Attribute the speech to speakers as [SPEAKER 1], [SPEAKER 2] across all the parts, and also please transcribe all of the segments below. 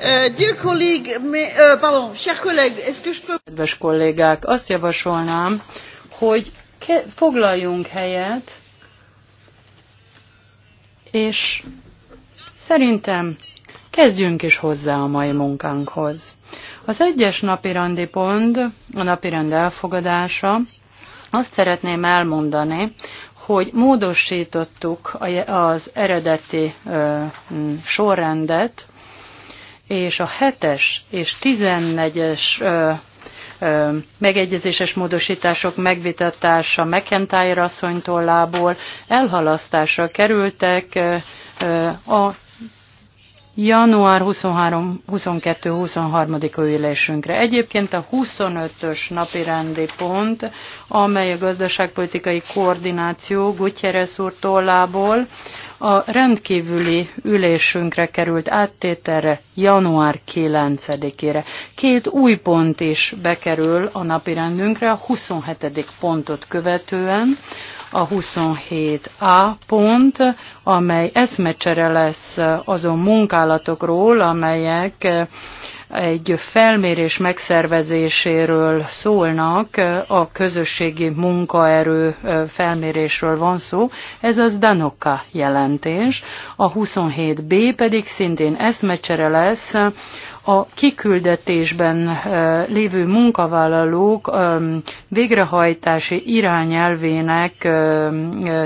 [SPEAKER 1] Euh, euh,
[SPEAKER 2] Kedves kollégák, azt javasolnám, hogy foglaljunk helyet, és szerintem kezdjünk is hozzá a mai munkánkhoz. Az egyes napirendi pont, a napirend elfogadása, azt szeretném elmondani, hogy módosítottuk az eredeti sorrendet, és a 7-es és 14-es megegyezéses módosítások megvitatása McIntyre asszony tollából elhalasztásra kerültek a január 23-22-23. ülésünkre. Egyébként a 25-ös napi rendi pont, amely a gazdaságpolitikai koordináció Gutyeres úr tollából, a rendkívüli ülésünkre került áttételre január 9-ére. Két új pont is bekerül a napirendünkre, a 27. pontot követően, a 27A pont, amely eszmecsere lesz azon munkálatokról, amelyek egy felmérés megszervezéséről szólnak, a közösségi munkaerő felmérésről van szó, ez az Danoka jelentés, a 27B pedig szintén eszmecsere lesz, a kiküldetésben lévő munkavállalók végrehajtási irányelvének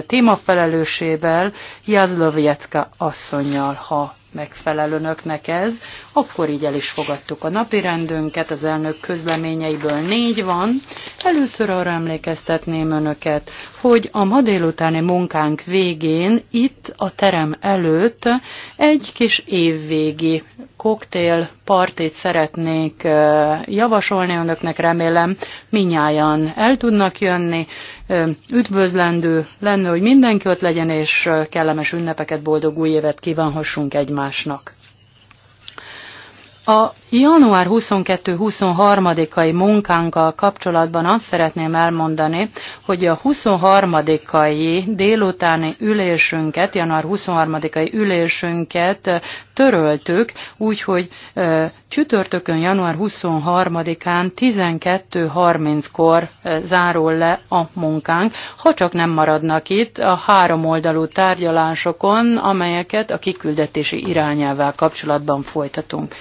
[SPEAKER 2] témafelelősével Jazlovjecka asszonynal, ha megfelel önöknek ez, akkor így el is fogadtuk a napi rendünket, az elnök közleményeiből négy van. Először arra emlékeztetném önöket, hogy a ma délutáni munkánk végén, itt a terem előtt egy kis évvégi koktél partit szeretnék eh, javasolni önöknek, remélem minnyáján el tudnak jönni, üdvözlendő lenne, hogy mindenki ott legyen, és kellemes ünnepeket, boldog új évet kívánhassunk egymásnak. A január 22-23-ai munkánkkal kapcsolatban azt szeretném elmondani, hogy a 23-ai délutáni ülésünket, január 23-ai ülésünket töröltük, úgyhogy e, csütörtökön január 23-án 12.30-kor e, zárul le a munkánk, ha csak nem maradnak itt a három oldalú tárgyalásokon, amelyeket a kiküldetési irányával kapcsolatban folytatunk.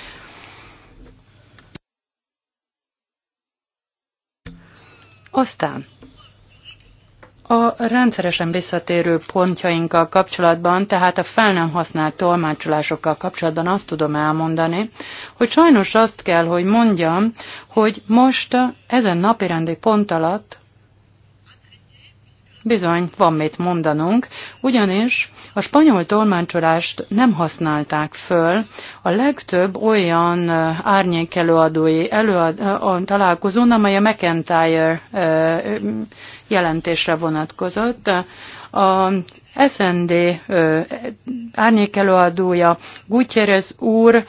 [SPEAKER 2] Aztán a rendszeresen visszatérő pontjainkkal kapcsolatban, tehát a fel nem használt tolmácsolásokkal kapcsolatban azt tudom elmondani, hogy sajnos azt kell, hogy mondjam, hogy most eh, ezen napirendi pont alatt bizony van mit mondanunk, ugyanis a spanyol tolmácsolást nem használták föl. A legtöbb olyan árnyék előadói előad, találkozón, amely a McIntyre jelentésre vonatkozott, a SND árnyékelőadója Gutierrez úr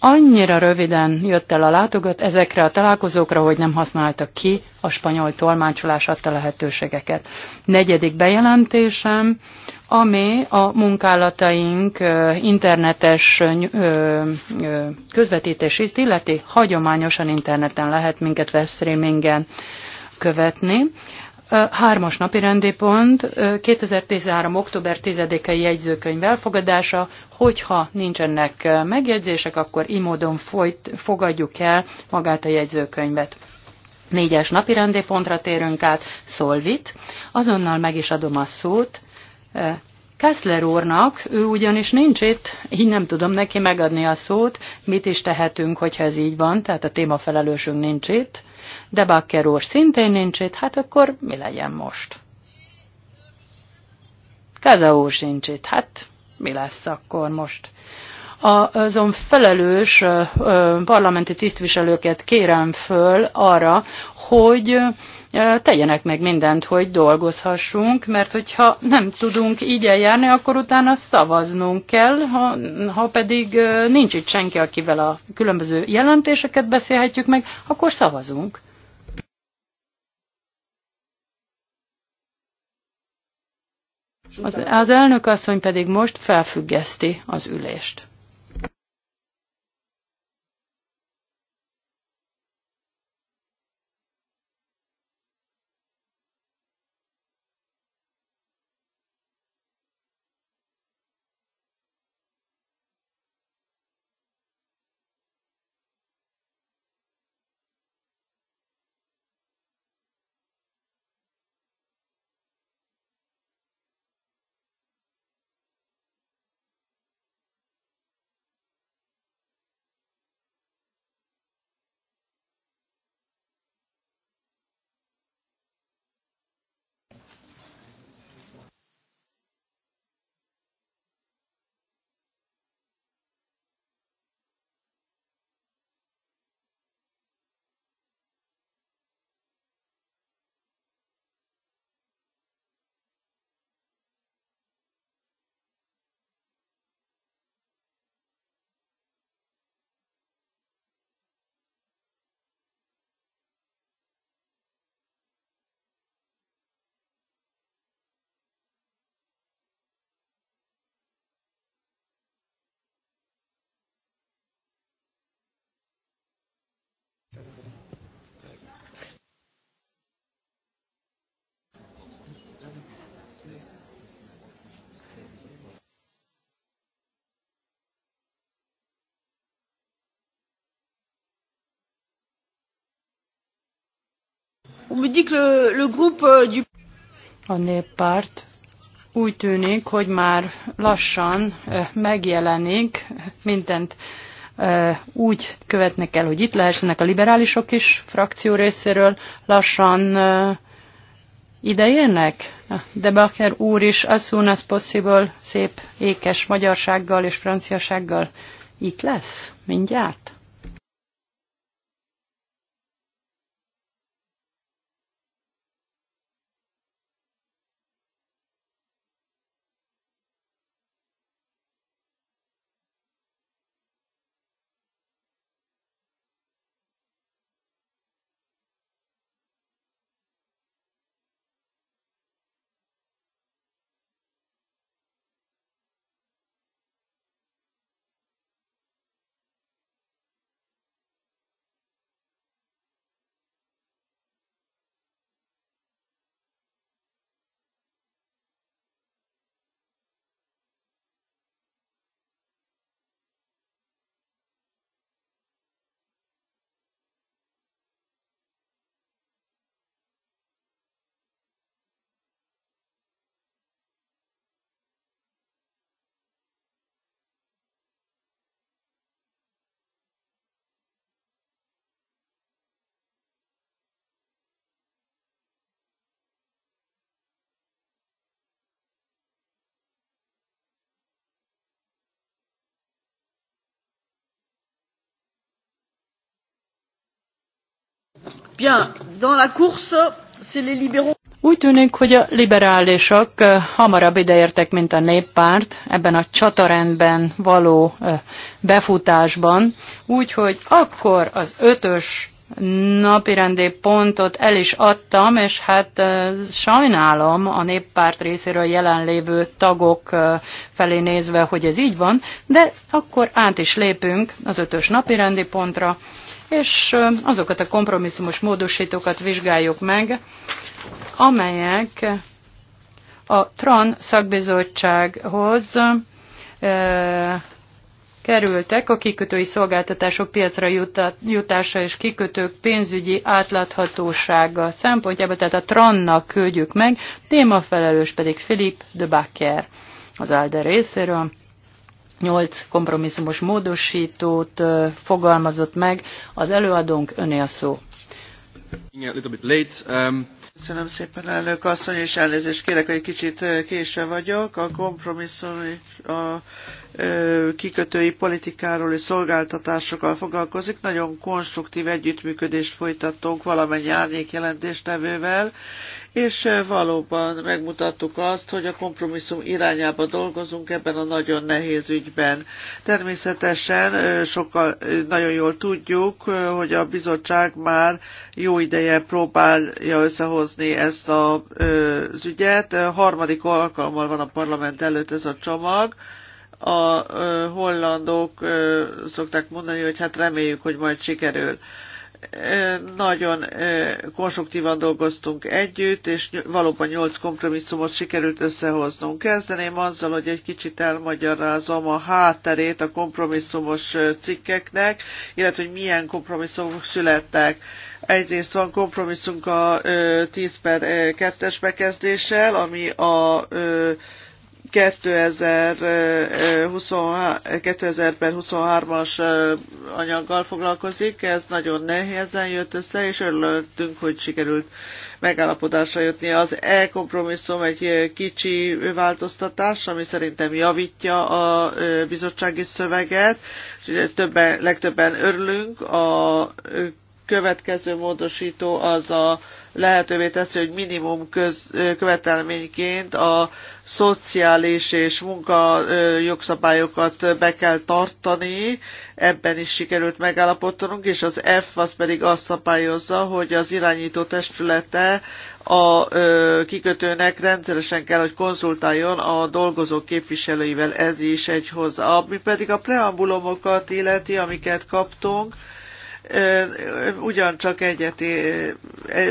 [SPEAKER 2] annyira röviden jött el a látogat ezekre a találkozókra, hogy nem használta ki a spanyol tolmácsolás adta lehetőségeket. Negyedik bejelentésem ami a munkálataink internetes közvetítését illeti, hagyományosan interneten lehet minket webstreamingen követni. Hármas napi rendi pont, 2013. október 10-i jegyzőkönyv elfogadása, hogyha nincsenek megjegyzések, akkor így módon folyt, fogadjuk el magát a jegyzőkönyvet. Négyes napi rendi pontra térünk át, Szolvit. Azonnal meg is adom a szót Kessler úrnak, ő ugyanis nincs itt, így nem tudom neki megadni a szót, mit is tehetünk, hogyha ez így van, tehát a témafelelősünk nincs itt, de Bakker úr szintén nincs itt, hát akkor mi legyen most? Kaza úr sincs itt, hát mi lesz akkor most? azon felelős parlamenti tisztviselőket kérem föl arra, hogy tegyenek meg mindent, hogy dolgozhassunk, mert hogyha nem tudunk így eljárni, akkor utána szavaznunk kell, ha, ha pedig nincs itt senki, akivel a különböző jelentéseket beszélhetjük meg, akkor szavazunk. Az, az elnök asszony pedig most felfüggeszti az ülést. On me dit que le, le groupe euh, du... A néppárt úgy tűnik, hogy már lassan megjelenik, mindent úgy követnek el, hogy itt lehessenek a liberálisok is frakció részéről, lassan idejönnek. De Bakker úr is as soon as possible szép ékes magyarsággal és franciasággal itt lesz mindjárt. Úgy tűnik, hogy a liberálisok hamarabb ideértek, mint a néppárt ebben a csatarendben való befutásban, úgyhogy akkor az ötös napirendi pontot el is adtam, és hát sajnálom a néppárt részéről jelenlévő tagok felé nézve, hogy ez így van, de akkor át is lépünk az ötös napirendi pontra, és azokat a kompromisszumos módosítókat vizsgáljuk meg, amelyek a TRAN szakbizottsághoz kerültek a kikötői szolgáltatások piacra jutása és kikötők pénzügyi átláthatósága szempontjából, tehát a TRAN-nak küldjük meg, témafelelős pedig Filip de Bakker az ALDE részéről. Nyolc kompromisszumos módosítót fogalmazott meg. Az előadónk öné a szó.
[SPEAKER 3] Um, Köszönöm szépen, elnök asszony, és elnézést kérek, hogy kicsit késve vagyok. A kompromisszum a kikötői politikáról és szolgáltatásokkal foglalkozik. Nagyon konstruktív együttműködést folytattunk valamennyi árnyék jelentéstevővel, és eh, valóban megmutattuk azt, hogy a kompromisszum irányába dolgozunk ebben a nagyon nehéz ügyben. Természetesen eh, sokkal eh, nagyon jól tudjuk, hogy a bizottság már jó ideje próbálja összehozni ezt a, az ügyet. A harmadik alkalommal van a parlament előtt ez a csomag, a hollandok szokták mondani, hogy hát reméljük, hogy majd sikerül nagyon konstruktívan dolgoztunk együtt, és valóban nyolc kompromisszumot sikerült összehoznunk. Kezdeném azzal, hogy egy kicsit elmagyarázom a hátterét a kompromisszumos cikkeknek, illetve hogy milyen kompromisszumok születtek. Egyrészt van kompromisszunk a 10 per 2-es bekezdéssel, ami a 2023-as anyaggal foglalkozik, ez nagyon nehézen jött össze, és örülöttünk, hogy sikerült megállapodásra jutni. Az e-kompromisszum egy kicsi változtatás, ami szerintem javítja a bizottsági szöveget. Többen, legtöbben örülünk a következő módosító az a lehetővé teszi, hogy minimum köz, követelményként a szociális és munka jogszabályokat be kell tartani, ebben is sikerült megállapodtanunk, és az F az pedig azt szabályozza, hogy az irányító testülete a kikötőnek rendszeresen kell, hogy konzultáljon a dolgozók képviselőivel, ez is egy hozzá. Ami pedig a preambulumokat illeti, amiket kaptunk, ugyancsak egyet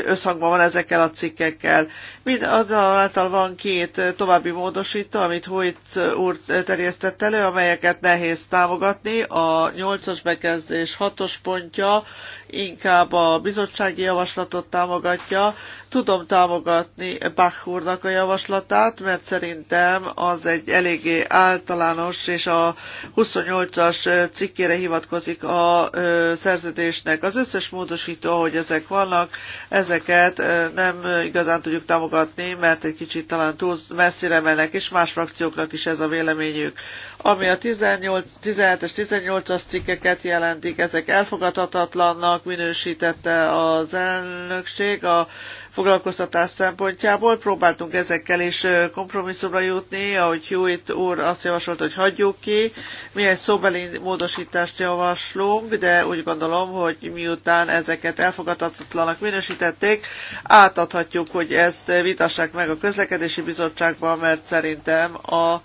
[SPEAKER 3] összhangban van ezekkel a cikkekkel. Mind azáltal van két további módosító, amit Hoyt úr terjesztett elő, amelyeket nehéz támogatni. A 8-as bekezdés 6-os pontja inkább a bizottsági javaslatot támogatja, Tudom támogatni Bach úrnak a javaslatát, mert szerintem az egy eléggé általános, és a 28-as cikkére hivatkozik a szerződésnek. Az összes módosító, hogy ezek vannak, ezeket nem igazán tudjuk támogatni, mert egy kicsit talán túl messzire mennek, és más frakcióknak is ez a véleményük. Ami a 18, 17-es, 18-as cikkeket jelentik, ezek elfogadhatatlannak minősítette az elnökség, a foglalkoztatás szempontjából. Próbáltunk ezekkel is kompromisszumra jutni, ahogy Hewitt úr azt javasolt, hogy hagyjuk ki. Mi egy szóbeli módosítást javaslunk, de úgy gondolom, hogy miután ezeket elfogadhatatlanak minősítették, átadhatjuk, hogy ezt vitassák meg a közlekedési bizottságban, mert szerintem a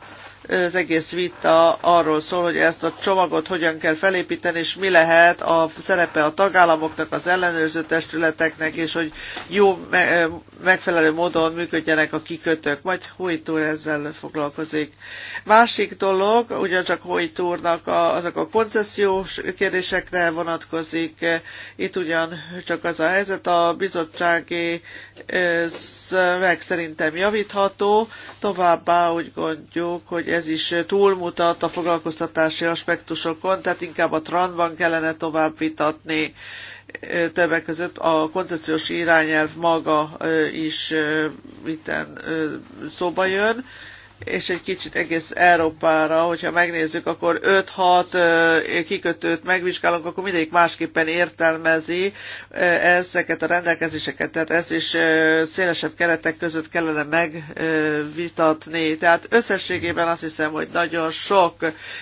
[SPEAKER 3] az egész vita arról szól, hogy ezt a csomagot hogyan kell felépíteni, és mi lehet a szerepe a tagállamoknak, az ellenőrző testületeknek, és hogy jó, megfelelő módon működjenek a kikötők. Majd Hojtúr ezzel foglalkozik. Másik dolog, ugyancsak Hojtúrnak a, azok a koncesziós kérdésekre vonatkozik. Itt ugyan csak az a helyzet, a bizottsági meg szerintem javítható. Továbbá úgy gondoljuk, hogy ez is túlmutat a foglalkoztatási aspektusokon, tehát inkább a trendban kellene tovább vitatni. Többek között a koncepciós irányelv maga is itten szóba jön és egy kicsit egész Európára, hogyha megnézzük, akkor 5-6 kikötőt megvizsgálunk, akkor mindegyik másképpen értelmezi ezeket a rendelkezéseket, tehát ezt is szélesebb keretek között kellene megvitatni. Tehát összességében azt hiszem, hogy nagyon sok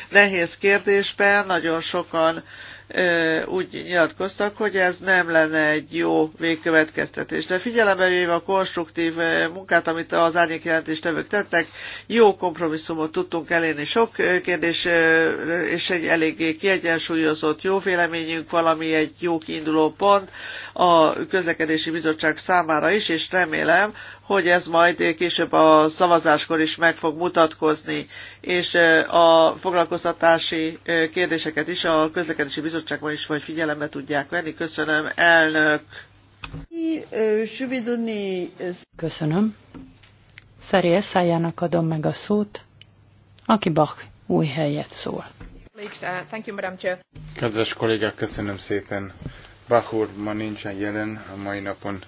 [SPEAKER 3] nehéz kérdésben, nagyon sokan úgy nyilatkoztak, hogy ez nem lenne egy jó végkövetkeztetés. De figyelembe véve a konstruktív munkát, amit az jelentéstevők tettek, jó kompromisszumot tudtunk elérni sok kérdés, és egy eléggé kiegyensúlyozott jó véleményünk, valami egy jó kiinduló pont a közlekedési bizottság számára is, és remélem, hogy ez majd később a szavazáskor is meg fog mutatkozni, és a foglalkoztatási kérdéseket is a közlekedési bizottságban is majd figyelembe tudják venni. Köszönöm, elnök!
[SPEAKER 2] Köszönöm. Szeré Eszájának adom meg a szót, aki Bach új helyet szól.
[SPEAKER 4] Kedves kollégák, köszönöm szépen. Bach úr ma nincsen jelen a mai napon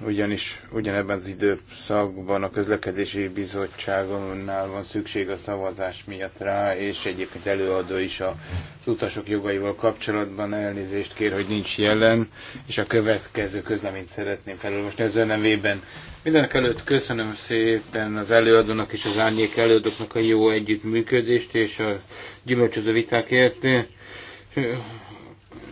[SPEAKER 4] ugyanis ugyanebben az időszakban a közlekedési bizottságonnál van szükség a szavazás miatt rá, és egyébként előadó is az utasok jogaival kapcsolatban elnézést kér, hogy nincs jelen, és a következő közleményt szeretném felolvasni az ő nevében. Mindenek előtt köszönöm szépen az előadónak és az árnyék előadóknak a jó együttműködést és a gyümölcsöző vitákért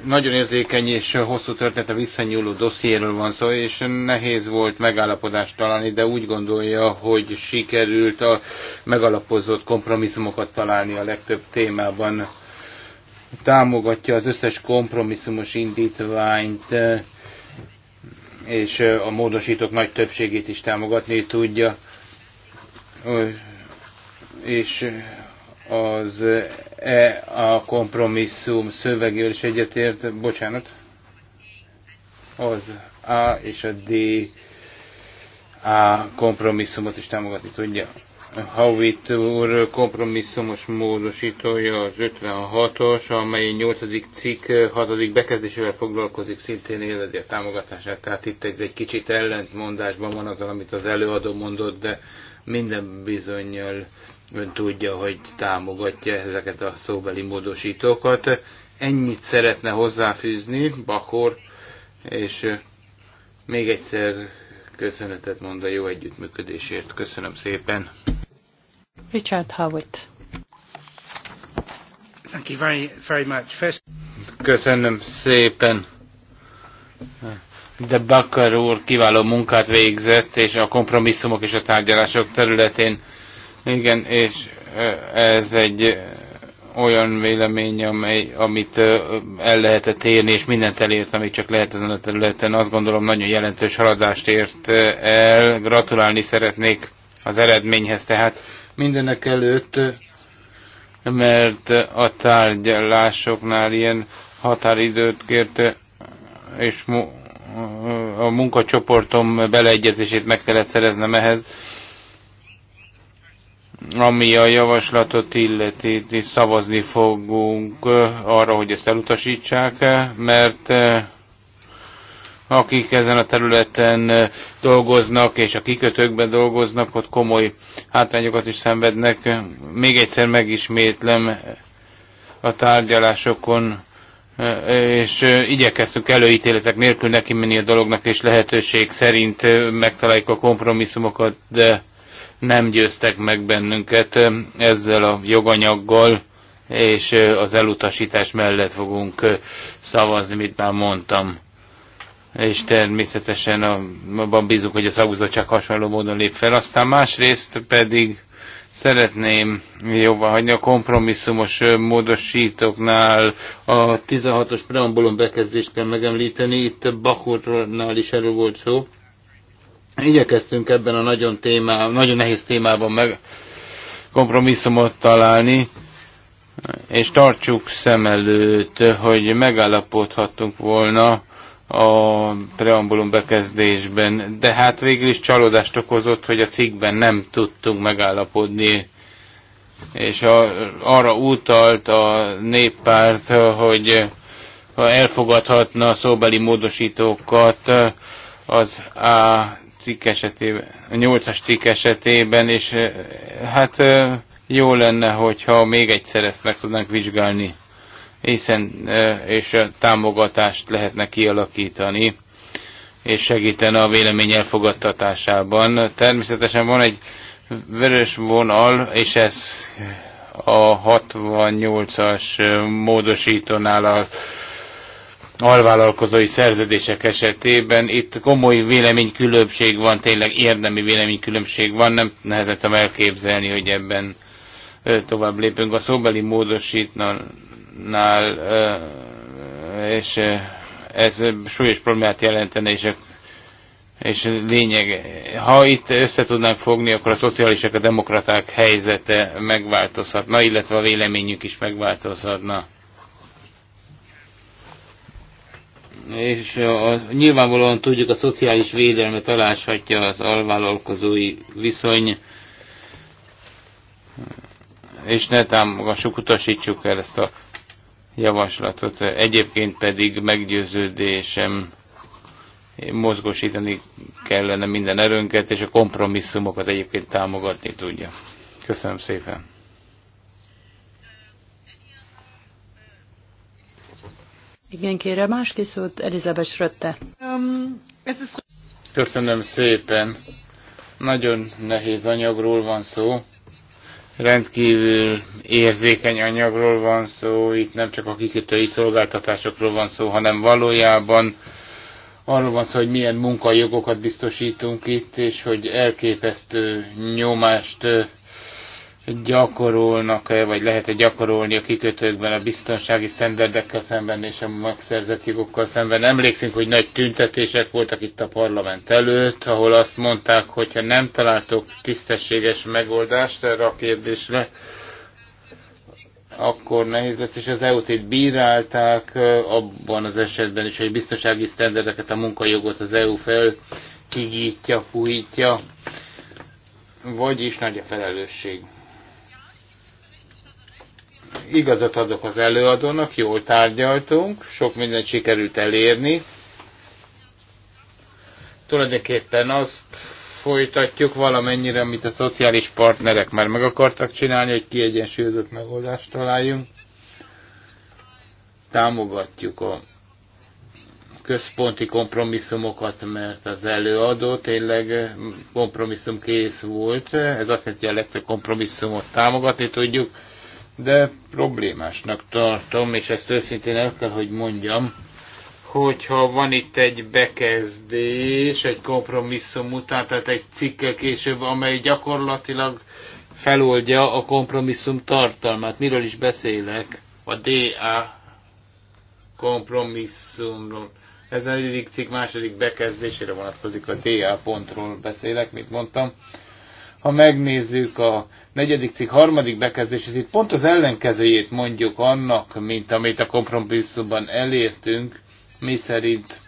[SPEAKER 4] nagyon érzékeny és hosszú története visszanyúló dossziéről van szó, és nehéz volt megállapodást találni, de úgy gondolja, hogy sikerült a megalapozott kompromisszumokat találni a legtöbb témában. Támogatja az összes kompromisszumos indítványt, és a módosítók nagy többségét is támogatni tudja és az e a kompromisszum szövegével is egyetért, bocsánat, az A és a D a kompromisszumot is támogatni tudja. Howitt úr kompromisszumos módosítója az 56-os, amely 8. cikk 6. bekezdésével foglalkozik, szintén élvezi a támogatását. Tehát itt egy, egy kicsit ellentmondásban van azzal, amit az előadó mondott, de minden bizonyal Ön tudja, hogy támogatja ezeket a szóbeli módosítókat. Ennyit szeretne hozzáfűzni, Bakor, és még egyszer köszönetet mond a jó együttműködésért. Köszönöm szépen.
[SPEAKER 2] Richard Howitt. Thank you very, very much. First...
[SPEAKER 4] Köszönöm szépen. De Bakar úr kiváló munkát végzett, és a kompromisszumok és a tárgyalások területén igen, és ez egy olyan vélemény, amely, amit el lehetett érni, és mindent elért, amit csak lehet ezen a területen. Azt gondolom, nagyon jelentős haladást ért el. Gratulálni szeretnék az eredményhez, tehát mindenek előtt, mert a tárgyalásoknál ilyen határidőt kért, és a munkacsoportom beleegyezését meg kellett szereznem ehhez ami a javaslatot illeti, szavazni fogunk arra, hogy ezt elutasítsák, mert akik ezen a területen dolgoznak, és a kikötőkben dolgoznak, ott komoly hátrányokat is szenvednek. Még egyszer megismétlem a tárgyalásokon, és igyekeztünk előítéletek nélkül neki menni a dolognak, és lehetőség szerint megtaláljuk a kompromisszumokat, de nem győztek meg bennünket ezzel a joganyaggal, és az elutasítás mellett fogunk szavazni, mit már mondtam. És természetesen abban bízunk, hogy a szakbizottság hasonló módon lép fel. Aztán másrészt pedig szeretném jobban hagyni a kompromisszumos módosítóknál a 16-os preambulum bekezdést kell megemlíteni, itt Bachurnál is erről volt szó, Igyekeztünk ebben a nagyon, témá, nagyon nehéz témában meg kompromisszumot találni, és tartsuk szem előtt, hogy megállapodhattunk volna a preambulum bekezdésben, de hát végül is csalódást okozott, hogy a cikkben nem tudtunk megállapodni, és a, arra utalt a néppárt, hogy ha elfogadhatna a szóbeli módosítókat az A cikk esetében, a nyolcas cikk esetében, és hát jó lenne, hogyha még egyszer ezt meg tudnánk vizsgálni, hiszen és a támogatást lehetne kialakítani, és segíteni a vélemény elfogadtatásában. Természetesen van egy vörös vonal, és ez a 68-as módosítónál a alvállalkozói szerződések esetében. Itt komoly véleménykülönbség van, tényleg érdemi véleménykülönbség van, nem nehezettem elképzelni, hogy ebben tovább lépünk. A szóbeli módosítnál, és ez súlyos problémát jelentene, és a és lényeg, ha itt össze tudnánk fogni, akkor a szocialisták, a demokraták helyzete megváltozhatna, illetve a véleményük is megváltozhatna. és a, nyilvánvalóan tudjuk, a szociális védelmet aláshatja az alvállalkozói viszony, és ne támogassuk, utasítsuk el ezt a javaslatot. Egyébként pedig meggyőződésem mozgósítani kellene minden erőnket, és a kompromisszumokat egyébként támogatni tudja. Köszönöm szépen!
[SPEAKER 2] Igen, kérem, másképp szót Elizabeth Schrötte. Um, is...
[SPEAKER 4] Köszönöm szépen. Nagyon nehéz anyagról van szó. Rendkívül érzékeny anyagról van szó. Itt nem csak a kikötői szolgáltatásokról van szó, hanem valójában arról van szó, hogy milyen munkajogokat biztosítunk itt, és hogy elképesztő nyomást gyakorolnak-e, vagy lehet-e gyakorolni a kikötőkben a biztonsági sztenderdekkel szemben és a megszerzett jogokkal szemben. Emlékszünk, hogy nagy tüntetések voltak itt a parlament előtt, ahol azt mondták, hogyha nem találtok tisztességes megoldást erre a kérdésre, akkor nehéz lesz, és az EU-t itt bírálták abban az esetben is, hogy biztonsági sztenderdeket, a munkajogot az EU fel kigítja, fújítja, vagyis nagy a felelősség igazat adok az előadónak, jól tárgyaltunk, sok mindent sikerült elérni. Tulajdonképpen azt folytatjuk valamennyire, amit a szociális partnerek már meg akartak csinálni, hogy kiegyensúlyozott megoldást találjunk. Támogatjuk a központi kompromisszumokat, mert az előadó tényleg kompromisszumkész volt. Ez azt jelenti, hogy a legtöbb kompromisszumot támogatni tudjuk de problémásnak tartom, és ezt őszintén el kell, hogy mondjam, hogyha van itt egy bekezdés, egy kompromisszum után, tehát egy cikke később, amely gyakorlatilag feloldja a kompromisszum tartalmát. Miről is beszélek? A DA kompromisszumról. Ez a negyedik cikk második bekezdésére vonatkozik, a DA pontról beszélek, mint mondtam ha megnézzük a negyedik cikk harmadik bekezdését, itt pont az ellenkezőjét mondjuk annak, mint amit a kompromisszumban elértünk, mi szerint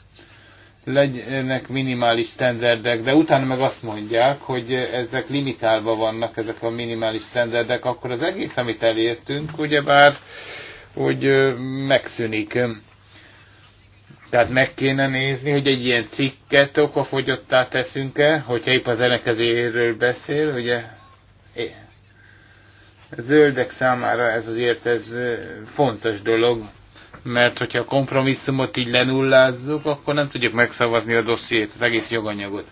[SPEAKER 4] legyenek minimális standardek, de utána meg azt mondják, hogy ezek limitálva vannak, ezek a minimális standardek, akkor az egész, amit elértünk, ugyebár, hogy megszűnik. Tehát meg kéne nézni, hogy egy ilyen cikket okafogyottá teszünk-e, hogyha épp az ellenkezőjéről beszél, ugye? É. A zöldek számára ez azért ez fontos dolog, mert hogyha a kompromisszumot így lenullázzuk, akkor nem tudjuk megszavazni a dossziét, az egész joganyagot.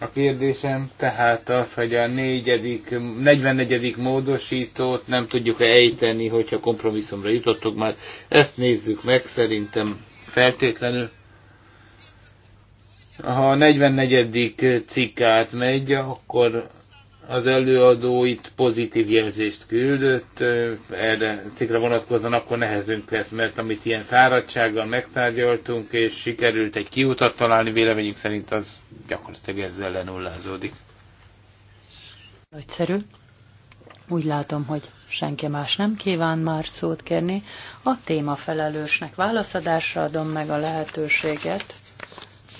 [SPEAKER 4] A kérdésem tehát az, hogy a négyedik, 44. módosítót nem tudjuk ejteni, hogyha kompromisszumra jutottuk már. Ezt nézzük meg, szerintem feltétlenül. Ha a 44. cikk átmegy, akkor az előadó itt pozitív jelzést küldött, erre cikkre vonatkozóan akkor nehezünk lesz, mert amit ilyen fáradtsággal megtárgyaltunk, és sikerült egy kiutat találni, véleményünk szerint az gyakorlatilag ezzel lenullázódik.
[SPEAKER 2] Nagyszerű. Úgy látom, hogy senki más nem kíván már szót kérni. A témafelelősnek válaszadásra adom meg a lehetőséget,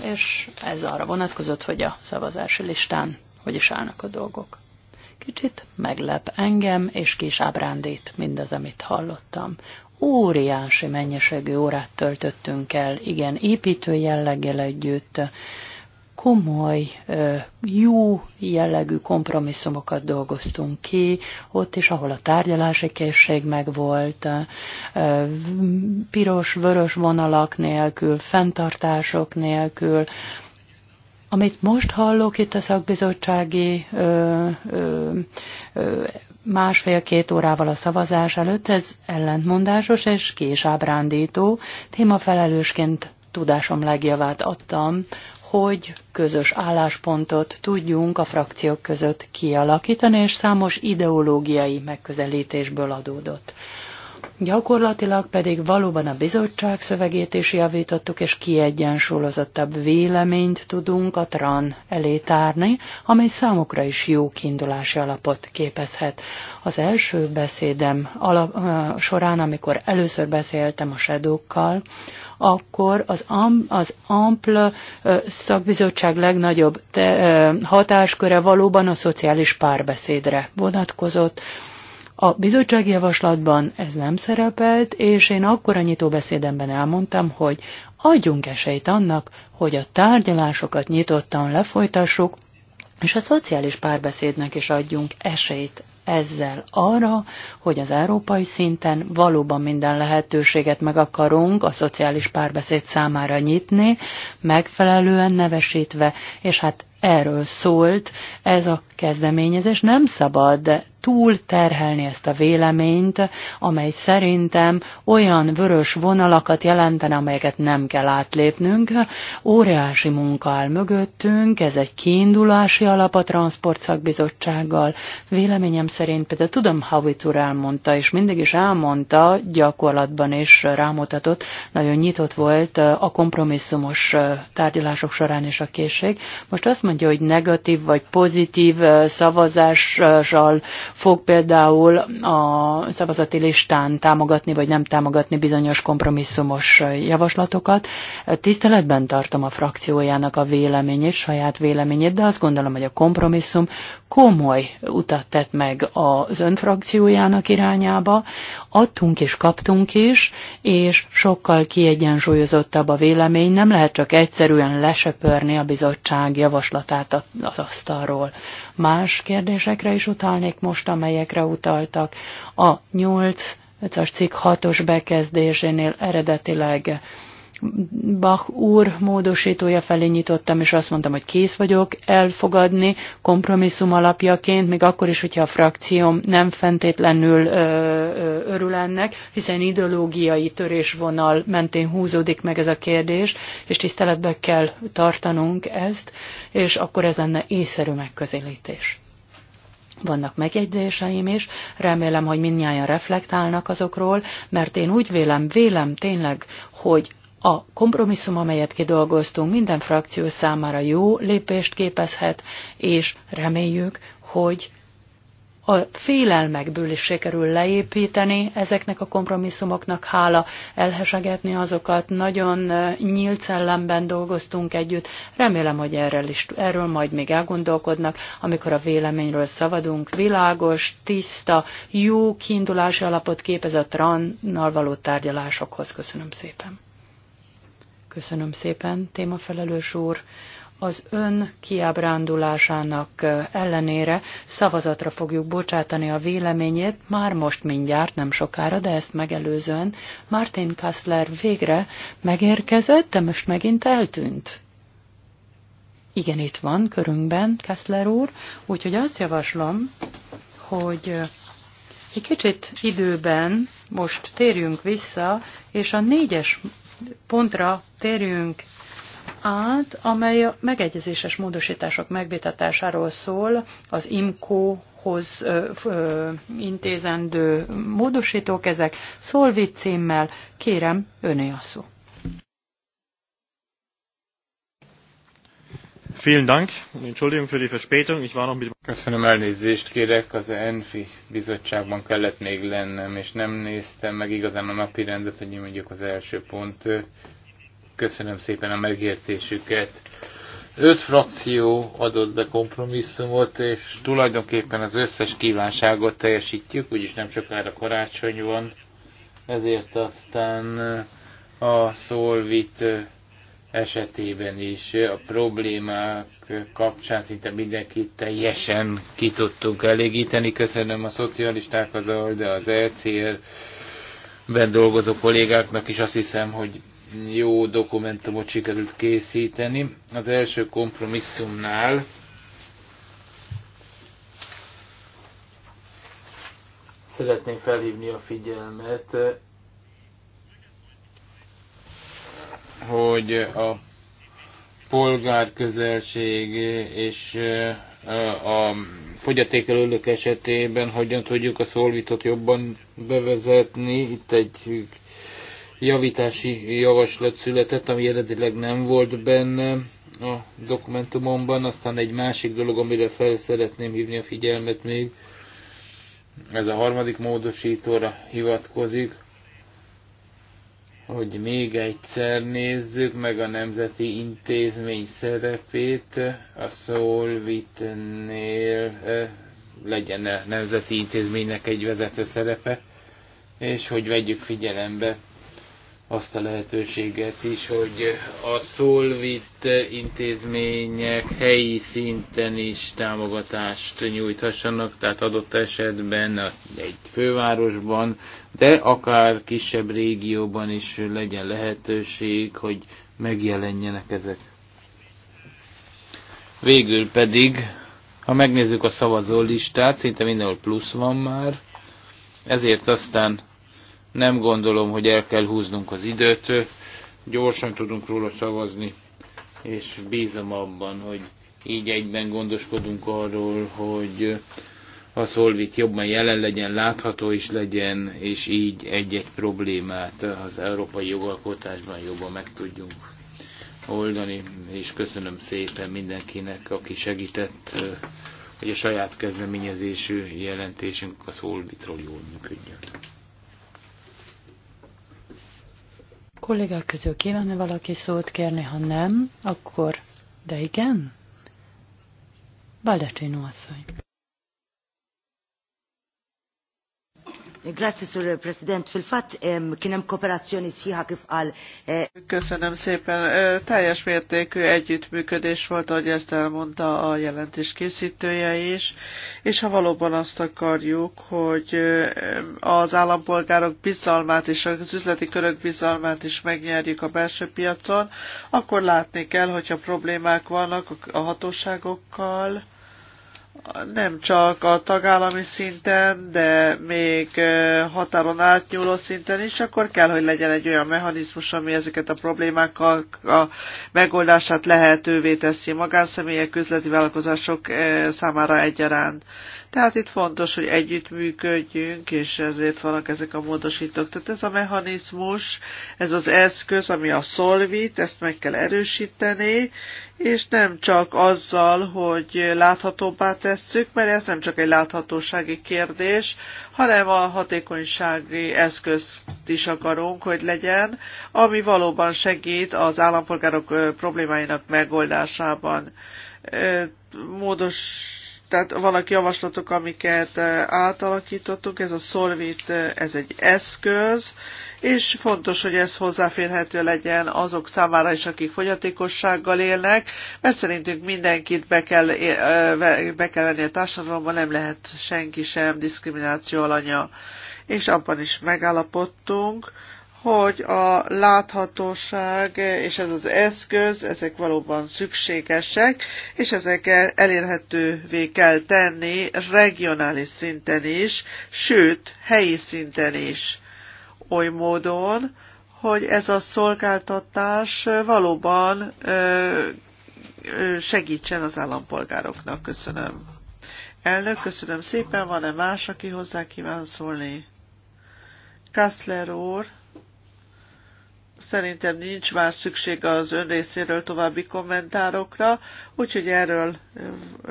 [SPEAKER 2] és ez arra vonatkozott, hogy a szavazási listán hogy is állnak a dolgok. Kicsit meglep engem, és kis ábrándít mindaz, amit hallottam. Óriási mennyiségű órát töltöttünk el, igen, építő jelleggel együtt, komoly, jó jellegű kompromisszumokat dolgoztunk ki, ott is, ahol a tárgyalási készség megvolt, piros-vörös vonalak nélkül, fenntartások nélkül, amit most hallok itt a szakbizottsági másfél-két órával a szavazás előtt, ez ellentmondásos és késábrándító. Témafelelősként tudásom legjavát adtam hogy közös álláspontot tudjunk a frakciók között kialakítani, és számos ideológiai megközelítésből adódott. Gyakorlatilag pedig valóban a bizottság szövegét is javítottuk, és kiegyensúlyozottabb véleményt tudunk a TRAN elé tárni, amely számukra is jó kiindulási alapot képezhet. Az első beszédem alap, során, amikor először beszéltem a sedókkal, akkor az, AM, az AMPL szakbizottság legnagyobb te, hatásköre valóban a szociális párbeszédre vonatkozott. A bizottsági javaslatban ez nem szerepelt, és én akkor a beszédemben elmondtam, hogy adjunk esélyt annak, hogy a tárgyalásokat nyitottan lefolytassuk, és a szociális párbeszédnek is adjunk esélyt ezzel arra, hogy az európai szinten valóban minden lehetőséget meg akarunk a szociális párbeszéd számára nyitni, megfelelően nevesítve, és hát erről szólt ez a kezdeményezés. Nem szabad túl terhelni ezt a véleményt, amely szerintem olyan vörös vonalakat jelentene, amelyeket nem kell átlépnünk. Óriási munka áll mögöttünk, ez egy kiindulási alap a Transport Szakbizottsággal. Véleményem szerint például tudom, Havit úr elmondta, és mindig is elmondta, gyakorlatban is rámutatott, nagyon nyitott volt a kompromisszumos tárgyalások során is a készség. Most azt mondja, hogy negatív vagy pozitív szavazással fog például a szavazati listán támogatni vagy nem támogatni bizonyos kompromisszumos javaslatokat. Tiszteletben tartom a frakciójának a véleményét, saját véleményét, de azt gondolom, hogy a kompromisszum komoly utat tett meg az ön frakciójának irányába. Adtunk és kaptunk is, és sokkal kiegyensúlyozottabb a vélemény. Nem lehet csak egyszerűen lesöpörni a bizottság javaslatát az asztalról. Más kérdésekre is utalnék most, amelyekre utaltak. A 8 5-as cikk 6-os bekezdésénél eredetileg Bach úr módosítója felé nyitottam, és azt mondtam, hogy kész vagyok elfogadni kompromisszum alapjaként, még akkor is, hogyha a frakcióm nem ö, örül ennek, hiszen ideológiai törésvonal mentén húzódik meg ez a kérdés, és tiszteletbe kell tartanunk ezt, és akkor ez lenne észszerű megközelítés. Vannak megjegyzéseim is, remélem, hogy mindnyáján reflektálnak azokról, mert én úgy vélem, vélem tényleg, hogy a kompromisszum, amelyet kidolgoztunk, minden frakció számára jó lépést képezhet, és reméljük, hogy a félelmekből is sikerül leépíteni ezeknek a kompromisszumoknak, hála elhesegetni azokat. Nagyon nyílt szellemben dolgoztunk együtt. Remélem, hogy erről, is, erről majd még elgondolkodnak, amikor a véleményről szabadunk. Világos, tiszta, jó kiindulási alapot képez a tran való tárgyalásokhoz. Köszönöm szépen. Köszönöm szépen, témafelelős úr. Az ön kiábrándulásának ellenére szavazatra fogjuk bocsátani a véleményét, már most mindjárt, nem sokára, de ezt megelőzően. Martin Kassler végre megérkezett, de most megint eltűnt. Igen, itt van körünkben Kessler úr, úgyhogy azt javaslom, hogy egy kicsit időben most térjünk vissza, és a négyes pontra térjünk át, amely a megegyezéses módosítások megvitatásáról szól, az IMCO-hoz intézendő módosítók ezek. Szolvit címmel kérem, öné a szó.
[SPEAKER 5] Vielen Dank. Entschuldigung für die
[SPEAKER 4] Verspätung. Ich war noch mit... Köszönöm, elnézést kérek. Az ENFI bizottságban kellett még lennem, és nem néztem meg igazán a napi rendet, hogy mondjuk az első pont. Köszönöm szépen a megértésüket. Öt frakció adott be kompromisszumot, és tulajdonképpen az összes kívánságot teljesítjük, úgyis nem sokára karácsony van. Ezért aztán eh, a Solvit eh, esetében is a problémák kapcsán szinte mindenkit teljesen ki tudtunk elégíteni. Köszönöm a szocialistáknak, de az ECR-ben e dolgozó kollégáknak is azt hiszem, hogy jó dokumentumot sikerült készíteni. Az első kompromisszumnál szeretném felhívni a figyelmet hogy a polgárközelség és a fogyatékelőlök esetében hogyan tudjuk a szolvitot jobban bevezetni. Itt egy javítási javaslat született, ami eredetileg nem volt benne a dokumentumomban. Aztán egy másik dolog, amire fel szeretném hívni a figyelmet még, ez a harmadik módosítóra hivatkozik hogy még egyszer nézzük meg a nemzeti intézmény szerepét a Szolvitnél eh, legyen a nemzeti intézménynek egy vezető szerepe, és hogy vegyük figyelembe azt a lehetőséget is, hogy a szolvit intézmények helyi szinten is támogatást nyújthassanak, tehát adott esetben egy fővárosban, de akár kisebb régióban is legyen lehetőség, hogy megjelenjenek ezek. Végül pedig, ha megnézzük a szavazó listát, szinte mindenhol plusz van már, ezért aztán nem gondolom, hogy el kell húznunk az időt. Gyorsan tudunk róla szavazni, és bízom abban, hogy így egyben gondoskodunk arról, hogy a szolvit jobban jelen legyen, látható is legyen, és így egy-egy problémát az európai jogalkotásban jobban meg tudjunk oldani, és köszönöm szépen mindenkinek, aki segített, hogy a saját kezdeményezésű jelentésünk a szolvitról jól működjön.
[SPEAKER 2] Kollégák közül kívánne valaki szót kérni, ha nem, akkor de igen? Baldacsinó asszony.
[SPEAKER 3] Eh, Köszönöm szépen. Teljes mértékű együttműködés volt, ahogy ezt elmondta a jelentés készítője is, és ha valóban azt akarjuk, hogy az állampolgárok bizalmát és az üzleti körök bizalmát is megnyerjük a belső piacon, akkor látni kell, hogyha problémák vannak a hatóságokkal, nem csak a tagállami szinten, de még határon átnyúló szinten is, akkor kell, hogy legyen egy olyan mechanizmus, ami ezeket a problémákkal a megoldását lehetővé teszi magánszemélyek, üzleti vállalkozások számára egyaránt. Tehát itt fontos, hogy együttműködjünk, és ezért vannak ezek a módosítók. Tehát ez a mechanizmus, ez az eszköz, ami a szolvit, ezt meg kell erősíteni, és nem csak azzal, hogy láthatóbbá tesszük, mert ez nem csak egy láthatósági kérdés, hanem a hatékonysági eszközt is akarunk, hogy legyen, ami valóban segít az állampolgárok problémáinak megoldásában. Módos tehát vannak javaslatok, amiket eh, átalakítottunk, ez a Solvit, eh, ez egy eszköz, és fontos, hogy ez hozzáférhető legyen azok számára is, akik fogyatékossággal élnek, mert szerintünk mindenkit be kell, eh, be kell venni a társadalomba, nem lehet senki sem diszkrimináció alanya. És abban is megállapodtunk, hogy a láthatóság és ez az eszköz, ezek valóban szükségesek, és ezek elérhetővé kell tenni regionális szinten is, sőt, helyi szinten is, oly módon, hogy ez a szolgáltatás valóban segítsen az állampolgároknak. Köszönöm. Elnök, köszönöm szépen. Van-e más, aki hozzá kíván szólni? Kassler úr. Szerintem nincs más szükség az ön részéről további kommentárokra, úgyhogy erről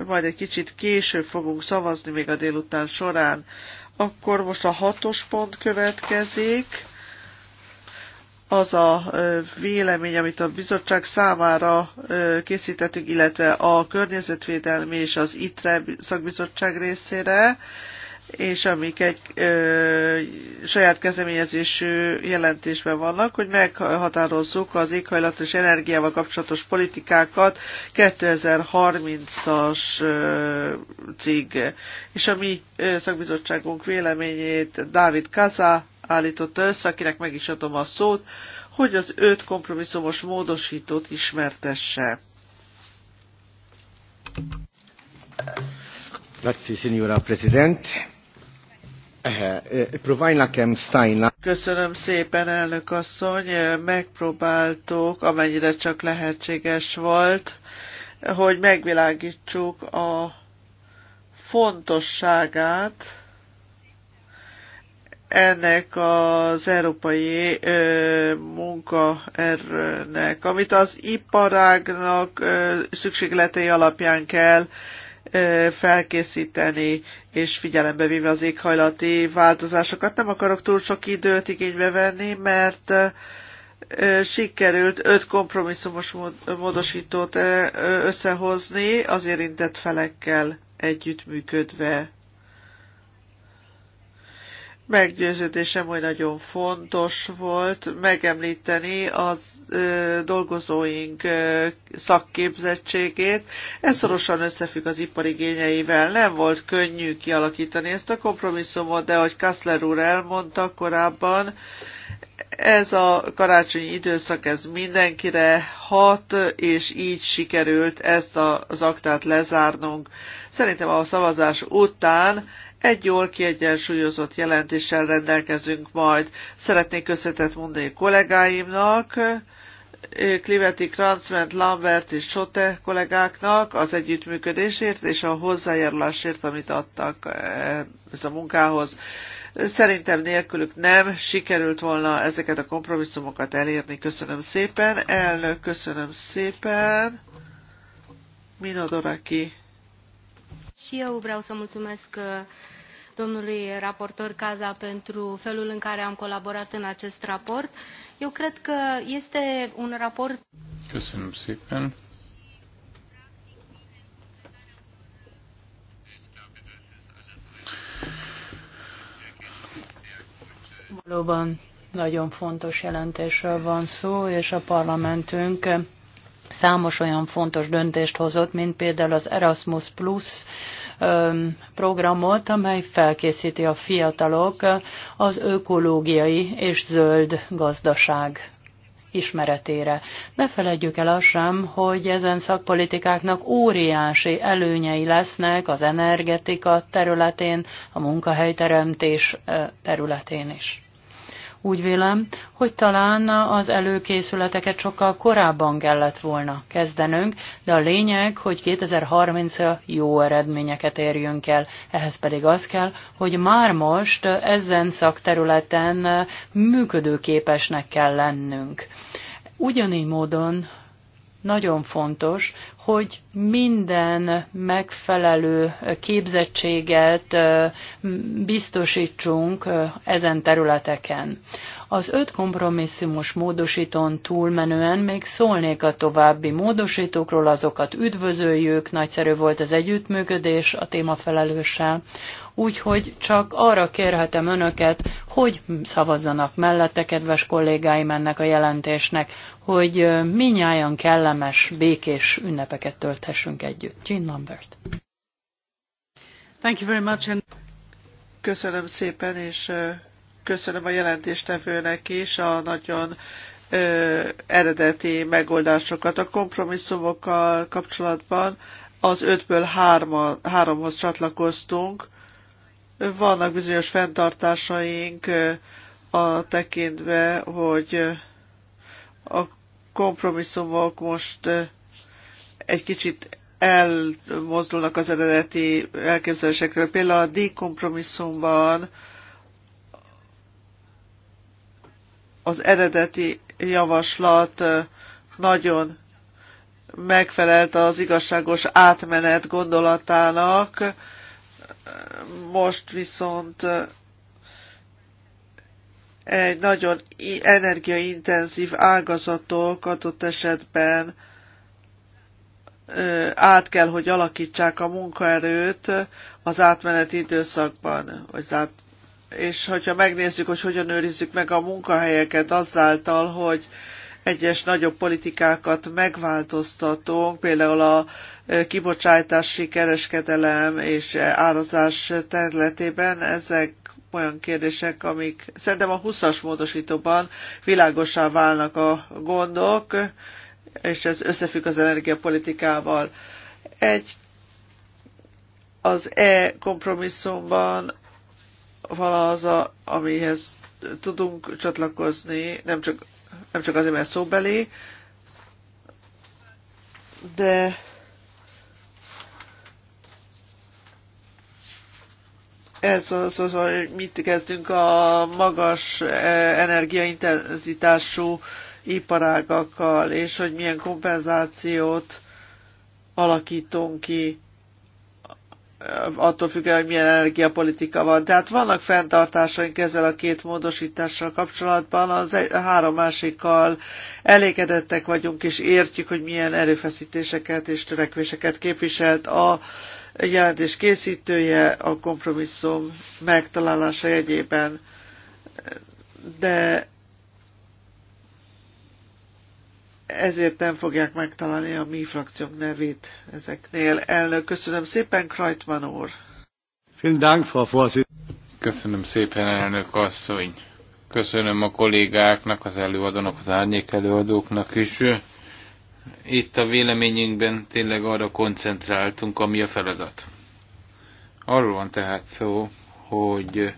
[SPEAKER 3] majd egy kicsit később fogunk szavazni még a délután során. Akkor most a hatos pont következik az a vélemény, amit a bizottság számára készítettünk, illetve a környezetvédelmi és az ITRE szakbizottság részére és amik egy ö, saját kezdeményezésű jelentésben vannak, hogy meghatározzuk az éghajlat és energiával kapcsolatos politikákat 2030-as cég. És a mi ö, szakbizottságunk véleményét Dávid Kaza állította össze, akinek meg is adom a szót, hogy az öt kompromisszumos módosítót ismertesse. Grazie, signora Presidente. Köszönöm szépen, elnök asszony. Megpróbáltuk, amennyire csak lehetséges volt, hogy megvilágítsuk a fontosságát ennek az európai munkaerőnek, amit az iparágnak szükségletei alapján kell felkészíteni, és figyelembe véve az éghajlati változásokat. Nem akarok túl sok időt igénybe venni, mert sikerült öt kompromisszumos módosítót összehozni az érintett felekkel együttműködve meggyőződésem, hogy nagyon fontos volt megemlíteni az ö, dolgozóink ö, szakképzettségét. Ez szorosan összefügg az igényeivel. Nem volt könnyű kialakítani ezt a kompromisszumot, de ahogy Kassler úr elmondta korábban, ez a karácsonyi időszak ez mindenkire hat, és így sikerült ezt az aktát lezárnunk. Szerintem a szavazás után egy jól kiegyensúlyozott jelentéssel rendelkezünk majd. Szeretnék köszönetet mondani kollégáimnak, Kliveti, Kranzment, Lambert és Sote kollégáknak az együttműködésért és a hozzájárulásért, amit adtak eh, ez a munkához. Szerintem nélkülük nem sikerült volna ezeket a kompromisszumokat elérni. Köszönöm szépen. Elnök, köszönöm szépen. Minodoraki
[SPEAKER 5] Și eu vreau să mulțumesc uh, domnului raportor Caza pentru felul în care am colaborat în acest raport. Eu cred că este un raport...
[SPEAKER 2] Valóban nagyon fontos jelentésről van szó, és a parlamentünk számos olyan fontos döntést hozott, mint például az Erasmus Plus programot, amely felkészíti a fiatalok az ökológiai és zöld gazdaság ismeretére. Ne feledjük el azt sem, hogy ezen szakpolitikáknak óriási előnyei lesznek az energetika területén, a munkahelyteremtés területén is. Úgy vélem, hogy talán az előkészületeket sokkal korábban kellett volna kezdenünk, de a lényeg, hogy 2030-ra jó eredményeket érjünk el. Ehhez pedig az kell, hogy már most ezen szakterületen működőképesnek kell lennünk. Ugyanígy módon nagyon fontos, hogy minden megfelelő képzettséget biztosítsunk ezen területeken. Az öt kompromisszumos módosítón túlmenően még szólnék a további módosítókról, azokat üdvözöljük, nagyszerű volt az együttműködés a témafelelőssel úgyhogy csak arra kérhetem önöket, hogy szavazzanak mellette, kedves kollégáim ennek a jelentésnek, hogy minnyáján kellemes, békés ünnepeket tölthessünk együtt. Jean Lambert.
[SPEAKER 3] Thank you very much. And... Köszönöm szépen, és köszönöm a jelentéstevőnek is a nagyon ö, eredeti megoldásokat. A kompromisszumokkal kapcsolatban az ötből hárma, háromhoz csatlakoztunk, vannak bizonyos fenntartásaink a tekintve, hogy a kompromisszumok most egy kicsit elmozdulnak az eredeti elképzelésekről. Például a dekompromisszumban az eredeti javaslat nagyon megfelelt az igazságos átmenet gondolatának, most viszont egy nagyon energiaintenzív ágazatok adott esetben át kell, hogy alakítsák a munkaerőt az átmeneti időszakban, vagy át, és hogyha megnézzük, hogy hogyan őrizzük meg a munkahelyeket azáltal, hogy egyes nagyobb politikákat megváltoztatunk, például a kibocsátási kereskedelem és árazás területében, ezek olyan kérdések, amik szerintem a 20-as módosítóban világosá válnak a gondok, és ez összefügg az energiapolitikával. Egy az E kompromisszumban van az, a, amihez tudunk csatlakozni, nem csak nem csak azért, mert szóbeli, de ez az, az, hogy mit kezdünk a magas eh, energiaintenzitású iparágakkal, és hogy milyen kompenzációt alakítunk ki attól függően, hogy milyen energiapolitika van. Tehát vannak fenntartásaink ezzel a két módosítással kapcsolatban, az egy, a három másikkal elégedettek vagyunk, és értjük, hogy milyen erőfeszítéseket és törekvéseket képviselt a jelentés készítője a kompromisszum megtalálása jegyében. De ezért nem fogják megtalálni a mi frakciónk nevét ezeknél. Elnök, köszönöm szépen, Krajtman úr.
[SPEAKER 4] Köszönöm szépen, elnök asszony. Köszönöm a kollégáknak, az előadónak, az árnyék előadóknak is. Itt a véleményünkben tényleg arra koncentráltunk, ami a feladat. Arról van tehát szó, hogy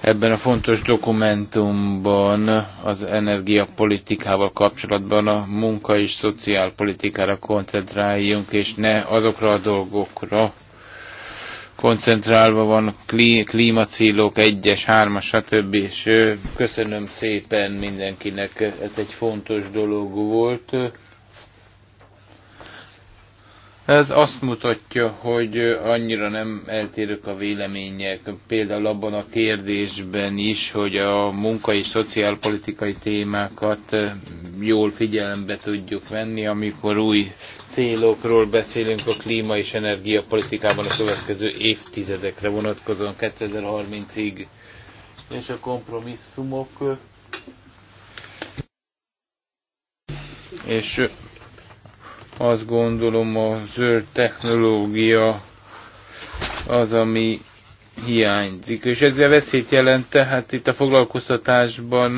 [SPEAKER 4] ebben a fontos dokumentumban az energiapolitikával kapcsolatban a munka és szociálpolitikára koncentráljunk, és ne azokra a dolgokra koncentrálva van klí klímacélok, egyes, hármas, stb. És köszönöm szépen mindenkinek, ez egy fontos dolog volt. Ez azt mutatja, hogy annyira nem eltérők a vélemények, például abban a kérdésben is, hogy a munka és szociálpolitikai témákat eh, jól figyelembe tudjuk venni, amikor új célokról beszélünk a klíma és energiapolitikában a következő évtizedekre vonatkozóan 2030-ig. És a kompromisszumok és azt gondolom a zöld technológia az, ami hiányzik. És ezzel veszélyt jelent, tehát itt a foglalkoztatásban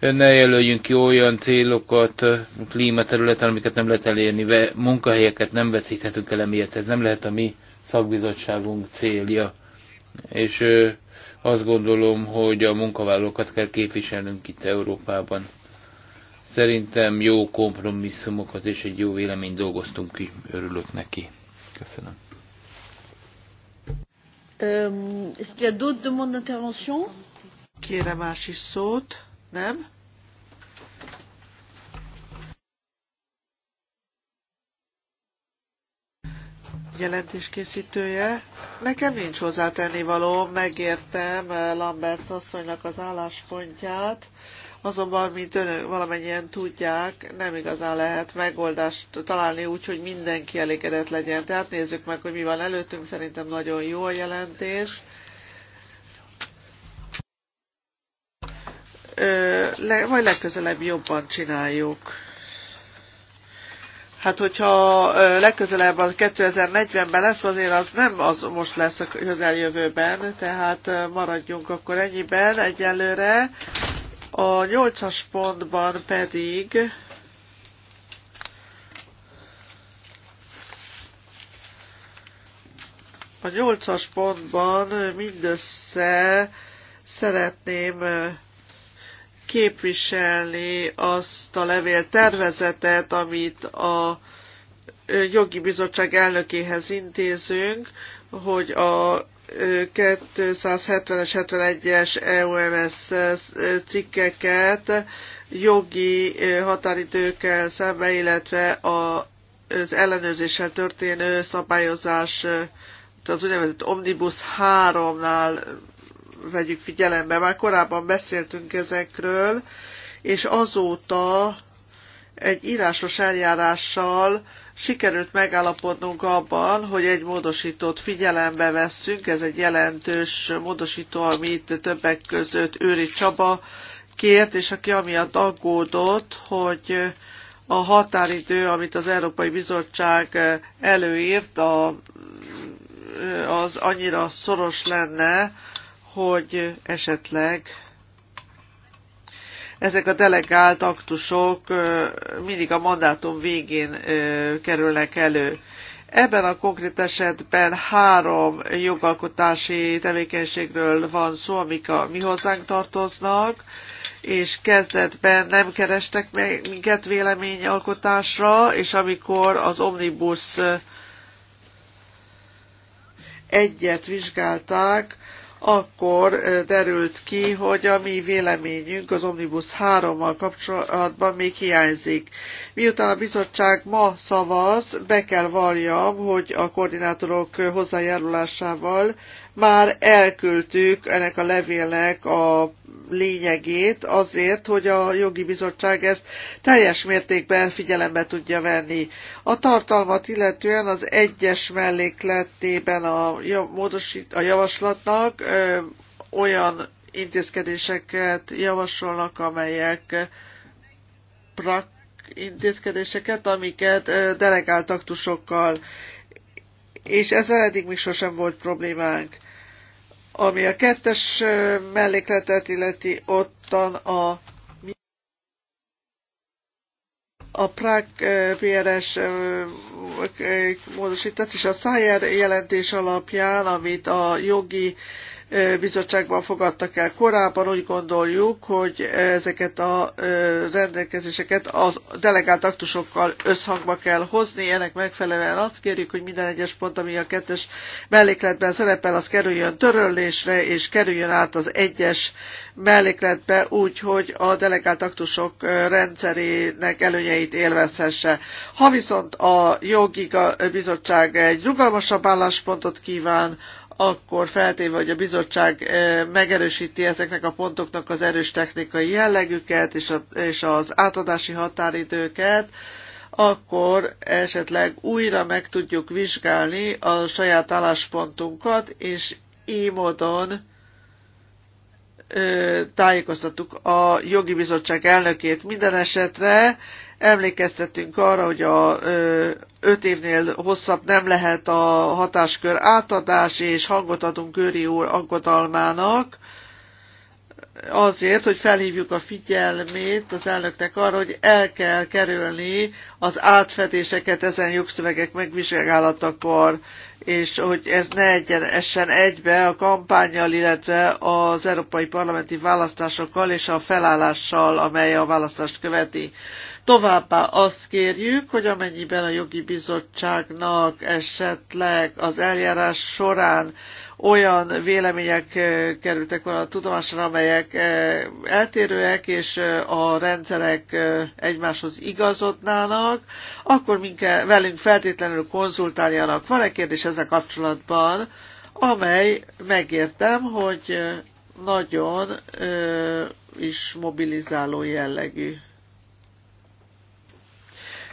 [SPEAKER 4] ne jelöljünk ki olyan célokat klímaterületen, amiket nem lehet elérni, munkahelyeket nem veszíthetünk el emiatt. Ez nem lehet a mi szakbizottságunk célja. És azt gondolom, hogy a munkavállalókat kell képviselnünk itt Európában. Szerintem jó kompromisszumokat és egy jó véleményt dolgoztunk ki. Örülök neki. Köszönöm.
[SPEAKER 1] a Kérem más is szót, nem?
[SPEAKER 3] Jelentés készítője. Nekem nincs hozzátenni való, megértem eh, Lambert asszonynak az álláspontját azonban, mint önök valamennyien tudják, nem igazán lehet megoldást találni úgy, hogy mindenki elégedett legyen. Tehát nézzük meg, hogy mi van előttünk, szerintem nagyon jó a jelentés. Ö, le, majd legközelebb jobban csináljuk. Hát, hogyha legközelebb az 2040-ben lesz, azért az nem az most lesz a közeljövőben, tehát maradjunk akkor ennyiben egyelőre. A nyolcas pontban pedig a nyolcas pontban mindössze szeretném képviselni azt a levél tervezetet, amit a jogi bizottság elnökéhez intézünk, hogy a 270-es, 71-es EUMS cikkeket jogi határidőkkel szembe, illetve az ellenőrzéssel történő szabályozás, az úgynevezett Omnibus 3-nál vegyük figyelembe. Már korábban beszéltünk ezekről, és azóta egy írásos eljárással sikerült megállapodnunk abban, hogy egy módosítót figyelembe vesszünk, ez egy jelentős módosító, amit többek között Őri Csaba kért, és aki amiatt aggódott, hogy a határidő, amit az Európai Bizottság előírt, a, az annyira szoros lenne, hogy esetleg ezek a delegált aktusok mindig a mandátum végén kerülnek elő. Ebben a konkrét esetben három jogalkotási tevékenységről van szó, amik a mi hozzánk tartoznak, és kezdetben nem kerestek meg minket véleményalkotásra, és amikor az Omnibus egyet vizsgálták, akkor derült ki, hogy a mi véleményünk az Omnibus 3-mal kapcsolatban még hiányzik. Miután a bizottság ma szavaz, be kell valljam, hogy a koordinátorok hozzájárulásával már elküldtük ennek a levélnek a lényegét azért, hogy a jogi bizottság ezt teljes mértékben figyelembe tudja venni. A tartalmat illetően az egyes mellékletében a, módosít, a javaslatnak ö, olyan intézkedéseket javasolnak, amelyek prak intézkedéseket, amiket delegált aktusokkal és ezzel eddig még sosem volt problémánk. Ami a kettes mellékletet illeti, ottan a a Prag PRS módosítás és a Szájer jelentés alapján, amit a jogi bizottságban fogadtak el. Korábban úgy gondoljuk, hogy ezeket a rendelkezéseket az delegált aktusokkal összhangba kell hozni. Ennek megfelelően azt kérjük, hogy minden egyes pont, ami a kettes mellékletben szerepel, az kerüljön törölésre, és kerüljön át az egyes mellékletbe úgy, hogy a delegált aktusok rendszerének előnyeit élvezhesse. Ha viszont a jogi bizottság egy rugalmasabb álláspontot kíván, akkor feltéve, hogy a bizottság eh, megerősíti ezeknek a pontoknak az erős technikai jellegüket és, a, és az átadási határidőket, akkor esetleg újra meg tudjuk vizsgálni a saját álláspontunkat, és így módon eh, tájékoztattuk a jogi bizottság elnökét minden esetre. Emlékeztetünk arra, hogy a öt évnél hosszabb nem lehet a hatáskör átadás, és hangot adunk Göri úr aggodalmának, azért, hogy felhívjuk a figyelmét az elnöknek arra, hogy el kell kerülni az átfedéseket ezen jogszövegek megvizsgálatakor, és hogy ez ne egyenessen egybe a kampányjal, illetve az európai parlamenti választásokkal és a felállással, amely a választást követi. Továbbá azt kérjük, hogy amennyiben a jogi bizottságnak esetleg az eljárás során olyan vélemények eh, kerültek volna a tudomásra, amelyek eh, eltérőek, és eh, a rendszerek egymáshoz igazodnának, akkor minket, velünk feltétlenül konzultáljanak. Van egy kérdés ezzel kapcsolatban, amely megértem, hogy nagyon is mobilizáló jellegű.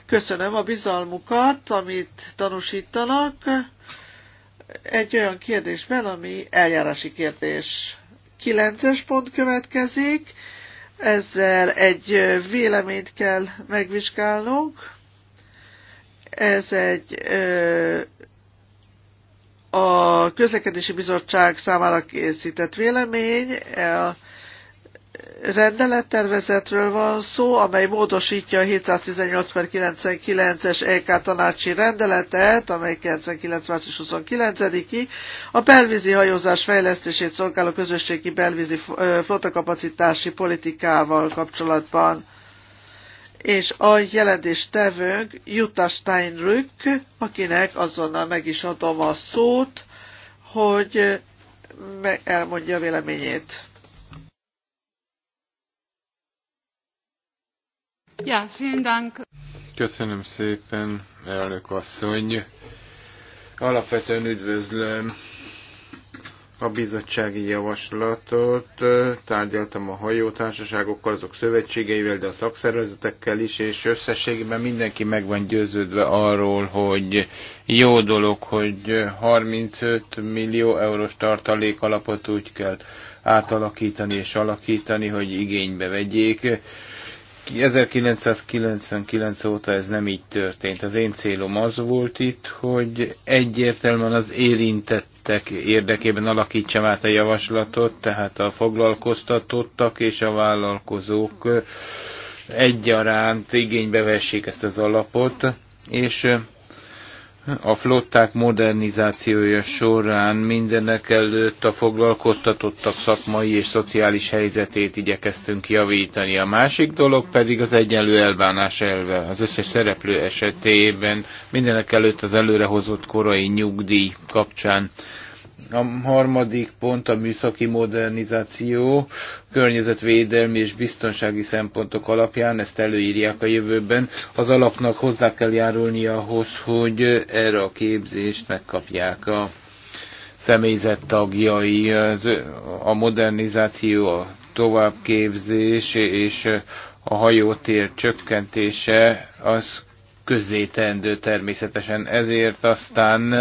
[SPEAKER 3] Köszönöm a bizalmukat, amit tanúsítanak egy olyan kérdésben, ami eljárási kérdés. Kilences pont következik, ezzel egy véleményt kell megvizsgálnunk. Ez egy a közlekedési bizottság számára készített vélemény, rendelettervezetről van szó, amely módosítja a 718 per 99-es EK tanácsi rendeletet, amely 99. március 29-i, a belvízi hajózás fejlesztését szolgáló közösségi belvízi flottakapacitási politikával kapcsolatban. És a tevőnk Jutta Steinrück, akinek azonnal meg is adom a szót, hogy elmondja véleményét.
[SPEAKER 2] Ja, vielen Dank.
[SPEAKER 4] Köszönöm szépen, elnök asszony. Alapvetően üdvözlöm a bizottsági javaslatot. Tárgyaltam a hajótársaságokkal, azok szövetségeivel, de a szakszervezetekkel is, és összességében mindenki meg van győződve arról, hogy jó dolog, hogy 35 millió eurós tartalék alapot úgy kell átalakítani és alakítani, hogy igénybe vegyék 1999 óta ez nem így történt. Az én célom az volt itt, hogy egyértelműen az érintettek érdekében alakítsam át a javaslatot, tehát a foglalkoztatottak és a vállalkozók egyaránt igénybe vessék ezt az alapot, és a flották modernizációja során mindenek előtt a foglalkoztatottak szakmai és szociális helyzetét igyekeztünk javítani. A másik dolog pedig az egyenlő elbánás elve. Az összes szereplő esetében mindenek előtt az előrehozott korai nyugdíj kapcsán a harmadik pont a műszaki modernizáció, környezetvédelmi és biztonsági szempontok alapján, ezt előírják a jövőben. Az alapnak hozzá kell járulni ahhoz, hogy erre a képzést megkapják a személyzet tagjai, a modernizáció, a továbbképzés és a hajótér csökkentése az közzétendő természetesen. Ezért aztán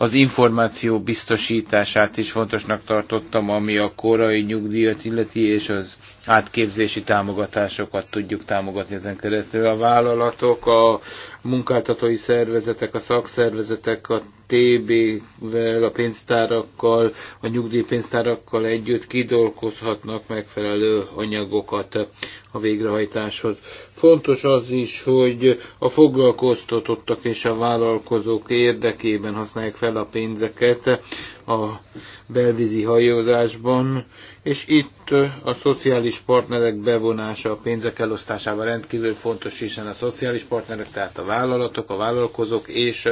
[SPEAKER 4] az információ biztosítását is fontosnak tartottam, ami a korai nyugdíjat illeti, és az átképzési támogatásokat tudjuk támogatni ezen keresztül. A vállalatok, a munkáltatói szervezetek, a szakszervezetek, a TB-vel, a pénztárakkal, a nyugdíjpénztárakkal együtt kidolgozhatnak megfelelő anyagokat a végrehajtáshoz. Fontos az is, hogy a foglalkoztatottak és a vállalkozók érdekében használják fel a pénzeket a belvízi hajózásban, és itt a szociális partnerek bevonása a pénzek elosztásában rendkívül fontos, hiszen a szociális partnerek, tehát a vállalatok, a vállalkozók és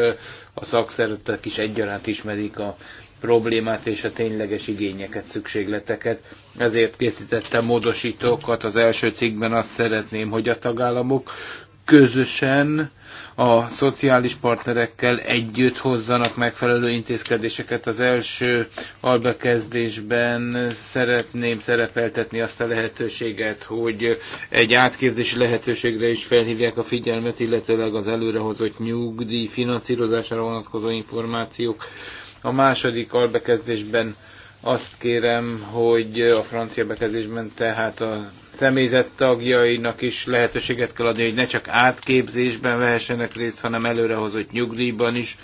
[SPEAKER 4] a szakszeretek is egyaránt ismerik a problémát és a tényleges igényeket, szükségleteket. Ezért készítettem módosítókat. Az első cikkben azt szeretném, hogy a tagállamok közösen a szociális partnerekkel együtt hozzanak megfelelő intézkedéseket. Az első albekezdésben szeretném szerepeltetni azt a lehetőséget, hogy egy átképzési lehetőségre is felhívják a figyelmet, illetőleg az előrehozott nyugdíj finanszírozására vonatkozó információk a második albekezdésben azt kérem, hogy a francia bekezdésben tehát a személyzet tagjainak is lehetőséget kell adni, hogy ne csak átképzésben vehessenek részt, hanem előrehozott nyugdíjban is.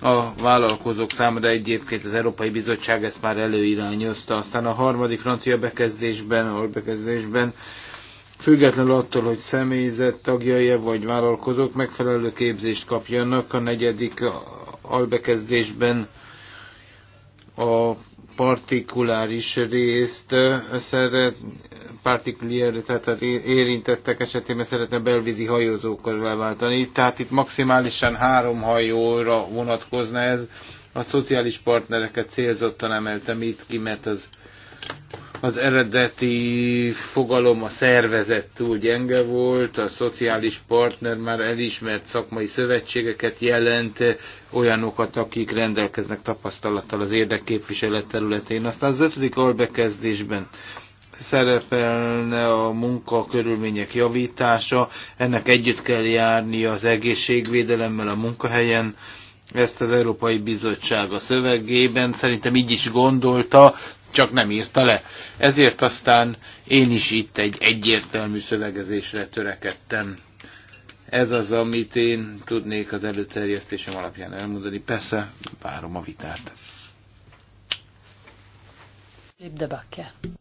[SPEAKER 4] A vállalkozók számára egyébként az Európai Bizottság ezt már előirányozta. Aztán a harmadik francia bekezdésben, albekezdésben Függetlenül attól, hogy személyzet tagjai vagy vállalkozók megfelelő képzést kapjanak, a negyedik albekezdésben a partikuláris részt szeret, partikuláris, tehát a érintettek esetében szeretne belvízi hajózókkal leváltani. Tehát itt maximálisan három hajóra vonatkozna ez. A szociális partnereket célzottan emeltem itt ki, mert az az eredeti fogalom a szervezet túl gyenge volt, a szociális partner már elismert szakmai szövetségeket jelent, olyanokat, akik rendelkeznek tapasztalattal az érdekképviselet területén. Aztán az ötödik albekezdésben szerepelne a munka körülmények javítása, ennek együtt kell járni az egészségvédelemmel a munkahelyen, ezt az Európai Bizottság a szövegében szerintem így is gondolta, csak nem írta le. Ezért aztán én is itt egy egyértelmű szövegezésre törekedtem. Ez az, amit én tudnék az előterjesztésem alapján elmondani. Persze, várom a vitát.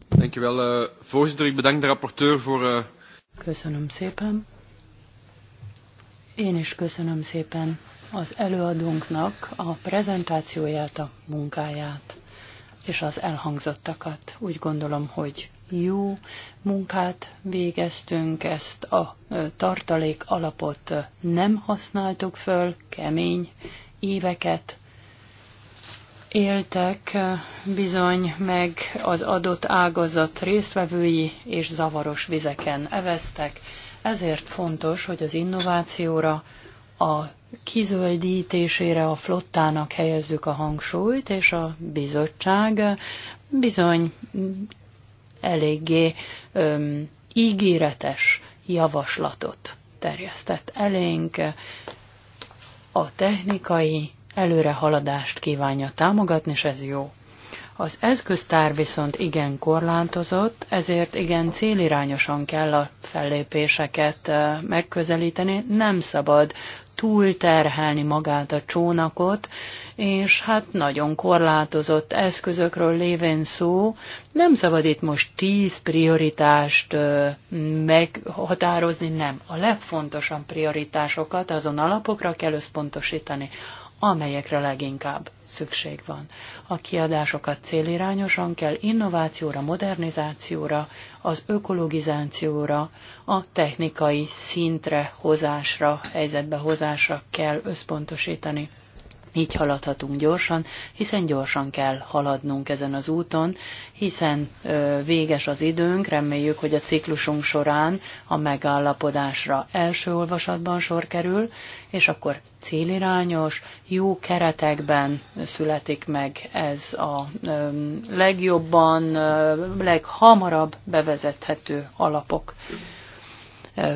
[SPEAKER 1] Dankjewel, uh, voorzitter. Ik bedank de rapporteur voor... Uh...
[SPEAKER 2] Köszönöm szépen. Én is köszönöm szépen az előadónknak a prezentációját, a munkáját és az elhangzottakat. Úgy gondolom, hogy jó munkát végeztünk, ezt a tartalék alapot nem használtuk föl, kemény éveket éltek bizony meg az adott ágazat résztvevői és zavaros vizeken eveztek, ezért fontos, hogy az innovációra, a kizöldítésére a flottának helyezzük a hangsúlyt, és a bizottság bizony eléggé öm, ígéretes javaslatot terjesztett elénk. A technikai előrehaladást kívánja támogatni, és ez jó. Az eszköztár viszont igen korlátozott, ezért igen célirányosan kell a fellépéseket megközelíteni, nem szabad túlterhelni magát a csónakot, és hát nagyon korlátozott eszközökről lévén szó, nem szabad itt most tíz prioritást meghatározni, nem. A legfontosabb prioritásokat azon alapokra kell összpontosítani, amelyekre leginkább szükség van. A kiadásokat célirányosan kell innovációra, modernizációra, az ökologizációra, a technikai szintre hozásra, helyzetbe hozásra kell összpontosítani. Így haladhatunk gyorsan, hiszen gyorsan kell haladnunk ezen az úton, hiszen ö, véges az időnk, reméljük, hogy a ciklusunk során a megállapodásra első olvasatban sor kerül, és akkor célirányos, jó keretekben születik meg ez a ö, legjobban, ö, leghamarabb bevezethető alapok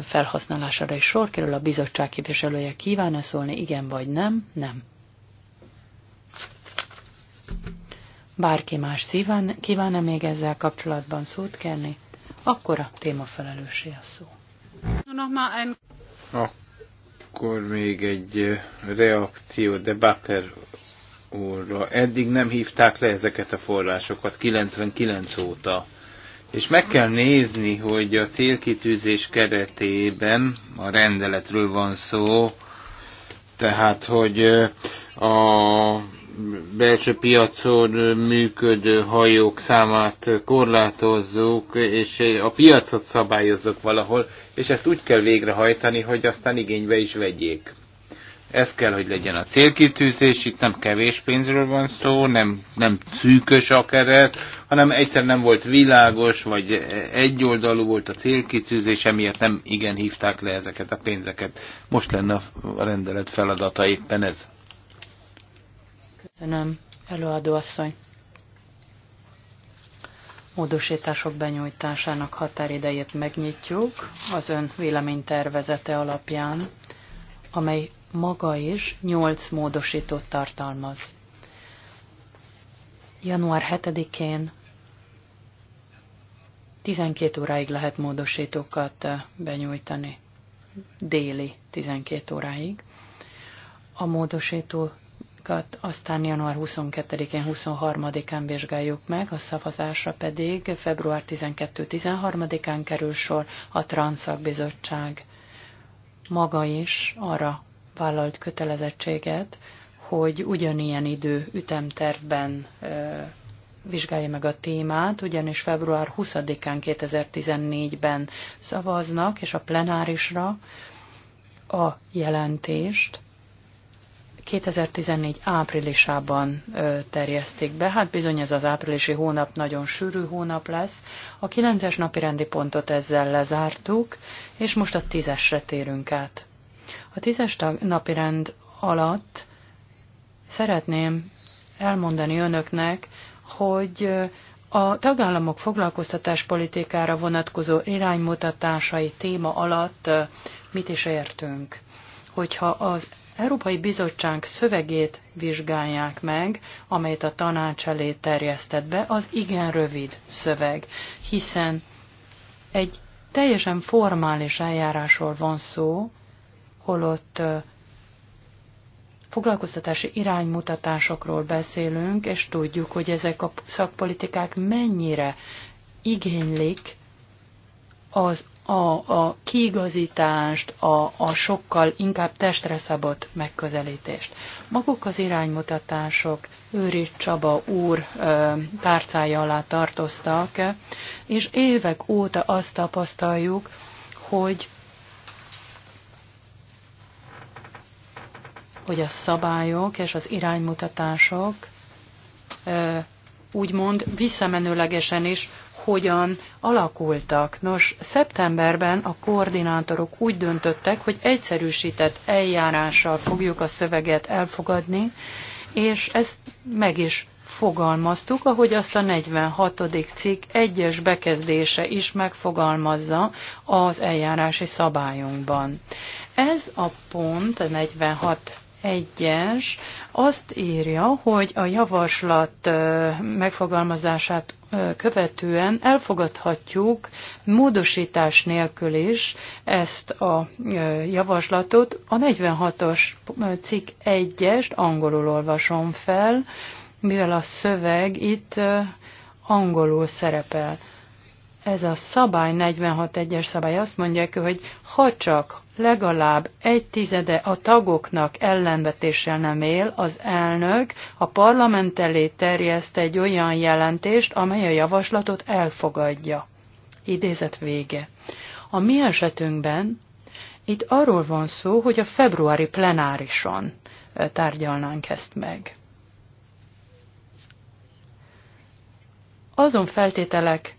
[SPEAKER 2] felhasználására is sor kerül. A bizottság képviselője kíván-e szólni, igen vagy nem? Nem. Bárki más szíván, kíván-e még ezzel kapcsolatban szót kérni? Akkor a felelőssé a szó.
[SPEAKER 4] Akkor még egy reakció, de Baker úrra. Eddig nem hívták le ezeket a forrásokat, 99 óta. És meg kell nézni, hogy a célkitűzés keretében a rendeletről van szó, tehát, hogy a belső piacon működő hajók számát korlátozzuk, és a piacot szabályozzuk valahol, és ezt úgy kell végrehajtani, hogy aztán igénybe is vegyék. Ez kell, hogy legyen a célkitűzés, itt nem kevés pénzről van szó, nem, nem szűkös a keret, hanem egyszer nem volt világos, vagy egyoldalú volt a célkitűzés, emiatt nem igen hívták le ezeket a pénzeket. Most lenne a rendelet feladata éppen ez.
[SPEAKER 2] Köszönöm, asszony. Módosítások benyújtásának határidejét megnyitjuk az ön véleménytervezete alapján, amely maga is nyolc módosítót tartalmaz. Január 7-én 12 óráig lehet módosítókat eh, benyújtani, déli 12 óráig. A módosító módosítókat aztán január 22-én, 23-án vizsgáljuk meg, a szavazásra pedig február 12-13-án kerül sor a Transzakbizottság. Maga is arra vállalt kötelezettséget, hogy ugyanilyen idő ütemtervben vizsgálja meg a témát, ugyanis február 20-án 2014-ben szavaznak, és a plenárisra a jelentést 2014 áprilisában ö, terjesztik be. Hát bizony ez az áprilisi hónap nagyon sűrű hónap lesz. A 9-es napi rendi pontot ezzel lezártuk, és most a 10-esre térünk át. A 10-es napi rend alatt szeretném elmondani önöknek, hogy a tagállamok foglalkoztatáspolitikára vonatkozó iránymutatásai téma alatt mit is értünk. Hogyha az Európai Bizottság szövegét vizsgálják meg, amelyet a tanács elé terjesztett be, az igen rövid szöveg, hiszen egy teljesen formális eljárásról van szó, holott foglalkoztatási iránymutatásokról beszélünk, és tudjuk, hogy ezek a szakpolitikák mennyire igénylik az a, a kiigazítást, a, a sokkal inkább testre szabott megközelítést. Maguk az iránymutatások Őri Csaba úr ö, tárcája alá tartoztak, és évek óta azt tapasztaljuk, hogy hogy a szabályok és az iránymutatások ö, úgymond visszamenőlegesen is hogyan alakultak. Nos, szeptemberben a koordinátorok úgy döntöttek, hogy egyszerűsített eljárással fogjuk a szöveget elfogadni, és ezt meg is fogalmaztuk, ahogy azt a 46. cikk egyes bekezdése is megfogalmazza az eljárási szabályunkban. Ez a pont, a 46 egyes azt írja, hogy a javaslat megfogalmazását követően elfogadhatjuk módosítás nélkül is ezt a javaslatot. A 46-os cikk 1-est angolul olvasom fel, mivel a szöveg itt angolul szerepel ez a szabály, 46.1-es szabály azt mondja, hogy ha csak legalább egy tizede a tagoknak ellenvetéssel nem él, az elnök a parlament elé terjeszt egy olyan jelentést, amely a javaslatot elfogadja. Idézet vége. A mi esetünkben itt arról van szó, hogy a februári plenárison tárgyalnánk ezt meg. Azon feltételek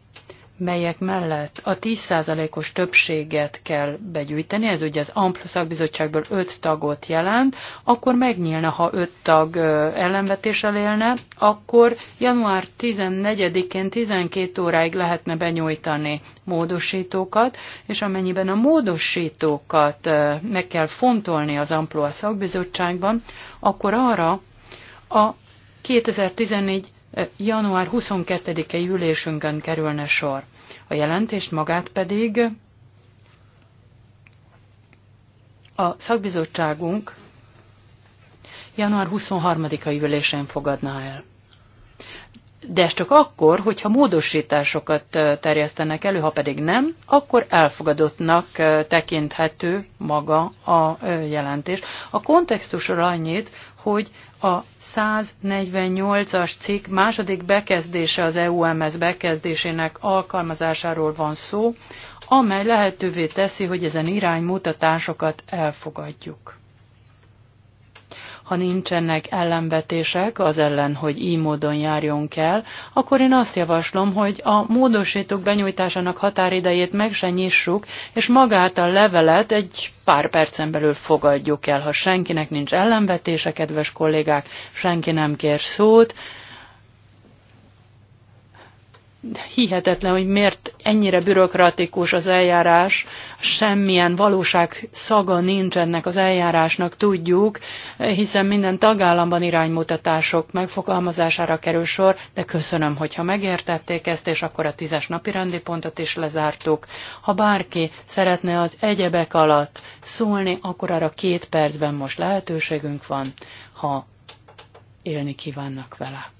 [SPEAKER 2] melyek mellett a 10%-os többséget kell begyűjteni, ez ugye az AMPL szakbizottságból 5 tagot jelent, akkor megnyílna, ha 5 tag ellenvetéssel élne, akkor január 14-én 12 óráig lehetne benyújtani módosítókat, és amennyiben a módosítókat meg kell fontolni az Ampl a szakbizottságban, akkor arra a 2014 január 22-i ülésünkön kerülne sor a jelentést, magát pedig a szakbizottságunk január 23-ai ülésén fogadná el. De ez csak akkor, hogyha módosításokat terjesztenek elő, ha pedig nem, akkor elfogadottnak tekinthető maga a jelentés. A kontextusról annyit, hogy a 148-as cikk második bekezdése az EUMS bekezdésének alkalmazásáról van szó, amely lehetővé teszi, hogy ezen iránymutatásokat elfogadjuk ha nincsenek ellenvetések az ellen, hogy így módon járjon kell, akkor én azt javaslom, hogy a módosítók benyújtásának határidejét meg se nyissuk, és magát a levelet egy pár percen belül fogadjuk el. Ha senkinek nincs ellenvetése, kedves kollégák, senki nem kér szót, hihetetlen, hogy miért ennyire bürokratikus az eljárás, semmilyen valóság szaga nincs ennek az eljárásnak, tudjuk, hiszen minden tagállamban iránymutatások megfogalmazására kerül sor, de köszönöm, hogyha megértették ezt, és akkor a tízes napi rendi pontot is lezártuk. Ha bárki szeretne az egyebek alatt szólni, akkor arra két percben most lehetőségünk van, ha élni kívánnak vele.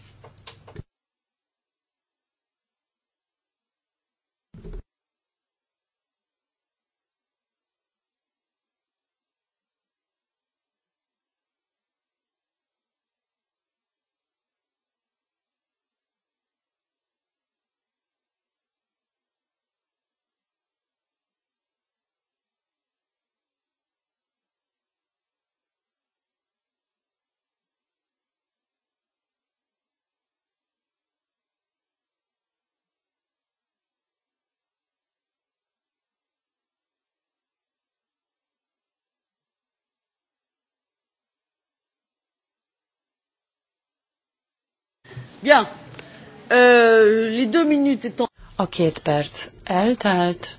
[SPEAKER 2] Bien. Euh, les deux minutes étant... A két perc eltelt,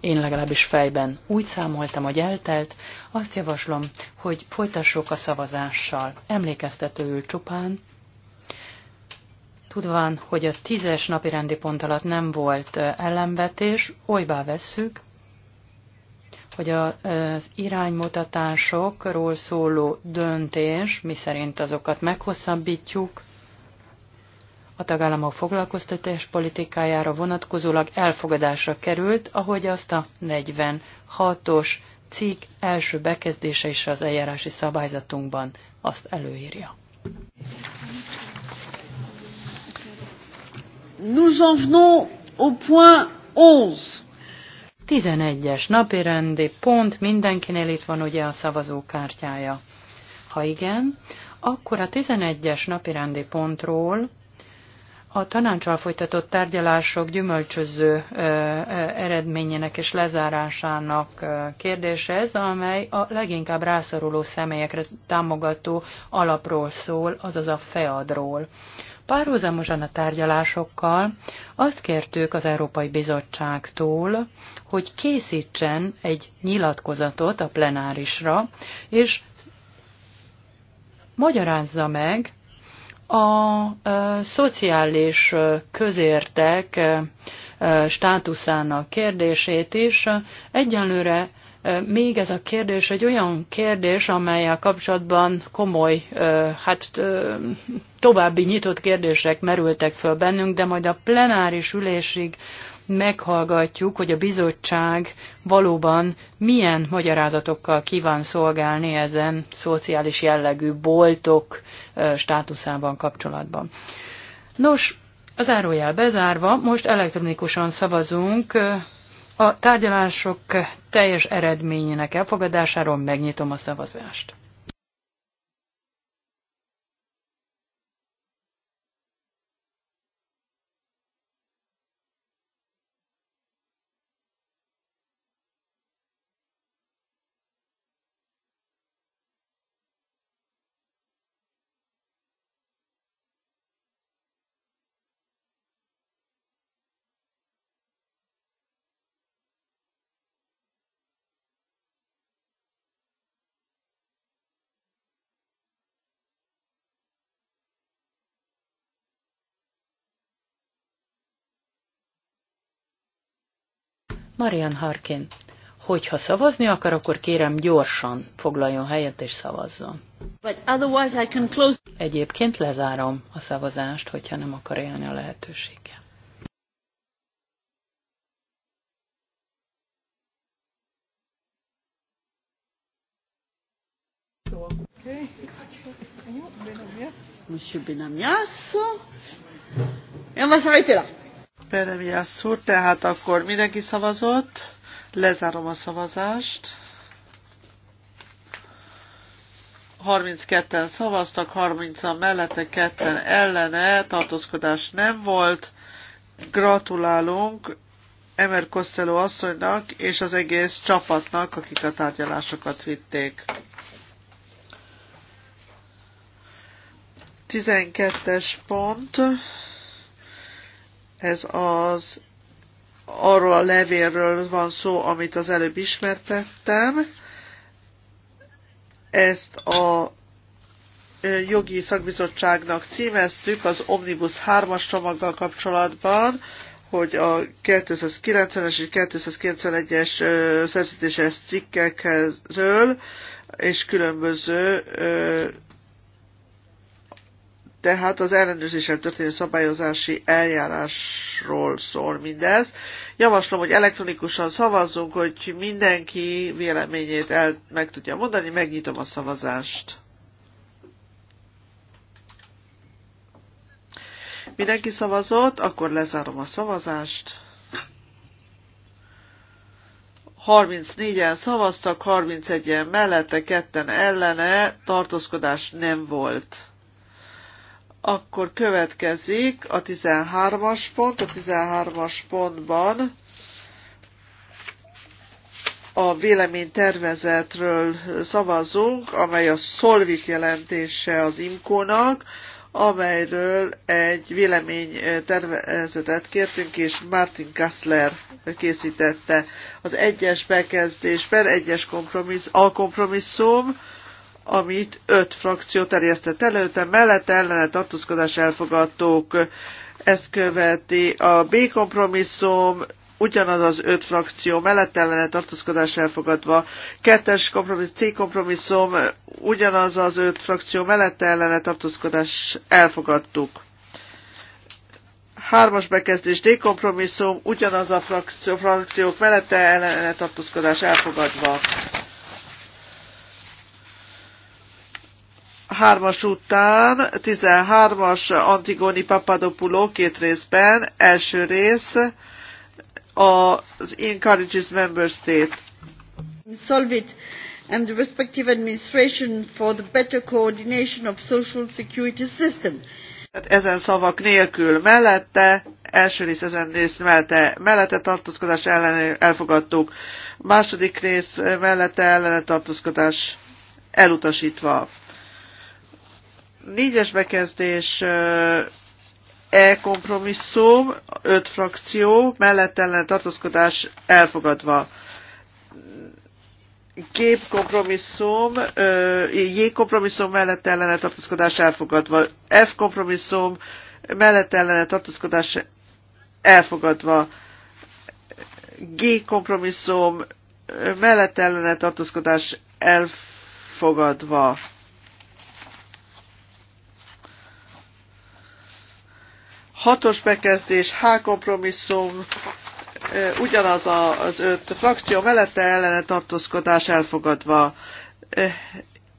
[SPEAKER 2] én legalábbis fejben úgy számoltam, hogy eltelt, azt javaslom, hogy folytassuk a szavazással. Emlékeztetőül csupán, tudván, hogy a tízes napi rendi pont alatt nem volt ellenvetés, olybá vesszük, hogy az iránymutatásokról szóló döntés, miszerint azokat meghosszabbítjuk, a tagállamok foglalkoztatás politikájára vonatkozólag elfogadásra került, ahogy azt a 46-os cikk első bekezdése is az eljárási szabályzatunkban azt előírja. Nous en venons au point 11. 11-es napi rendi pont, mindenkinél itt van ugye a szavazókártyája. Ha igen, akkor a 11-es napi rendi pontról a tanácsal folytatott tárgyalások gyümölcsöző eredményének és lezárásának kérdése ez, amely a leginkább rászoruló személyekre támogató alapról szól, azaz a FEAD-ról. Párhuzamosan a tárgyalásokkal azt kértük az Európai Bizottságtól, hogy készítsen egy nyilatkozatot a plenárisra, és magyarázza meg, a ö, szociális közértek ö, státuszának kérdését is. Egyenlőre még ez a kérdés egy olyan kérdés, amelyel kapcsolatban komoly, hát további nyitott kérdések merültek föl bennünk, de majd a plenáris ülésig meghallgatjuk, hogy a bizottság valóban milyen magyarázatokkal kíván szolgálni ezen szociális jellegű boltok státuszában kapcsolatban. Nos, az zárójel bezárva, most elektronikusan szavazunk a tárgyalások teljes eredményének elfogadásáról megnyitom a szavazást. Marian Harkin, hogyha szavazni akar, akkor kérem gyorsan foglaljon helyet és szavazzon. But otherwise I can close... Egyébként lezárom a szavazást, hogyha nem akar élni a lehetőséggel.
[SPEAKER 1] Okay. Monsieur Benamias. Et on va s'arrêter là.
[SPEAKER 3] Peremiász úr, tehát akkor mindenki szavazott, lezárom a szavazást. 32-en szavaztak, 30-an mellette, 2 ellene, tartózkodás nem volt. Gratulálunk Emer Costello asszonynak és az egész csapatnak, akik a tárgyalásokat vitték. 12-es pont. Ez az arról a levélről van szó, amit az előbb ismertettem. Ezt a jogi szakbizottságnak címeztük az Omnibus 3-as csomaggal kapcsolatban, hogy a 290-es és 291-es szerződéses cikkekről és különböző tehát az ellenőrzésen történő szabályozási eljárásról szól mindez. Javaslom, hogy elektronikusan szavazzunk, hogy mindenki véleményét el meg tudja mondani. Megnyitom a szavazást. Mindenki szavazott, akkor lezárom a szavazást. 34-en szavaztak, 31-en mellette, ketten ellene, tartózkodás nem volt. Akkor következik a 13-as pont. A 13-as pontban a véleménytervezetről szavazunk, amely a Szolvit jelentése az Imkónak, amelyről egy véleménytervezetet kértünk, és Martin Kassler készítette. Az egyes bekezdésben egyes kompromissz, a kompromisszum, amit öt frakció terjesztett előtte, mellett ellene tartózkodás elfogadtók. Ezt követi a B kompromisszum, ugyanaz az öt frakció mellett ellene tartózkodás elfogadva, kettes kompromisszum, C kompromisszum, ugyanaz az öt frakció mellett ellene tartózkodás elfogadtuk. Hármas bekezdés D kompromisszum, ugyanaz a frakció, frakciók mellette ellene tartózkodás elfogadva. hármas után 13-as Antigoni Papadopuló két részben, első rész az encourages member state.
[SPEAKER 1] Solve it and the respective administration for the better coordination of social security system.
[SPEAKER 3] Tehát ezen szavak nélkül mellette, első rész ezen rész mellette, mellette tartózkodás ellen elfogadtuk, második rész mellette ellene tartózkodás elutasítva négyes bekezdés E kompromisszum, öt frakció, mellett ellen tartózkodás elfogadva. Gép kompromisszum, J kompromisszum mellett ellen tartózkodás elfogadva. F kompromisszum mellett ellen tartózkodás elfogadva. G kompromisszum mellett ellen tartózkodás elfogadva. Hatos bekezdés, H kompromisszum, ugyanaz az öt frakció mellette ellene tartózkodás elfogadva.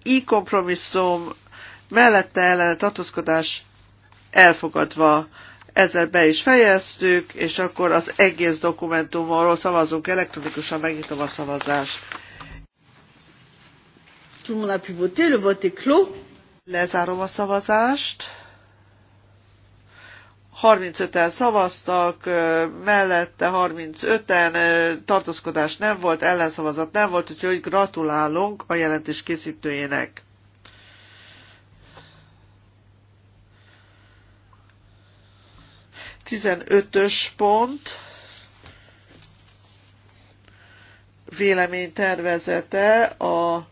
[SPEAKER 3] I kompromisszum mellette ellene tartózkodás elfogadva. Ezzel be is fejeztük, és akkor az egész dokumentumról szavazunk elektronikusan, megnyitom a szavazást.
[SPEAKER 1] Lezárom a szavazást.
[SPEAKER 3] 35-en szavaztak, mellette 35-en, tartózkodás nem volt, ellenszavazat nem volt, úgyhogy gratulálunk a jelentés készítőjének. Tizenötös pont véleménytervezete a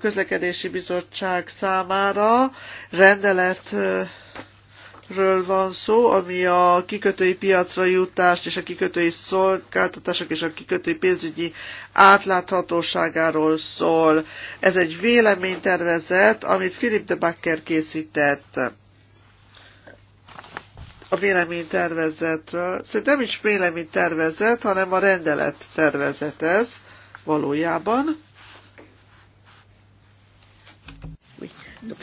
[SPEAKER 3] közlekedési bizottság számára rendelet ről van szó, ami a kikötői piacra jutást és a kikötői szolgáltatások és a kikötői pénzügyi átláthatóságáról szól. Ez egy véleménytervezet, amit Philip de Backer készített a véleménytervezetről. Szerintem nem is véleménytervezet, hanem a rendelet tervezet ez
[SPEAKER 1] valójában. Oui. Donc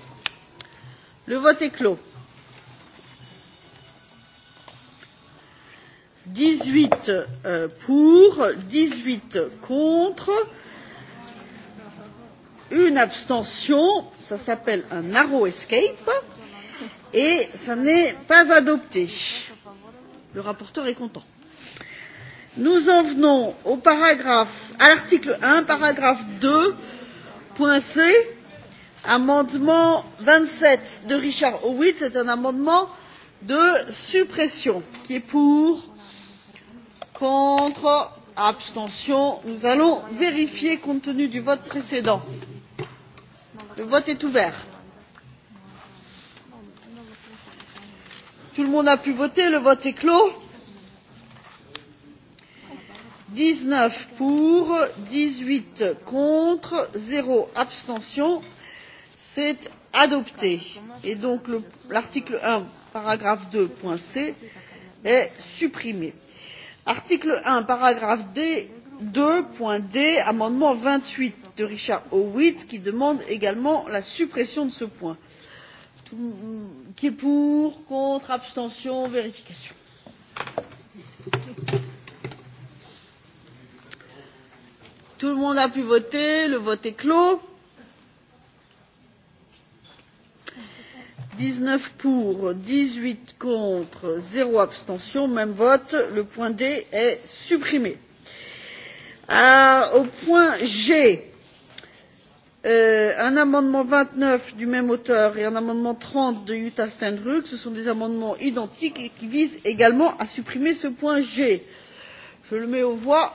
[SPEAKER 1] Le vote est clos. 18 euh, pour, 18 contre, une abstention, ça s'appelle un narrow escape, et ça n'est pas adopté. Le rapporteur est content. Nous en venons au paragraphe, à l'article 1, paragraphe 2, point C, amendement vingt sept de richard howitt est un amendement de suppression qui est pour contre abstention nous allons vérifier compte tenu du vote précédent. le vote est ouvert. tout le monde a pu voter le vote est clos. dix neuf pour dix huit contre zéro abstention c'est adopté et donc l'article un paragraphe deux point c est supprimé. article un paragraphe deux point d amendement vingt huit de richard howitt qui demande également la suppression de ce point. qui est pour? contre? abstention? vérification. tout le monde a pu voter le vote est clos dix neuf pour dix huit contre zéro abstention même vote le point d est supprimé. Ah, au point g euh, un amendement vingt neuf du même auteur et un amendement trente de jutta steinruck ce sont des amendements identiques et qui visent également à supprimer ce point g. je le mets aux voix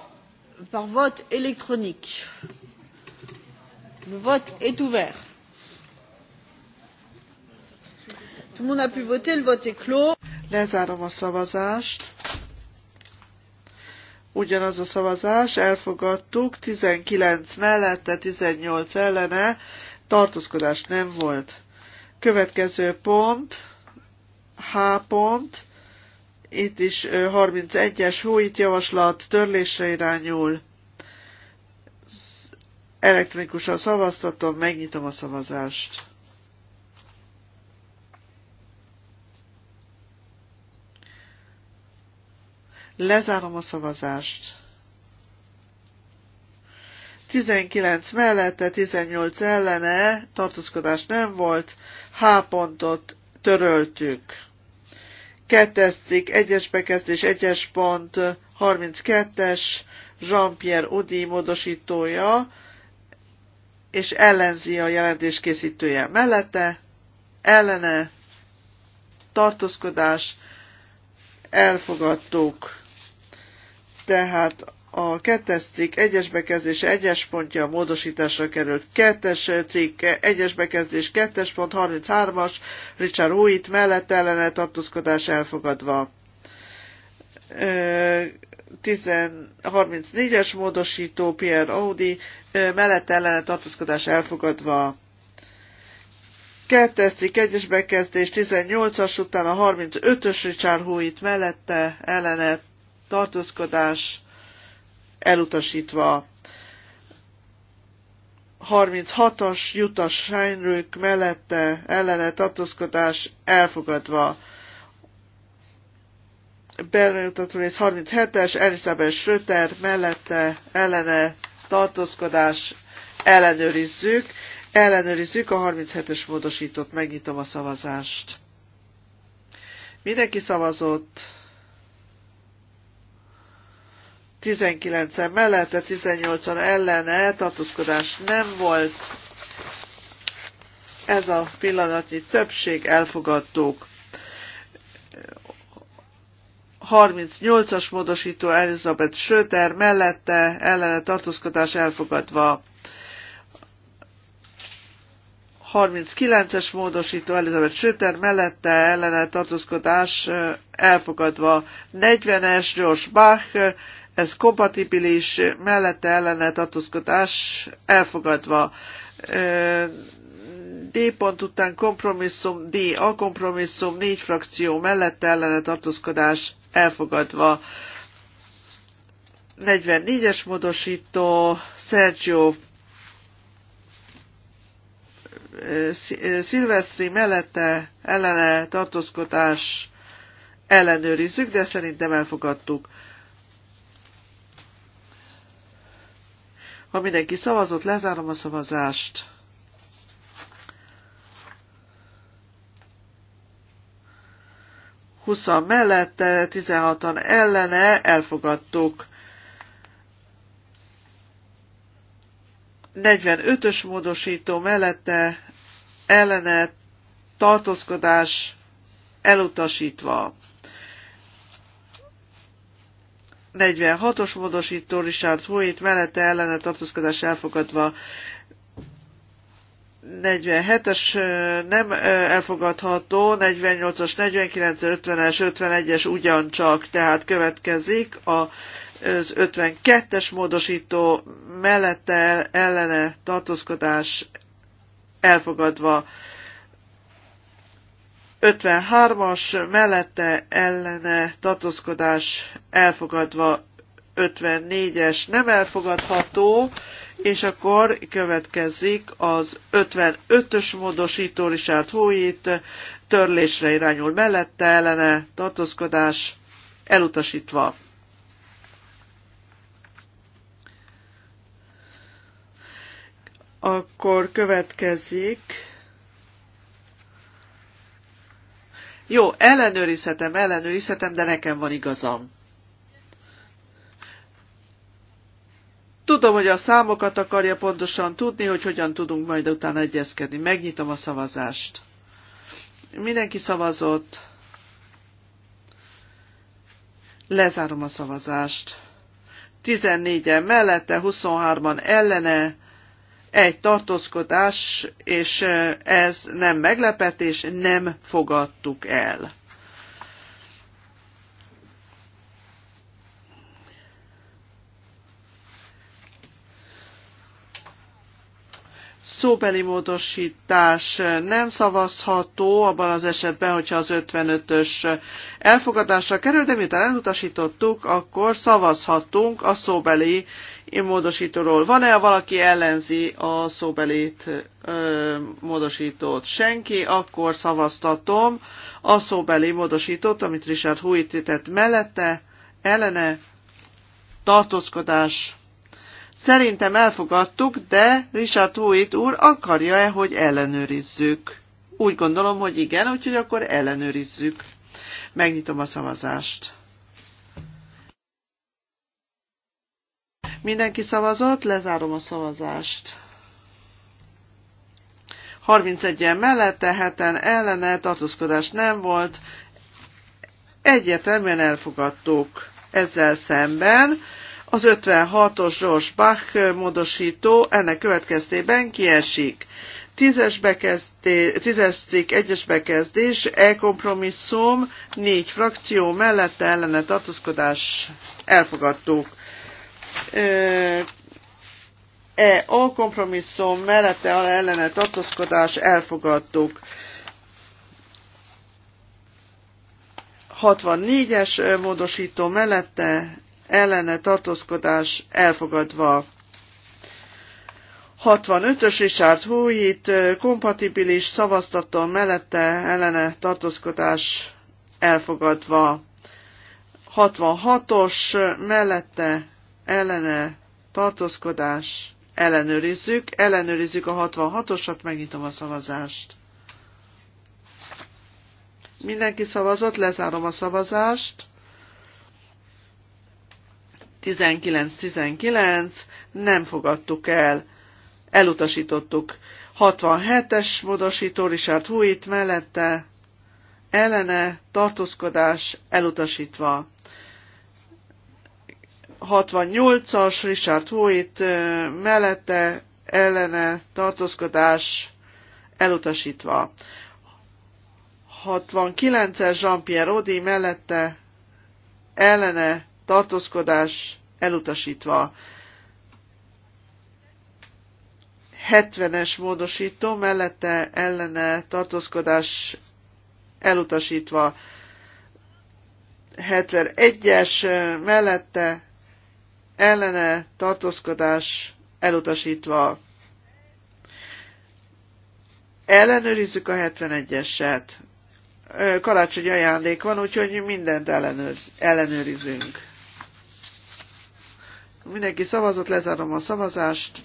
[SPEAKER 1] par vote électronique. le vote est ouvert. Tout le monde a pu voter, le vote est clos. Lezárom a szavazást. Ugyanaz a
[SPEAKER 3] szavazás, elfogadtuk, 19 mellette, 18 ellene, tartózkodás nem volt. Következő pont, H pont, itt is 31-es hóit javaslat törlésre irányul. Elektronikusan szavaztatom, megnyitom a szavazást. Lezárom a szavazást. 19 mellette, 18 ellene, tartózkodás nem volt, H pontot töröltük. Kettes cikk, egyes bekezdés, egyes pont, 32-es, Jean-Pierre Odi módosítója, és ellenzi a jelentés készítője mellette, ellene, tartózkodás, elfogadtuk. Tehát a kettes cikk egyes bekezdés egyes pontja a módosításra került. Kettes cikk egyes bekezdés kettes pont 33-as Richard Huit mellett ellene tartózkodás elfogadva. 34-es módosító Pierre Audi mellett ellene tartózkodás elfogadva. Kettes cikk egyes bekezdés 18-as után a 35-ös Richard Huit mellette ellene tartózkodás elutasítva. 36-as Jutas Seinrück mellette ellene tartózkodás elfogadva. rész 37-es Elisabeth Schröter mellette ellene tartózkodás ellenőrizzük. Ellenőrizzük a 37-es módosítót, megnyitom a szavazást. Mindenki szavazott. 19-en mellette, 18-an ellene, tartózkodás nem volt. Ez a pillanatnyi többség elfogadtuk. 38-as módosító Elizabeth Söter mellette ellene tartózkodás elfogadva. 39-es módosító Elizabeth Söter mellette ellene tartózkodás elfogadva. 40-es George Bach ez kompatibilis, mellette ellene tartózkodás elfogadva. D pont után kompromisszum, D a kompromisszum, négy frakció mellette ellene tartózkodás elfogadva. 44-es módosító Sergio Szilvesztri mellette ellene tartózkodás ellenőrizzük, de szerintem elfogadtuk. Ha mindenki szavazott, lezárom a szavazást. Huszan mellette, 16-an ellene, elfogadtuk. 45-ös módosító mellette ellene tartózkodás elutasítva. 46-os módosító Richard Hoyt mellette ellene tartózkodás elfogadva 47-es nem elfogadható, 48-as, 49-es, 50-es, 51-es ugyancsak, tehát következik az 52-es módosító mellette ellene tartózkodás elfogadva 53-as mellette ellene tartózkodás elfogadva, 54-es nem elfogadható, és akkor következik az 55-ös módosító Richard Hóit, törlésre irányul mellette ellene tartózkodás elutasítva. Akkor következik Jó, ellenőrizhetem, ellenőrizhetem, de nekem van igazam. Tudom, hogy a számokat akarja pontosan tudni, hogy hogyan tudunk majd utána egyezkedni. Megnyitom a szavazást. Mindenki szavazott. Lezárom a szavazást. 14-en mellette, 23-an ellene, egy tartózkodás, és ez nem meglepetés, nem fogadtuk el. szóbeli módosítás nem szavazható abban az esetben, hogyha az 55-ös elfogadásra kerül, de miután elutasítottuk, akkor szavazhatunk a szóbeli módosítóról. Van-e valaki ellenzi a szóbelét ö, módosítót? Senki, akkor szavaztatom a szóbeli módosítót, amit Richard Huitített mellette, ellene, tartózkodás. Szerintem elfogadtuk, de Richard Huit úr akarja-e, hogy ellenőrizzük? Úgy gondolom, hogy igen, úgyhogy akkor ellenőrizzük. Megnyitom a szavazást. Mindenki szavazott, lezárom a szavazást. 31-en mellette, 7 ellene, tartózkodás nem volt. Egyértelműen elfogadtuk ezzel szemben. Az 56-os George Bach módosító ennek következtében kiesik. Tízes, bekezdé, 10 cikk, egyes bekezdés, e-kompromisszum, négy frakció mellette ellene tartózkodás elfogadtuk. E a kompromisszum mellette alá ellene tartózkodás elfogadtuk. 64-es módosító mellette ellene tartózkodás elfogadva. 65-ös Richard hújít kompatibilis szavaztatom mellette ellene tartózkodás elfogadva. 66-os mellette ellene tartózkodás ellenőrizzük, ellenőrizzük a 66-osat, megnyitom a szavazást. Mindenki szavazott, lezárom a szavazást. 19-19, nem fogadtuk el, elutasítottuk. 67-es módosító Richard Huit mellette, ellene tartózkodás elutasítva. 68-as Richard Hoyt mellette ellene tartózkodás elutasítva. 69-es Jean-Pierre Audi mellette ellene tartózkodás elutasítva. 70-es módosító mellette ellene tartózkodás elutasítva. 71-es mellette ellene tartózkodás elutasítva. Ellenőrizzük a 71-eset. Karácsony ajándék van, úgyhogy mindent ellenőrz, ellenőrizünk. Mindenki szavazott, lezárom a szavazást.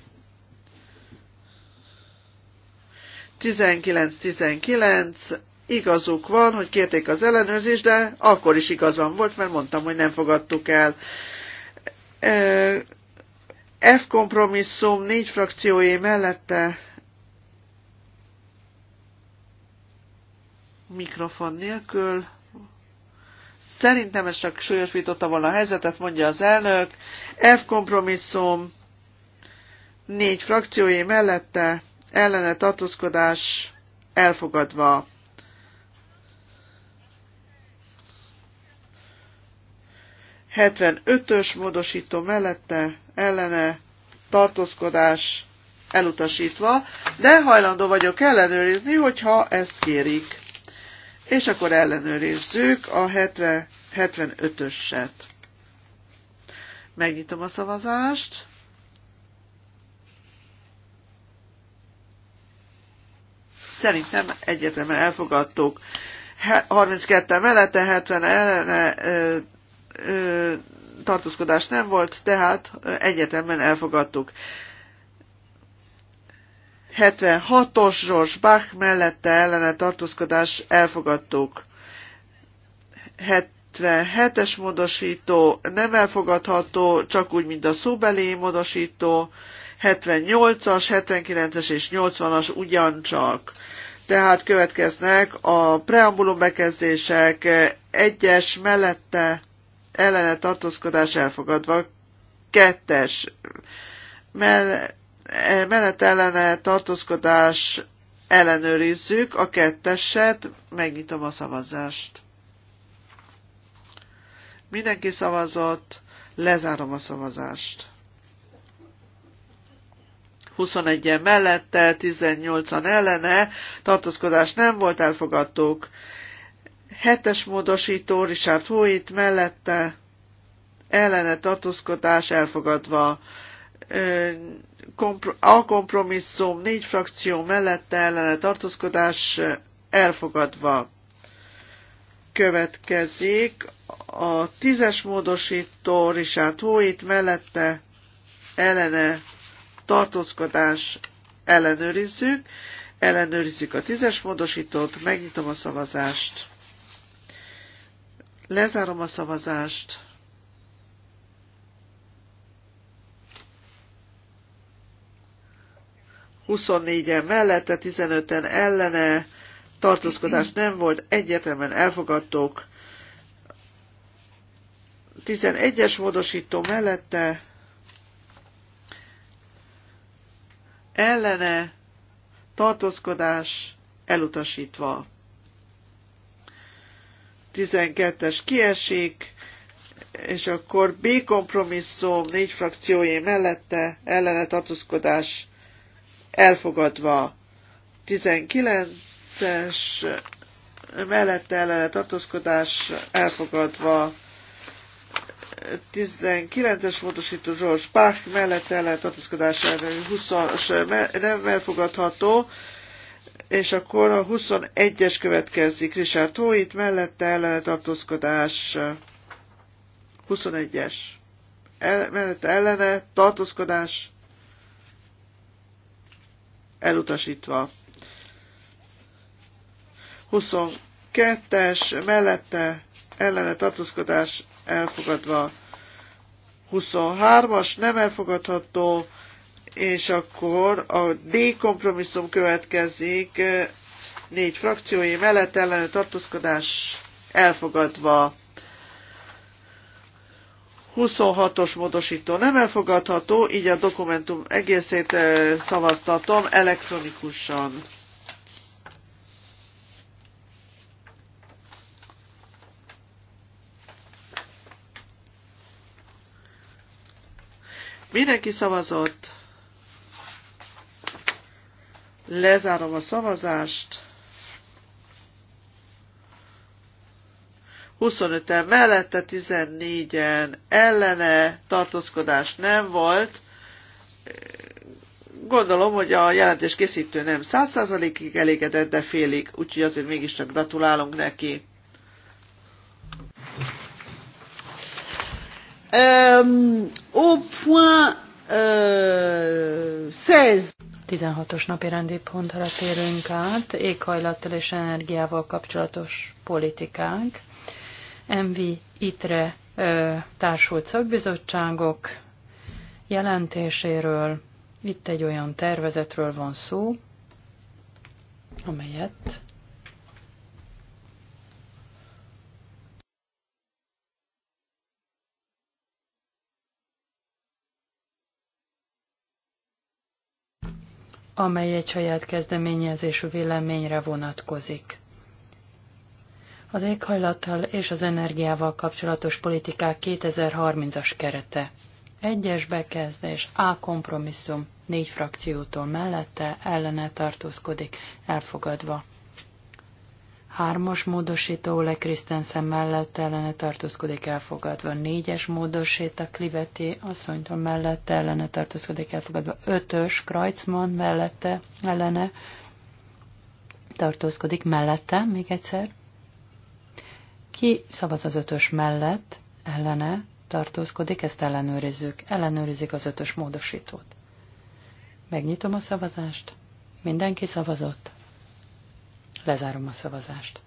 [SPEAKER 3] 19-19, igazuk van, hogy kérték az ellenőrzést, de akkor is igazam volt, mert mondtam, hogy nem fogadtuk el. F kompromisszum négy frakciói mellette mikrofon nélkül. Szerintem ez csak súlyosította volna a helyzetet, mondja az elnök. F kompromisszum négy frakciói mellette ellene tartózkodás elfogadva. 75-ös módosító mellette ellene tartózkodás elutasítva, de hajlandó vagyok ellenőrizni, hogyha ezt kérik. És akkor ellenőrizzük a 70, 75-öset. Megnyitom a szavazást. Szerintem egyetemen elfogadtuk. 32 mellette, 70 ellene ö, tartózkodás nem volt, tehát egyetemben elfogadtuk. 76-os Zsors Bach mellette ellene tartózkodás elfogadtuk. 77-es módosító nem elfogadható, csak úgy, mint a szóbeli módosító. 78-as, 79-es és 80-as ugyancsak. Tehát következnek a preambulum bekezdések, egyes mellette ellene tartózkodás elfogadva, kettes mell- eh, mellett ellene tartózkodás ellenőrizzük a ketteset, megnyitom a szavazást. Mindenki szavazott, lezárom a szavazást. 21-en mellette, 18-an ellene, tartózkodás nem volt, elfogadtuk. Hetes módosító Richard Hoyt mellette ellene tartózkodás elfogadva. A kompromisszum négy frakció mellette ellene tartózkodás elfogadva. Következik a tízes módosító Richard Hoyt mellette ellene tartózkodás ellenőrizzük. Ellenőrizzük a tízes módosítót, megnyitom a szavazást. Lezárom a szavazást. Huszonnégyen mellette, 15 ellene, tartózkodás nem volt, egyetemen elfogadtok. 11-es módosító mellette, ellene, tartózkodás elutasítva. 12-es kiesik, és akkor B kompromisszum négy frakciói mellette ellene tartózkodás elfogadva. 19-es mellette ellene tartózkodás elfogadva. 19-es módosító Zsors Pák mellette ellen tartózkodás 20-as nem elfogadható, és akkor a 21-es következik, Richard Hoyt mellette ellene tartózkodás. 21-es. El, mellette ellene tartózkodás elutasítva. 22-es mellette ellene tartózkodás elfogadva. 23-as nem elfogadható, és akkor a D kompromisszum következik, négy frakciói mellett ellenő tartózkodás elfogadva. 26-os módosító nem elfogadható, így a dokumentum egészét szavaztatom elektronikusan. Mindenki szavazott. Lezárom a szavazást. 25-en mellette, 14-en ellene, tartózkodás nem volt. Gondolom, hogy a jelentés készítő nem 100%-ig elégedett, de félig, úgyhogy azért mégiscsak gratulálunk
[SPEAKER 1] neki.
[SPEAKER 2] Um, au point uh, 16. 16-os napi rendi pontra térünk át, éghajlattal és energiával kapcsolatos politikánk. MV ITRE társult szakbizottságok jelentéséről. Itt egy olyan tervezetről van szó, amelyet amely egy saját kezdeményezésű véleményre vonatkozik. Az éghajlattal és az energiával kapcsolatos politikák 2030-as kerete. Egyes bekezdés, A kompromisszum, négy frakciótól mellette, ellene tartózkodik, elfogadva. Hármas módosító Ole Krisztensen mellett ellene tartózkodik elfogadva. Négyes módosító Kliveti asszonytól mellett ellene tartózkodik elfogadva. Ötös Krajcman mellette ellene tartózkodik mellette, még egyszer. Ki szavaz az ötös mellett, ellene tartózkodik, ezt ellenőrizzük. Ellenőrizik az ötös módosítót. Megnyitom a szavazást. Mindenki szavazott. Lezárom a szavazást.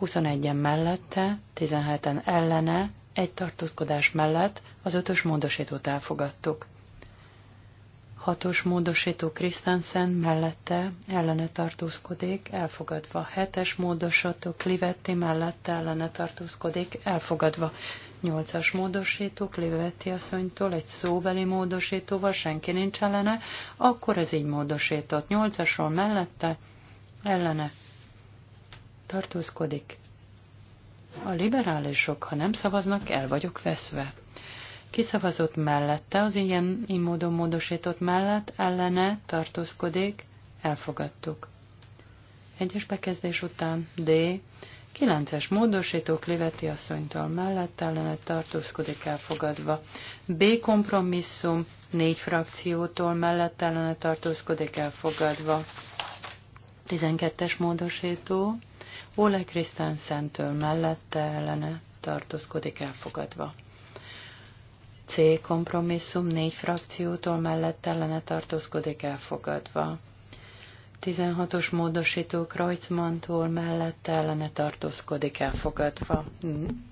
[SPEAKER 2] 21-en mellette, 17-en ellene, egy tartózkodás mellett az ötös módosítót elfogadtuk. Hatos módosító Krisztánsen mellette ellene tartózkodik, elfogadva. Hetes módosító Klivetti mellette ellene tartózkodik, elfogadva. Nyolcas módosítók módosító asszonytól egy szóbeli módosítóval senki nincs ellene, akkor ez így módosított. Nyolcasról mellette ellene tartózkodik. A liberálisok, ha nem szavaznak, el vagyok veszve. Kiszavazott mellette, az ilyen módon módosított mellett ellene tartózkodik, elfogadtuk. Egyes bekezdés után D. 9-es módosító kliveti asszonytól mellett ellene tartózkodik elfogadva. B kompromisszum négy frakciótól mellett ellene tartózkodik elfogadva. 12-es módosító Ole Krisztán Szentől mellette ellene tartózkodik elfogadva. C kompromisszum négy frakciótól mellett ellene tartózkodik elfogadva. 16-os módosító Kreutzmann-tól mellette ellene tartózkodik elfogadva.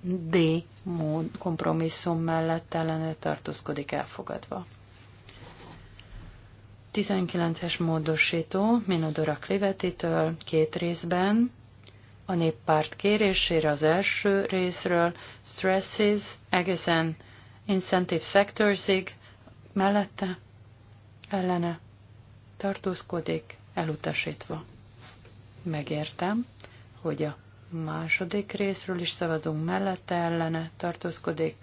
[SPEAKER 2] D. Mód, kompromisszum mellett ellene tartózkodik elfogadva. 19-es módosító Minodora Klivetitől két részben, a néppárt kérésére az első részről stresses egészen incentive sectorsig, mellette ellene tartózkodik elutasítva. Megértem, hogy a második részről is szavazunk mellette ellene tartózkodik.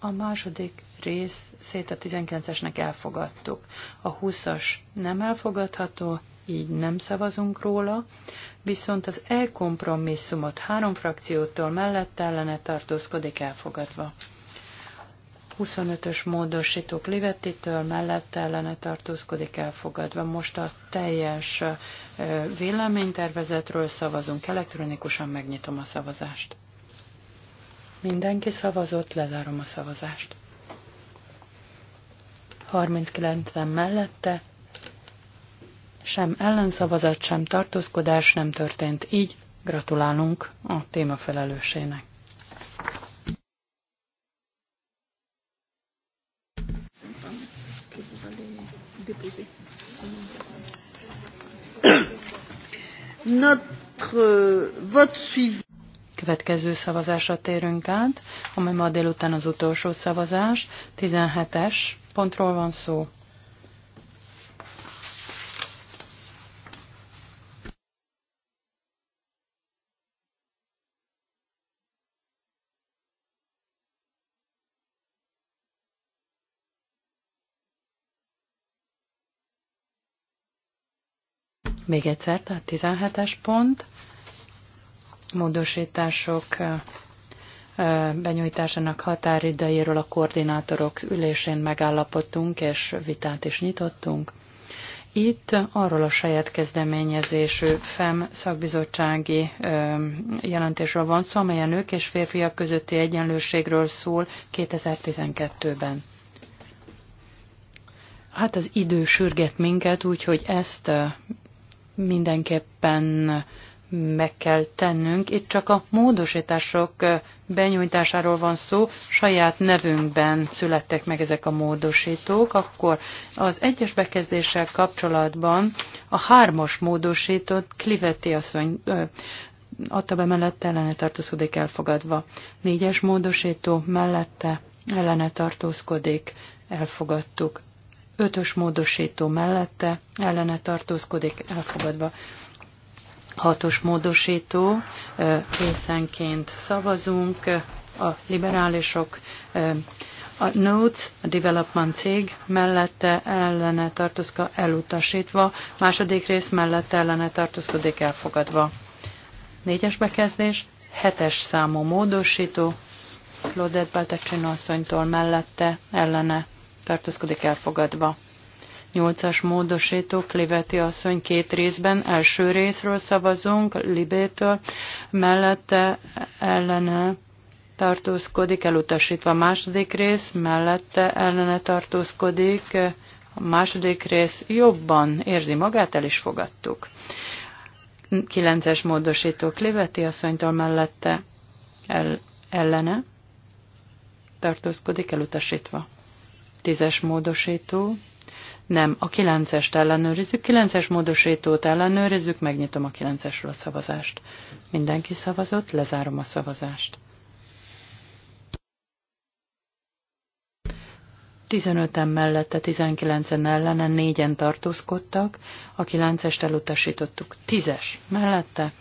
[SPEAKER 2] A második rész szét a 19-esnek elfogadtuk. A 20-as nem elfogadható, így nem szavazunk róla, viszont az elkompromisszumot három frakciótól mellette ellene tartózkodik elfogadva. 25-ös módosítók Livettitől mellette ellene tartózkodik elfogadva. Most a teljes véleménytervezetről szavazunk elektronikusan, megnyitom a szavazást. Mindenki szavazott, lezárom a szavazást. 39 mellette sem ellenszavazat, sem tartózkodás nem történt így. Gratulálunk a felelősének. Notre euh, vote suivant. Következő szavazásra térünk át, amely ma délután az utolsó szavazás, 17-es pontról van szó. Még egyszer, tehát 17-es pont, módosítások benyújtásának határidejéről a koordinátorok ülésén megállapodtunk, és vitát is nyitottunk. Itt arról a saját kezdeményezésű FEM szakbizottsági jelentésről van szó, amely a nők és férfiak közötti egyenlőségről szól 2012-ben. Hát az idő sürget minket, úgyhogy ezt mindenképpen meg kell tennünk. Itt csak a módosítások benyújtásáról van szó, saját nevünkben születtek meg ezek a módosítók, akkor az egyes bekezdéssel kapcsolatban a hármas módosított Kliveti asszony adta be mellette ellene tartózkodik elfogadva. Négyes módosító mellette ellene tartózkodik, elfogadtuk. Ötös módosító mellette ellene tartózkodik elfogadva. Hatos módosító részenként szavazunk. A liberálisok a Notes, a Development cég mellette ellene tartozka elutasítva, második rész mellette ellene tartózkodik elfogadva. Négyes bekezdés, hetes számú módosító, Claudette Baltacsino asszonytól mellette ellene tartózkodik elfogadva. Nyolcas módosító Kliveti asszony két részben, első részről szavazunk, Libétől, mellette ellene tartózkodik, elutasítva a második rész, mellette ellene tartózkodik, a második rész jobban érzi magát, el is fogadtuk. Kilences módosító Kliveti asszonytól mellette el, ellene tartózkodik, elutasítva. Tízes módosító. Nem, a kilencest ellenőrizzük. Kilences módosítót ellenőrizzük, megnyitom a kilencesről a szavazást. Mindenki szavazott, lezárom a szavazást. 15-en mellette, 19-en ellene, 4-en tartózkodtak, a 9-est elutasítottuk. 10-es mellette,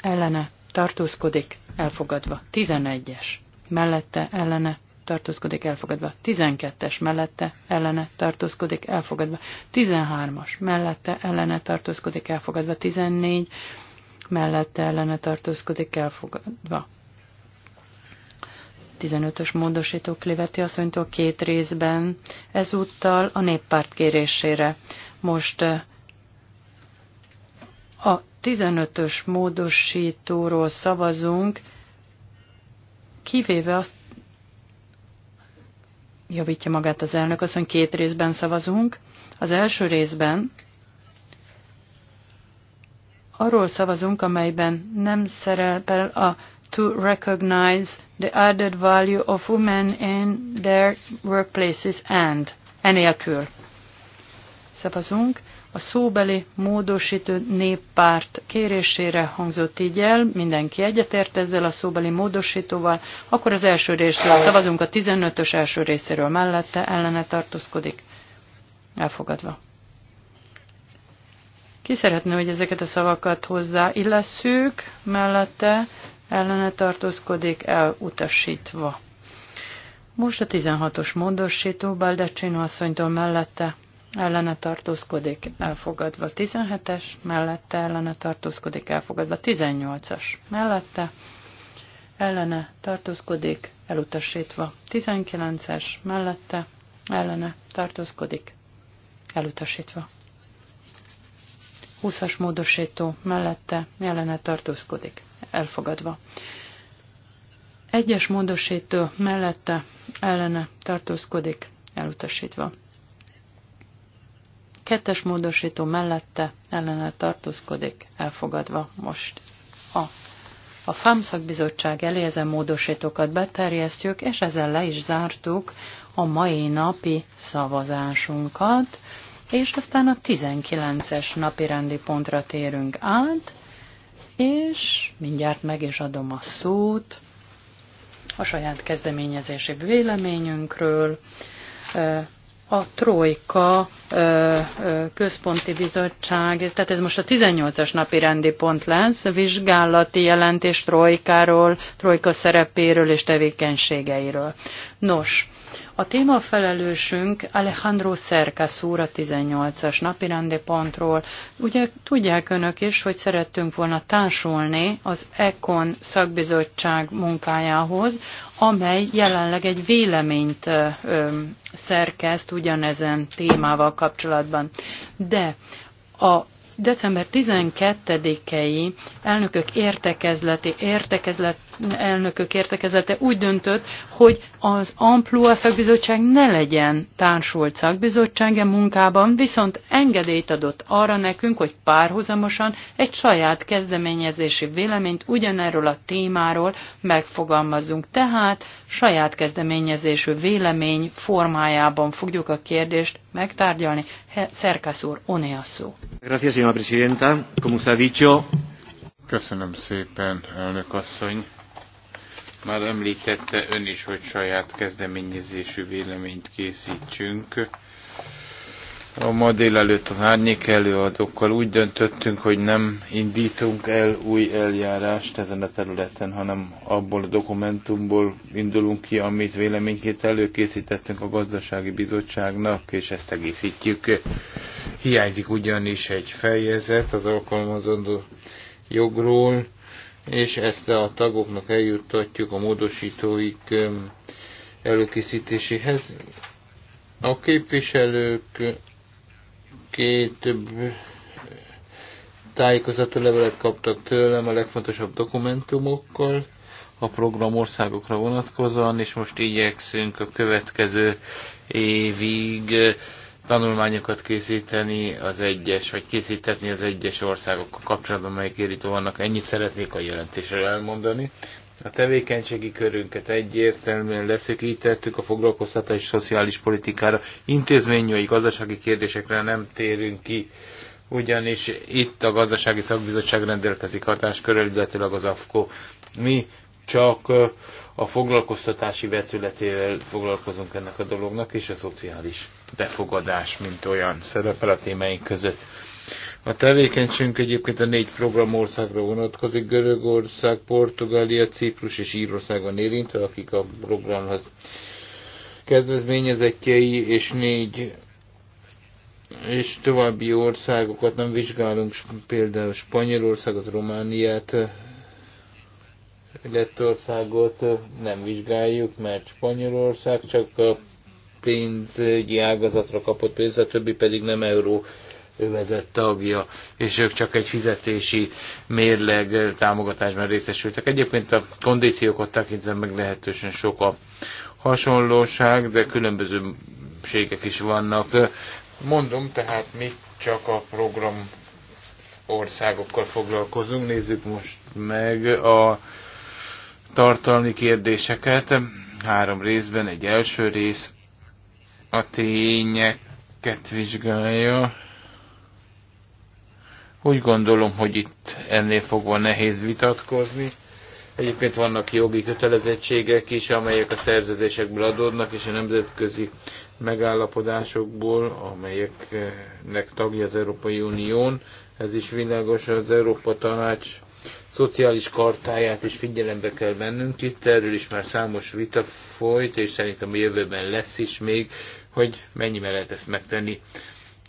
[SPEAKER 2] ellene, tartózkodik, elfogadva. 11-es mellette, ellene, tartózkodik elfogadva. 12-es mellette ellene tartózkodik elfogadva. 13-as mellette ellene tartózkodik elfogadva. 14 mellette ellene tartózkodik elfogadva. 15-ös módosító Kliveti asszonytól két részben, ezúttal a néppárt kérésére. Most a 15-ös módosítóról szavazunk, kivéve azt javítja magát az elnök, azt mondja, két részben szavazunk. Az első részben arról szavazunk, amelyben nem szerepel a to recognize the added value of women in their workplaces and enélkül. Szavazunk a szóbeli módosítő néppárt kérésére hangzott így el, mindenki egyetért ezzel a szóbeli módosítóval, akkor az első részről szavazunk a 15-ös első részéről mellette, ellene tartózkodik. Elfogadva. Ki szeretné, hogy ezeket a szavakat hozzá hozzáillesszük, mellette ellene tartózkodik, elutasítva. Most a 16-os módosító Baldecsino asszonytól mellette ellene tartózkodik, elfogadva 17-es, mellette ellene tartózkodik, elfogadva 18-as, mellette ellene tartózkodik, elutasítva 19-es, mellette ellene tartózkodik, elutasítva. 20-as módosító mellette ellene tartózkodik, elfogadva. Egyes módosító mellette ellene tartózkodik, elutasítva. Kettes módosító mellette ellene tartózkodik, elfogadva most a. A FAM szakbizottság elé ezen módosítókat beterjesztjük, és ezzel le is zártuk a mai napi szavazásunkat, és aztán a 19-es napi rendi pontra térünk át, és mindjárt meg is adom a szót a saját kezdeményezési véleményünkről a Trojka központi bizottság, tehát ez most a 18-as napi rendi pont lesz, vizsgálati jelentés Trojkáról, Trojka szerepéről és tevékenységeiről. Nos, a témafelelősünk Alejandro Szerkász úr a 18-as napirendi pontról. Ugye tudják önök is, hogy szerettünk volna társulni az ECON szakbizottság munkájához, amely jelenleg egy véleményt ö, szerkeszt ugyanezen témával kapcsolatban. De a december 12-i elnökök értekezleti értekezlet elnökök értekezete úgy döntött, hogy az Amplua szakbizottság ne legyen társult szakbizottsága e munkában, viszont engedélyt adott arra nekünk, hogy párhuzamosan egy saját kezdeményezési véleményt ugyanerről a témáról megfogalmazzunk. Tehát saját kezdeményezésű vélemény formájában fogjuk a kérdést megtárgyalni. Szerkasz úr, oné a szó.
[SPEAKER 4] Gracias, señora presidenta. Como usted ha dicho, Köszönöm szépen, elnök asszony. Már említette ön is, hogy saját kezdeményezésű véleményt készítsünk. A ma délelőtt az árnyék előadókkal úgy döntöttünk, hogy nem indítunk el új eljárást ezen a területen, hanem abból a dokumentumból indulunk ki, amit véleményként előkészítettünk a gazdasági bizottságnak, és ezt egészítjük. Hiányzik ugyanis egy fejezet az alkalmazandó jogról, és ezt a tagoknak eljuttatjuk a módosítóik előkészítéséhez. A képviselők két tájékozatú levelet kaptak tőlem a legfontosabb dokumentumokkal a program országokra vonatkozóan, és most igyekszünk a következő évig tanulmányokat készíteni az egyes, vagy készítetni az egyes országokkal kapcsolatban, melyik érítő vannak. Ennyit szeretnék a jelentésről elmondani. A tevékenységi körünket egyértelműen leszökítettük a foglalkoztatás szociális politikára. Intézményi gazdasági kérdésekre nem térünk ki, ugyanis itt a gazdasági szakbizottság rendelkezik hatáskörrel, illetőleg az AFKO. Mi csak a foglalkoztatási vetületével foglalkozunk ennek a dolognak, és a szociális befogadás, mint olyan szerepel a témáink között. A tevékenységünk egyébként a négy programországra vonatkozik, Görögország, Portugália, Ciprus és Írországon érintve, akik a programhoz kedvezményezettjei, és négy és további országokat nem vizsgálunk, például Spanyolországot, Romániát, Lettországot nem vizsgáljuk, mert Spanyolország csak a pénzügyi ágazatra kapott pénzt, a többi pedig nem euró övezett tagja, és ők csak egy fizetési mérleg támogatásban részesültek. Egyébként a kondíciókat tekintve meg lehetősen sok a hasonlóság, de különbözőségek is vannak. Mondom, tehát mi csak a program országokkal foglalkozunk. Nézzük most meg a tartalmi kérdéseket három részben. Egy első rész a tényeket vizsgálja. Úgy gondolom, hogy itt ennél fogva nehéz vitatkozni. Egyébként vannak jogi kötelezettségek is, amelyek a szerződésekből adódnak, és a nemzetközi megállapodásokból, amelyeknek tagja az Európai Unión. Ez is világos, az Európa Tanács szociális kartáját is figyelembe kell vennünk. Itt erről is már számos vita folyt, és szerintem a jövőben lesz is még, hogy mennyivel lehet ezt megtenni.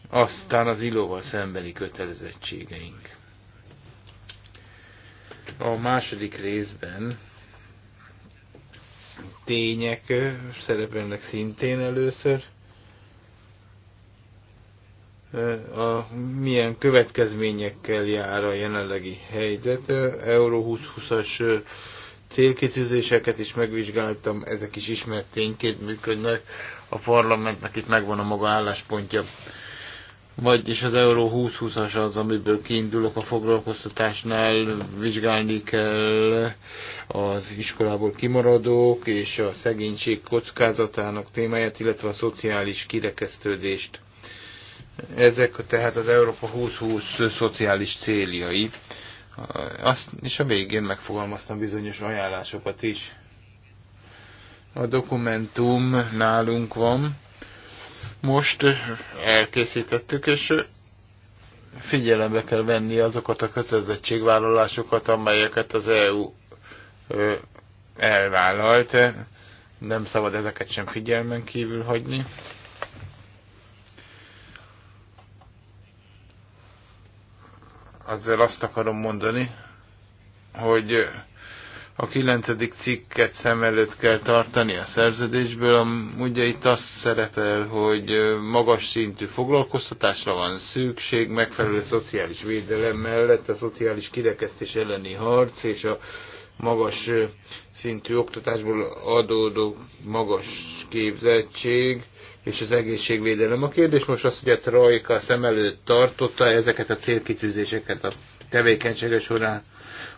[SPEAKER 4] Aztán az illóval szembeni kötelezettségeink. A második részben tények szerepelnek szintén először a, milyen következményekkel jár a jelenlegi helyzet. Euró 2020-as célkitűzéseket is megvizsgáltam, ezek is ismert tényként működnek, a parlamentnek itt megvan a maga álláspontja. Vagyis az Euró 2020-as az, amiből kiindulok a foglalkoztatásnál, vizsgálni kell az iskolából kimaradók és a szegénység kockázatának témáját, illetve a szociális kirekesztődést ezek tehát az Európa 2020 szociális céljai. Azt, is a végén megfogalmaztam bizonyos ajánlásokat is. A dokumentum nálunk van. Most elkészítettük, és figyelembe kell venni azokat a kötelezettségvállalásokat, amelyeket az EU elvállalt. Nem szabad ezeket sem figyelmen kívül hagyni. azzal azt akarom mondani, hogy a kilencedik cikket szem előtt kell tartani a szerződésből. Ugye itt azt szerepel, hogy magas szintű foglalkoztatásra van szükség, megfelelő szociális védelem mellett a szociális kirekesztés elleni harc és a magas szintű oktatásból adódó magas képzettség és az egészségvédelem. A kérdés most az, hogy a Trojka szem előtt tartotta ezeket a célkitűzéseket a tevékenysége során.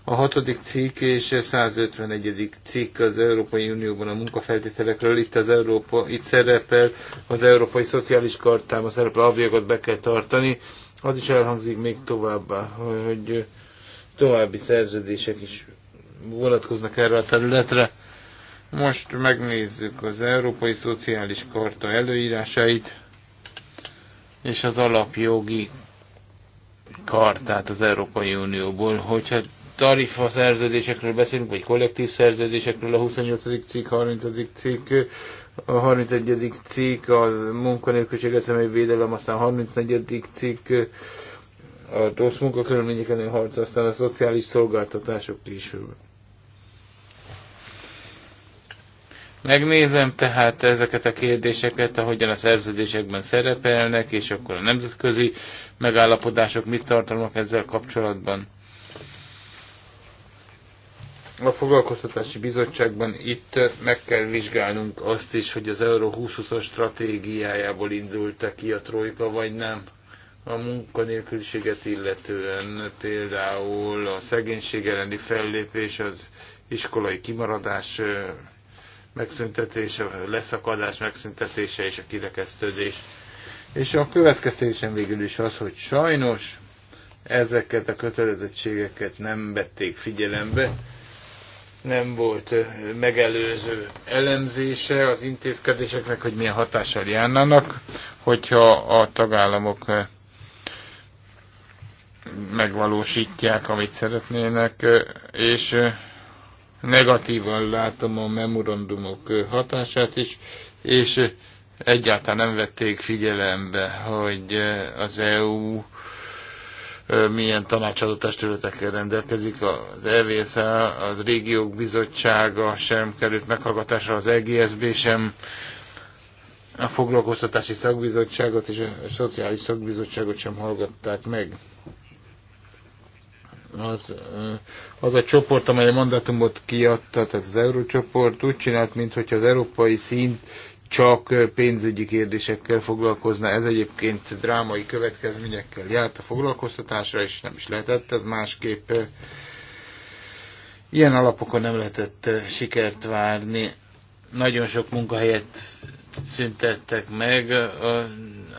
[SPEAKER 4] A hatodik cikk és 151. cikk az Európai Unióban a munkafeltételekről. Itt, az Európa, itt szerepel az Európai Szociális Kartám, a szerepel abjagot be kell tartani. Az is elhangzik még továbbá, hogy további szerződések is vonatkoznak erre a területre. Most megnézzük az Európai Szociális Karta előírásait és az alapjogi kartát az Európai Unióból. Hogyha tarifa szerződésekről beszélünk, vagy kollektív szerződésekről, a 28. cikk, 30. cikk, a 31. cikk, a munkanélküliség eszemei védelem, aztán a 34. cikk, a rossz munkakörülményeken harc, aztán a szociális szolgáltatások később. Megnézem tehát ezeket a kérdéseket, ahogyan a szerződésekben szerepelnek, és akkor a nemzetközi megállapodások mit tartalmak ezzel kapcsolatban. A foglalkoztatási bizottságban itt meg kell vizsgálnunk azt is, hogy az Euró 2020-as stratégiájából indult-e ki a trojka, vagy nem. A munkanélküliséget illetően például a szegénység elleni fellépés, az iskolai kimaradás megszüntetése, a leszakadás megszüntetése és a kirekesztődés. És a következtésem végül is az, hogy sajnos ezeket a kötelezettségeket nem vették figyelembe, nem volt megelőző elemzése az intézkedéseknek, hogy milyen hatással járnának, hogyha a tagállamok megvalósítják, amit szeretnének, és negatívan látom a memorandumok hatását is, és egyáltalán nem vették figyelembe, hogy az EU milyen tanácsadó testületekkel rendelkezik. Az EVSZ, a Régiók Bizottsága sem került meghallgatásra, az EGSB sem, a Foglalkoztatási Szakbizottságot és a Szociális Szakbizottságot sem hallgatták meg az, az a csoport, amely a mandátumot kiadta, tehát az eurócsoport úgy csinált, mintha az európai szint csak pénzügyi kérdésekkel foglalkozna. Ez egyébként drámai következményekkel járt a foglalkoztatásra, és nem is lehetett. Ez másképp ilyen alapokon nem lehetett sikert várni. Nagyon sok munkahelyet szüntettek meg, a,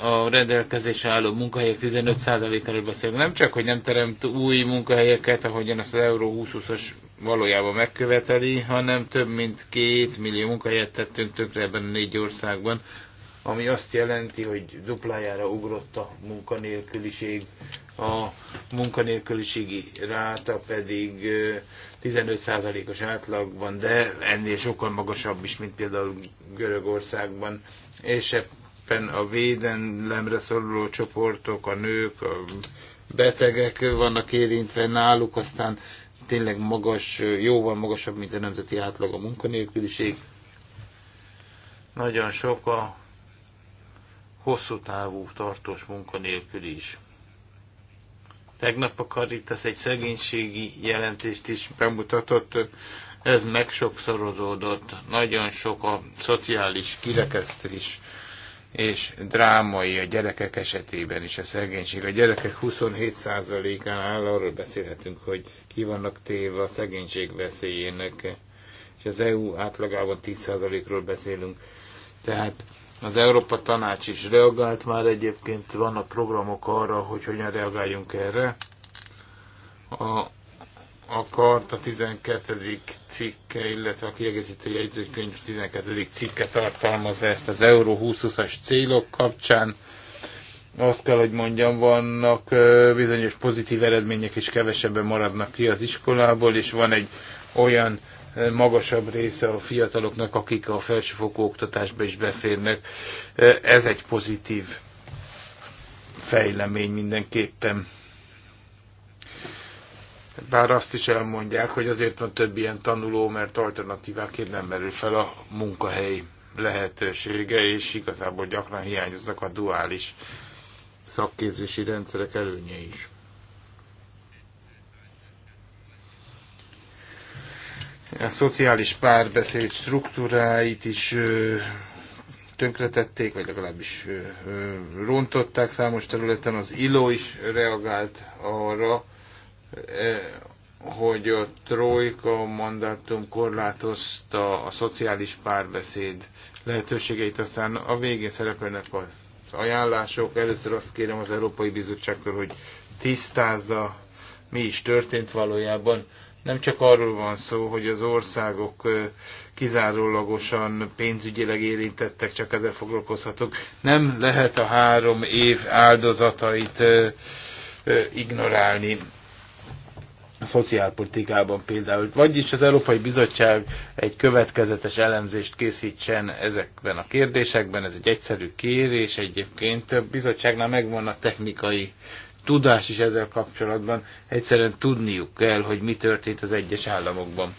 [SPEAKER 4] a rendelkezésre álló munkahelyek 15%-áról beszélünk. Nem csak, hogy nem teremt új munkahelyeket, ahogyan az Euró 20 os as valójában megköveteli, hanem több mint két millió munkahelyet tettünk tönkre ebben a négy országban, ami azt jelenti, hogy duplájára ugrott a munkanélküliség a munkanélküliségi ráta pedig 15%-os átlagban, de ennél sokkal magasabb is, mint például Görögországban, és ebben a védelemre szoruló csoportok, a nők, a betegek vannak érintve náluk, aztán tényleg magas, jóval magasabb, mint a nemzeti átlag a munkanélküliség. Nagyon sok a hosszú távú tartós munkanélküli is. Tegnap a Karitas egy szegénységi jelentést is bemutatott, ez megsokszorozódott, nagyon sok a szociális kirekesztés, és drámai a gyerekek esetében is a szegénység. A gyerekek 27%-án áll, arról beszélhetünk, hogy ki vannak téve a szegénység veszélyének, és az EU átlagában 10%-ról beszélünk. Tehát az Európa Tanács is reagált már egyébként, vannak programok arra, hogy hogyan reagáljunk erre. A, a kart a 12. cikke, illetve a kiegészítő jegyzőkönyv 12. cikke tartalmazza ezt az Euró 2020-as célok kapcsán. Azt kell, hogy mondjam, vannak bizonyos pozitív eredmények, és kevesebben maradnak ki az iskolából, és van egy olyan magasabb része a fiataloknak, akik a felsőfokú oktatásba is beférnek. Ez egy pozitív fejlemény mindenképpen. Bár azt is elmondják, hogy azért van több ilyen tanuló, mert alternatíváként nem merül fel a munkahely lehetősége, és igazából gyakran hiányoznak a duális szakképzési rendszerek előnye is. a szociális párbeszéd struktúráit is tönkretették, vagy legalábbis rontották számos területen. Az ILO is reagált arra, hogy a trojka mandátum korlátozta a szociális párbeszéd lehetőségeit, aztán a végén szerepelnek az ajánlások. Először azt kérem az Európai Bizottságtól, hogy tisztázza, mi is történt valójában, nem csak arról van szó, hogy az országok kizárólagosan pénzügyileg érintettek, csak ezzel foglalkozhatok. Nem lehet a három év áldozatait ignorálni a szociálpolitikában például. Vagyis az Európai Bizottság egy következetes elemzést készítsen ezekben a kérdésekben. Ez egy egyszerű kérés egyébként. A bizottságnál megvan a technikai tudás is ezzel kapcsolatban. Egyszerűen tudniuk kell, hogy mi történt az egyes államokban.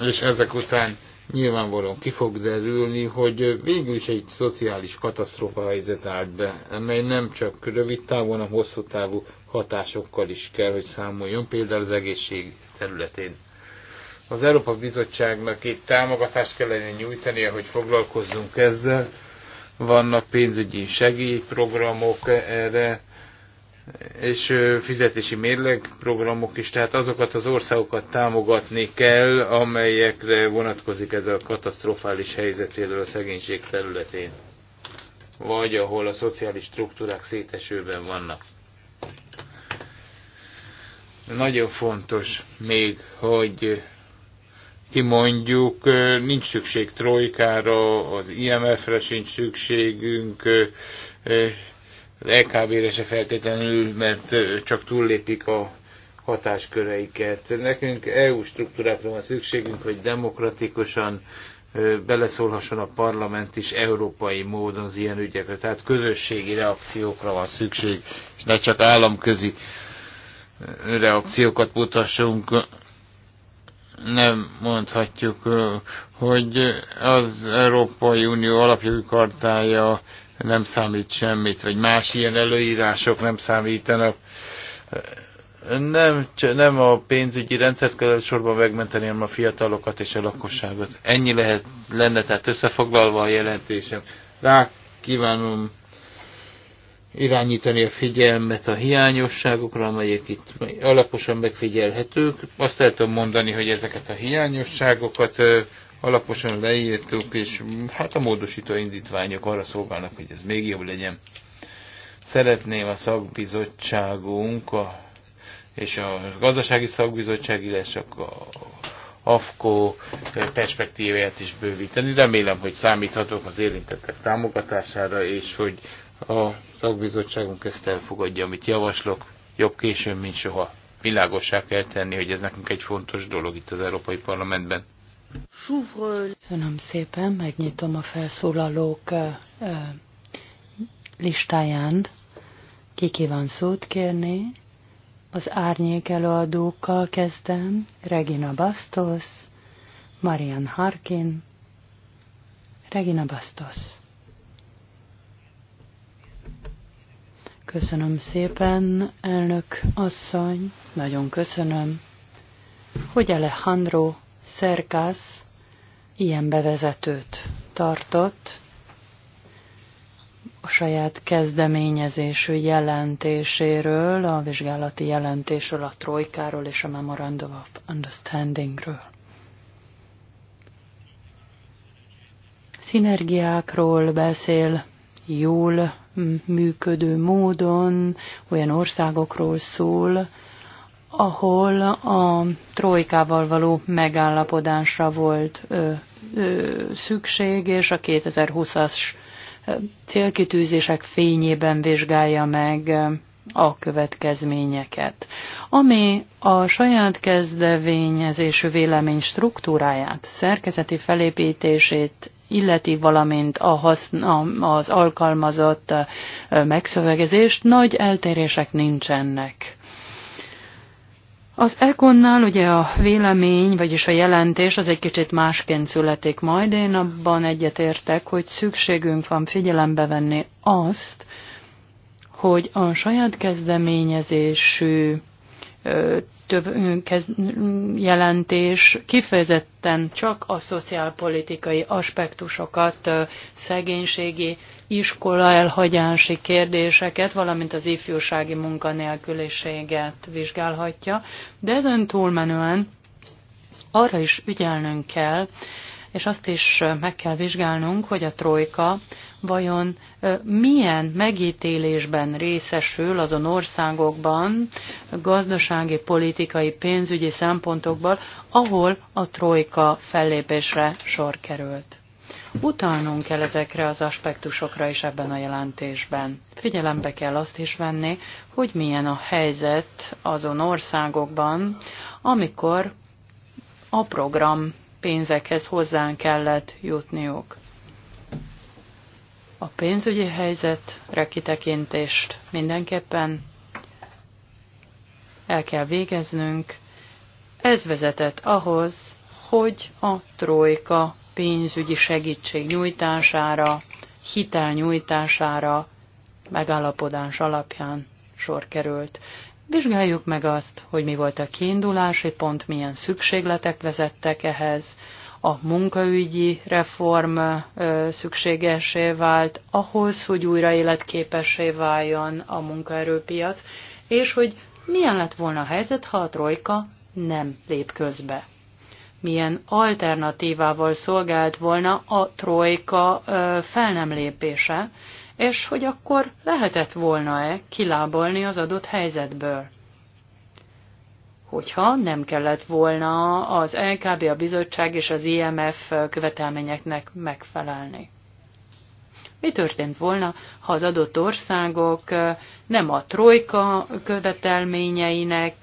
[SPEAKER 4] És ezek után nyilvánvalóan ki fog derülni, hogy végül is egy szociális katasztrófa helyzet állt be, amely nem csak rövid távon, hanem hosszú távú hatásokkal is kell, hogy számoljon, például az egészség területén. Az Európa Bizottságnak itt támogatást kellene nyújtania, hogy foglalkozzunk ezzel, vannak pénzügyi segélyprogramok erre, és fizetési mérlegprogramok is, tehát azokat az országokat támogatni kell, amelyekre vonatkozik ez a katasztrofális helyzet például a szegénység területén, vagy ahol a szociális struktúrák szétesőben vannak. Nagyon fontos még, hogy ki mondjuk, nincs szükség trojkára, az IMF-re sincs szükségünk, az LKB-re e se feltétlenül, mert csak túllépik a hatásköreiket. Nekünk EU struktúrákra van szükségünk, hogy demokratikusan beleszólhasson a parlament is európai módon az ilyen ügyekre. Tehát közösségi reakciókra van szükség, és ne csak államközi reakciókat mutassunk nem mondhatjuk, hogy az Európai Unió alapjogi kartája nem számít semmit, vagy más ilyen előírások nem számítanak. Nem, nem a pénzügyi rendszert kell sorban megmenteni, hanem a fiatalokat és a lakosságot. Ennyi lehet, lenne tehát összefoglalva a jelentésem. Rá kívánom irányítani a figyelmet a hiányosságokra, amelyek itt alaposan megfigyelhetők. Azt el tudom mondani, hogy ezeket a hiányosságokat alaposan leírtuk, és mm, hát a módosító indítványok arra szolgálnak, hogy ez még jobb legyen. Szeretném a szakbizottságunk a, és a gazdasági szakbizottság, illetve a AFKO perspektíváját is bővíteni. Remélem, hogy számíthatok az érintettek támogatására, és hogy a szakbizottságunk ezt elfogadja, amit javaslok. Jobb későn, mint soha. Világossá kell tenni, hogy ez nekünk egy fontos dolog itt az Európai Parlamentben.
[SPEAKER 2] Köszönöm szépen, megnyitom a felszólalók listáján. Ki kíván szót kérni? Az árnyék előadókkal kezdem. Regina Bastos, Marian Harkin, Regina Bastos. Köszönöm szépen, elnök asszony, nagyon köszönöm, hogy Alejandro Szerkász ilyen bevezetőt tartott a saját kezdeményezésű jelentéséről, a vizsgálati jelentésről, a trojkáról és a Memorandum of Understandingről. Szinergiákról beszél, jól működő módon olyan országokról szól, ahol a trojkával való megállapodásra volt ö, ö, szükség, és a 2020-as célkitűzések fényében vizsgálja meg a következményeket. Ami a saját kezdeményezésű vélemény struktúráját, szerkezeti felépítését illeti, valamint a haszn, a, az alkalmazott megszövegezést, nagy eltérések nincsenek. Az ekonnál ugye a vélemény, vagyis a jelentés az egy kicsit másként születik majd. Én abban egyetértek, hogy szükségünk van figyelembe venni azt, hogy a saját kezdeményezésű több jelentés kifejezetten csak a szociálpolitikai aspektusokat, szegénységi, iskola elhagyási kérdéseket, valamint az ifjúsági munkanélküliséget vizsgálhatja, de ezen túlmenően arra is ügyelnünk kell, és azt is meg kell vizsgálnunk, hogy a trojka vajon milyen megítélésben részesül azon országokban gazdasági, politikai, pénzügyi szempontokban, ahol a trojka fellépésre sor került. Utalnunk kell ezekre az aspektusokra is ebben a jelentésben. Figyelembe kell azt is venni, hogy milyen a helyzet azon országokban, amikor a program pénzekhez hozzá kellett jutniuk a pénzügyi helyzetre kitekintést mindenképpen el kell végeznünk. Ez vezetett ahhoz, hogy a trojka pénzügyi segítség nyújtására, hitel nyújtására megállapodás alapján sor került. Vizsgáljuk meg azt, hogy mi volt a kiindulási pont, milyen szükségletek vezettek ehhez, a munkaügyi reform szükségesé vált ahhoz, hogy újra életképessé váljon a munkaerőpiac, és hogy milyen lett volna a helyzet, ha a trojka nem lép közbe. Milyen alternatívával szolgált volna a trojka fel nem lépése, és hogy akkor lehetett volna-e kilábalni az adott helyzetből hogyha nem kellett volna az LKB, a bizottság és az IMF követelményeknek megfelelni. Mi történt volna, ha az adott országok nem a trojka követelményeinek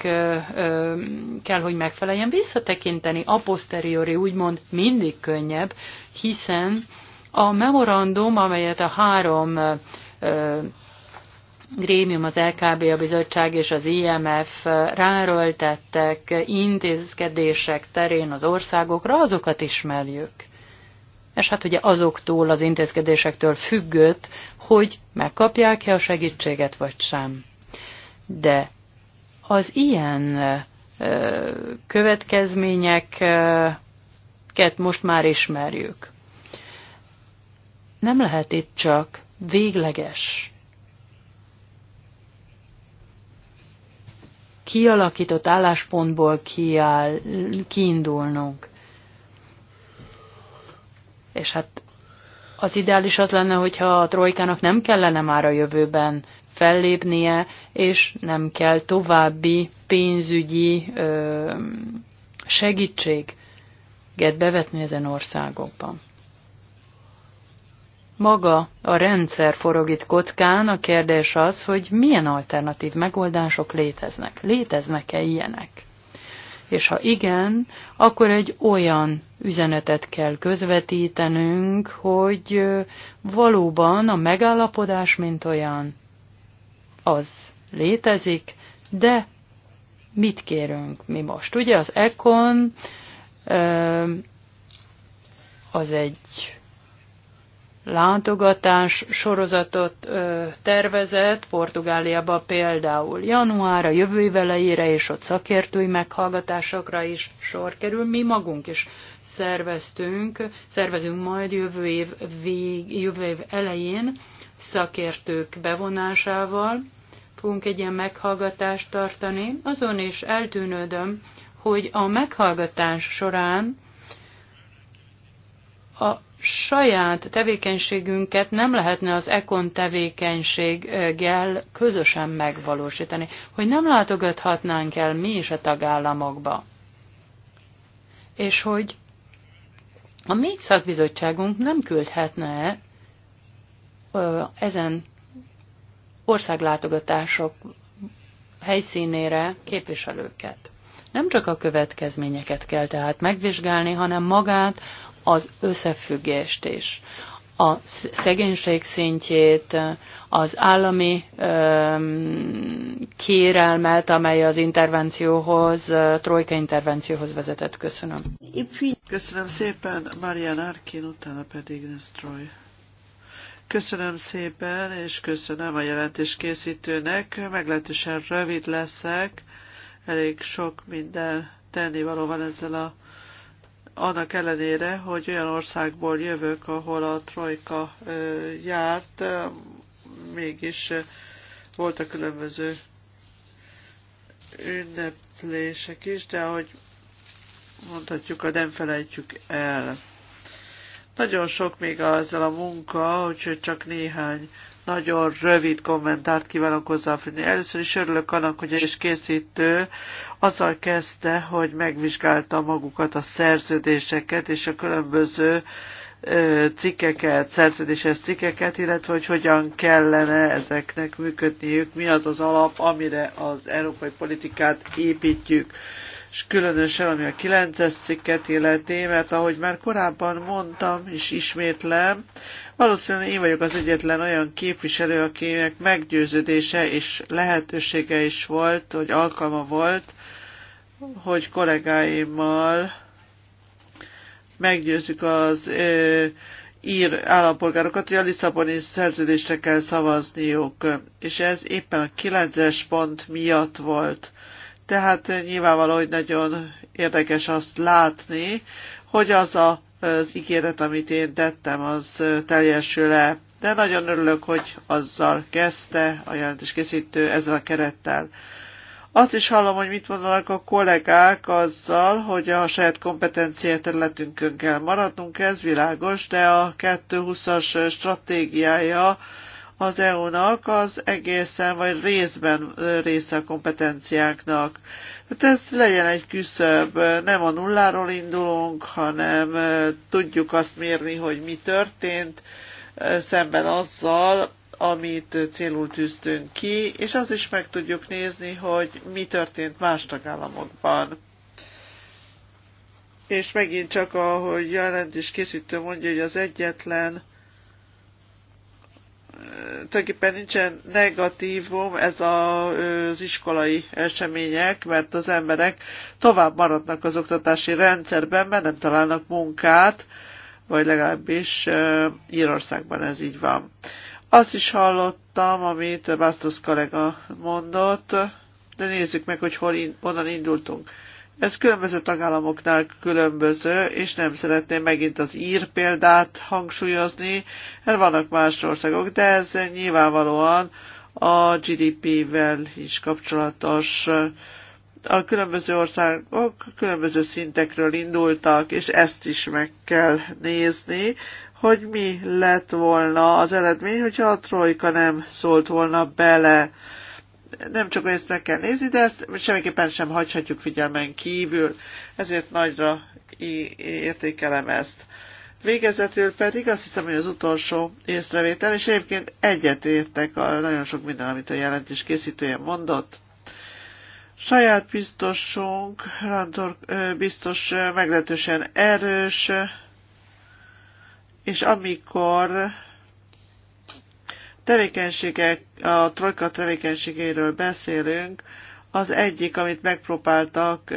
[SPEAKER 2] kell, hogy megfeleljen visszatekinteni, a posteriori úgymond mindig könnyebb, hiszen a memorandum, amelyet a három grémium, az LKB, a bizottság és az IMF ráröltettek intézkedések terén az országokra, azokat ismerjük. És hát ugye azoktól, az intézkedésektől függött, hogy megkapják-e a segítséget vagy sem. De az ilyen következményeket most már ismerjük. Nem lehet itt csak végleges kialakított álláspontból kiáll, kiindulnunk. És hát az ideális az lenne, hogyha a trojkának nem kellene már a jövőben fellépnie, és nem kell további pénzügyi ö, segítséget bevetni ezen országokban maga a rendszer forog itt kockán, a kérdés az, hogy milyen alternatív megoldások léteznek. Léteznek-e ilyenek? És ha igen, akkor egy olyan üzenetet kell közvetítenünk, hogy valóban a megállapodás, mint olyan, az létezik, de mit kérünk mi most? Ugye az ECON az egy látogatás sorozatot ö, tervezett, Portugáliába például a jövő év elejére, és ott szakértői meghallgatásokra is sor kerül. Mi magunk is szerveztünk, szervezünk majd jövő év, vég, jövő év elején szakértők bevonásával fogunk egy ilyen meghallgatást tartani. Azon is eltűnődöm, hogy a meghallgatás során a saját tevékenységünket nem lehetne az ekon tevékenységgel közösen megvalósítani, hogy nem látogathatnánk el mi is a tagállamokba. És hogy a mi szakbizottságunk nem küldhetne ezen országlátogatások helyszínére képviselőket. Nem csak a következményeket kell tehát megvizsgálni, hanem magát az összefüggést is. A szegénység szintjét, az állami kérelmet, amely az intervencióhoz, trojka intervencióhoz vezetett. Köszönöm.
[SPEAKER 3] Köszönöm szépen, Marian Arkin, utána pedig Nestroy. Köszönöm szépen, és köszönöm a jelentés készítőnek. Meglehetősen rövid leszek, elég sok minden tennivaló van ezzel a annak ellenére, hogy olyan országból jövök, ahol a trojka járt, mégis voltak különböző ünneplések is, de ahogy mondhatjuk, a nem felejtjük el. Nagyon sok még ezzel a munka, úgyhogy csak néhány nagyon rövid kommentárt kívánok hozzáfűzni. Először is örülök annak, hogy egy készítő azzal kezdte, hogy megvizsgálta magukat a szerződéseket és a különböző cikkeket, szerződéses cikkeket, illetve hogy hogyan kellene ezeknek működniük, mi az az alap, amire az európai politikát építjük és különösen ami a 9-es cikket illeti, mert ahogy már korábban mondtam, és ismétlem, valószínűleg én vagyok az egyetlen olyan képviselő, akinek meggyőződése és lehetősége is volt, hogy alkalma volt, hogy kollégáimmal meggyőzzük az ö, ír állampolgárokat, hogy a Lisszaboni szerződésre kell szavazniuk, és ez éppen a 9-es pont miatt volt. Tehát nyilvánvaló, hogy nagyon érdekes azt látni, hogy az a, az ígéret, amit én tettem, az teljesül-e. De nagyon örülök, hogy azzal kezdte a jelentéskészítő ezzel a kerettel. Azt is hallom, hogy mit mondanak a kollégák azzal, hogy a saját kompetenciát területünkön kell maradnunk, ez világos, de a 220-as stratégiája az EU-nak az egészen vagy részben része a kompetenciáknak. Hát ez legyen egy küszöbb, nem a nulláról indulunk, hanem tudjuk azt mérni, hogy mi történt, szemben azzal, amit célul tűztünk ki, és azt is meg tudjuk nézni, hogy mi történt más tagállamokban. És megint csak, ahogy jelentés készítő mondja, hogy az egyetlen tulajdonképpen nincsen negatívum ez a, az iskolai események, mert az emberek tovább maradnak az oktatási rendszerben, mert nem találnak munkát, vagy legalábbis Írországban ez így van. Azt is hallottam, amit Bastos kollega mondott, de nézzük meg, hogy hol in, onnan indultunk. Ez különböző tagállamoknál különböző, és nem szeretném megint az ír példát hangsúlyozni, mert vannak más országok, de ez nyilvánvalóan a GDP-vel is kapcsolatos. A különböző országok különböző szintekről indultak, és ezt is meg kell nézni, hogy mi lett volna az eredmény, hogyha a trojka nem szólt volna bele nem csak ezt meg kell nézni, de ezt semmiképpen sem hagyhatjuk figyelmen kívül, ezért nagyra értékelem ezt. Végezetül pedig azt hiszem, hogy az utolsó észrevétel, és egyébként értek a nagyon sok minden, amit a jelentés készítője mondott. Saját biztosunk, Rantor biztos meglehetősen erős, és amikor tevékenységek, a trojka tevékenységéről beszélünk, az egyik, amit megpróbáltak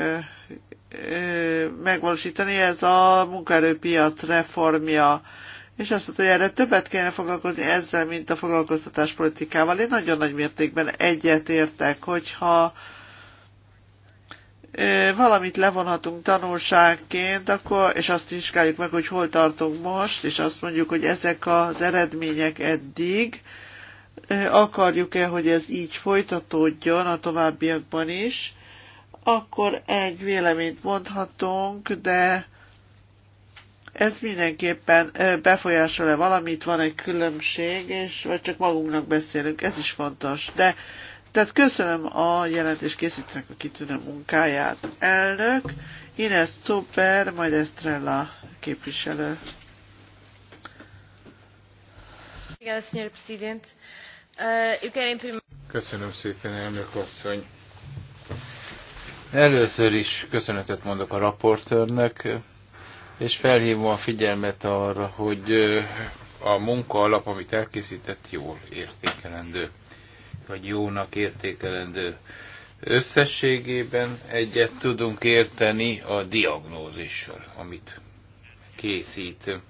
[SPEAKER 3] megvalósítani, ez a munkaerőpiac reformja. És azt mondta, hogy erre többet kellene foglalkozni ezzel, mint a foglalkoztatás politikával. Én nagyon nagy mértékben egyetértek, hogyha valamit levonhatunk tanulságként, akkor, és azt vizsgáljuk meg, hogy hol tartunk most, és azt mondjuk, hogy ezek az eredmények eddig, akarjuk-e, hogy ez így folytatódjon a továbbiakban is, akkor egy véleményt mondhatunk, de ez mindenképpen befolyásol-e valamit, van egy különbség, és vagy csak magunknak beszélünk, ez is fontos. De tehát köszönöm a jelentés készítőnek a kitűnő munkáját. Elnök, Ines Cooper, majd Estrella képviselő.
[SPEAKER 4] Eh, köszönöm szépen, elnök asszony. Először is köszönetet mondok a raportőrnek, és felhívom a figyelmet arra, hogy eh, a munka alap, amit elkészített, jól értékelendő vagy jónak értékelendő. Összességében egyet tudunk érteni a diagnózissal, amit készít.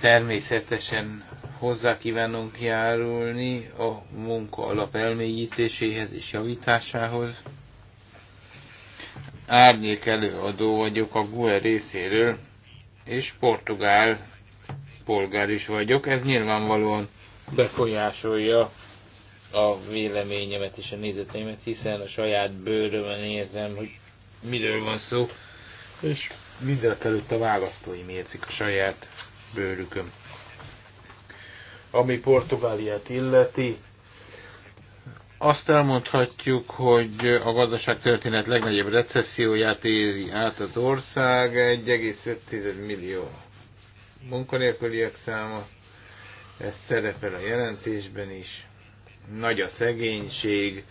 [SPEAKER 4] Természetesen hozzá kívánunk járulni a munka alap elmélyítéséhez és javításához. Árnyék előadó vagyok a GUE részéről, és portugál polgár is vagyok. Ez nyilvánvalóan befolyásolja a véleményemet és a nézeteimet, hiszen a saját bőrömön érzem, hogy miről van szó, és mindenek előtt a választói mércik a saját bőrükön. Ami Portugáliát illeti, azt elmondhatjuk, hogy a gazdaság történet legnagyobb recesszióját éri át az ország, 1,5 millió munkanélküliek száma, ez szerepel a jelentésben is nagy a szegénység,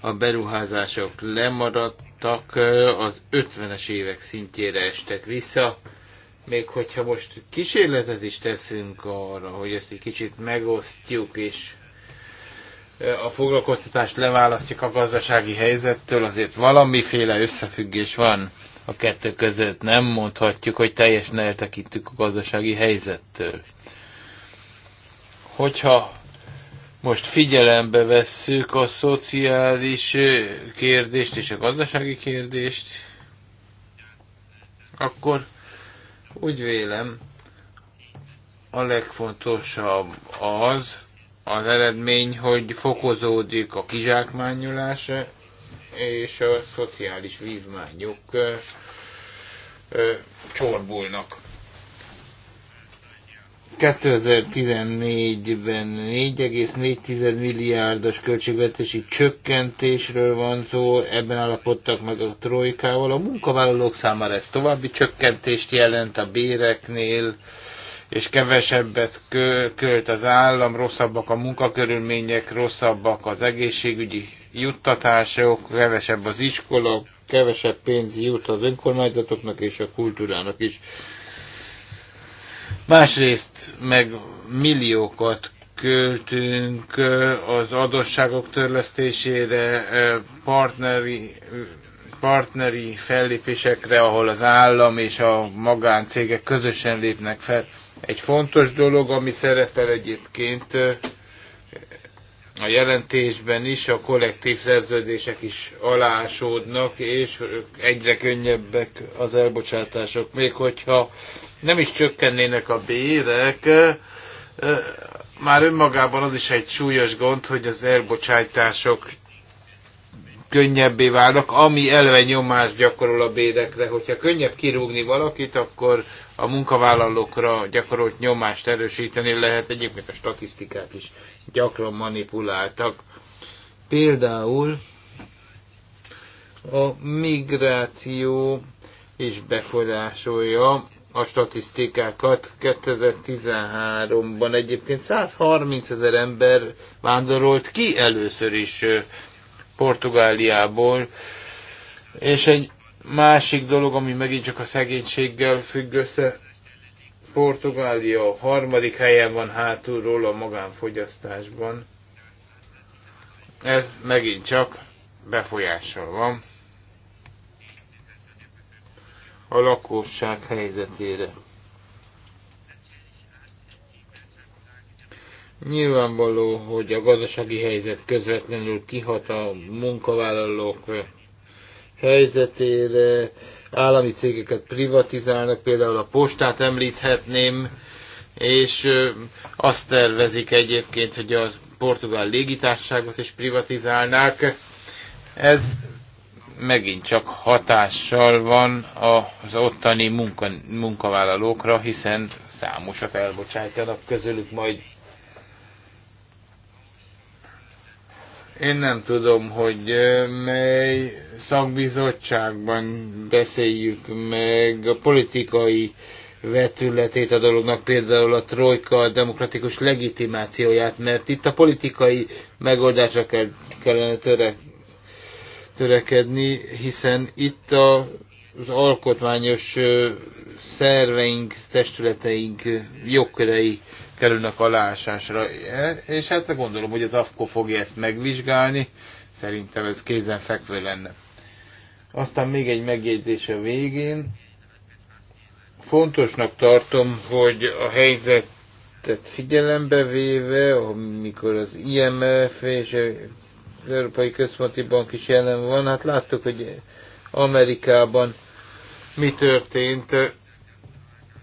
[SPEAKER 4] a beruházások lemaradtak, az 50-es évek szintjére estek vissza, még hogyha most kísérletet is teszünk arra, hogy ezt egy kicsit megosztjuk, és a foglalkoztatást leválasztjuk a gazdasági helyzettől, azért valamiféle összefüggés van a kettő között. Nem mondhatjuk, hogy teljesen eltekintük a gazdasági helyzettől. Hogyha most figyelembe vesszük a szociális kérdést és a gazdasági kérdést, akkor úgy vélem, a legfontosabb az, az eredmény, hogy fokozódik a kizsákmányolás és a szociális vívmányok ö, ö, csorbulnak. 2014-ben 4,4 milliárdos költségvetési csökkentésről van szó, ebben állapodtak meg a trojkával. A munkavállalók számára ez további csökkentést jelent a béreknél, és kevesebbet költ az állam, rosszabbak a munkakörülmények, rosszabbak az egészségügyi juttatások, kevesebb az iskola, kevesebb pénz jut az önkormányzatoknak és a kultúrának is. Másrészt meg milliókat költünk az adósságok törlesztésére, partneri, partneri fellépésekre, ahol az állam és a magáncégek közösen lépnek fel. Egy fontos dolog, ami szerepel egyébként a jelentésben is a kollektív szerződések is alásódnak, és egyre könnyebbek az elbocsátások. Még hogyha nem is csökkennének a bérek, már önmagában az is egy súlyos gond, hogy az elbocsátások könnyebbé válnak, ami elve nyomást gyakorol a bérekre. Hogyha könnyebb kirúgni valakit, akkor a munkavállalókra gyakorolt nyomást erősíteni lehet, egyébként a statisztikák is gyakran manipuláltak. Például a migráció is befolyásolja a statisztikákat. 2013-ban egyébként 130 ezer ember vándorolt ki először is Portugáliából, és egy másik dolog, ami megint csak a szegénységgel függ össze, Portugália harmadik helyen van hátulról a magánfogyasztásban. Ez megint csak befolyással van a lakosság helyzetére. Nyilvánvaló, hogy a gazdasági helyzet közvetlenül kihat a munkavállalók helyzetére, állami cégeket privatizálnak, például a postát említhetném, és azt tervezik egyébként, hogy a portugál légitárságot is privatizálnák. Ez megint csak hatással van az ottani munka, munkavállalókra, hiszen számosat elbocsájtanak közülük majd Én nem tudom, hogy mely szakbizottságban beszéljük meg a politikai vetületét a dolognak, például a trojka demokratikus legitimációját, mert itt a politikai megoldásra kell, kellene töre, törekedni, hiszen itt a, az alkotmányos szerveink, testületeink jogkörei kerülnek alásásra. És hát gondolom, hogy az AFKO fogja ezt megvizsgálni. Szerintem ez kézenfekvő lenne. Aztán még egy megjegyzés a végén. Fontosnak tartom, hogy a helyzet tehát figyelembe véve, amikor az IMF és az Európai Központi Bank is jelen van, hát láttuk, hogy Amerikában mi történt.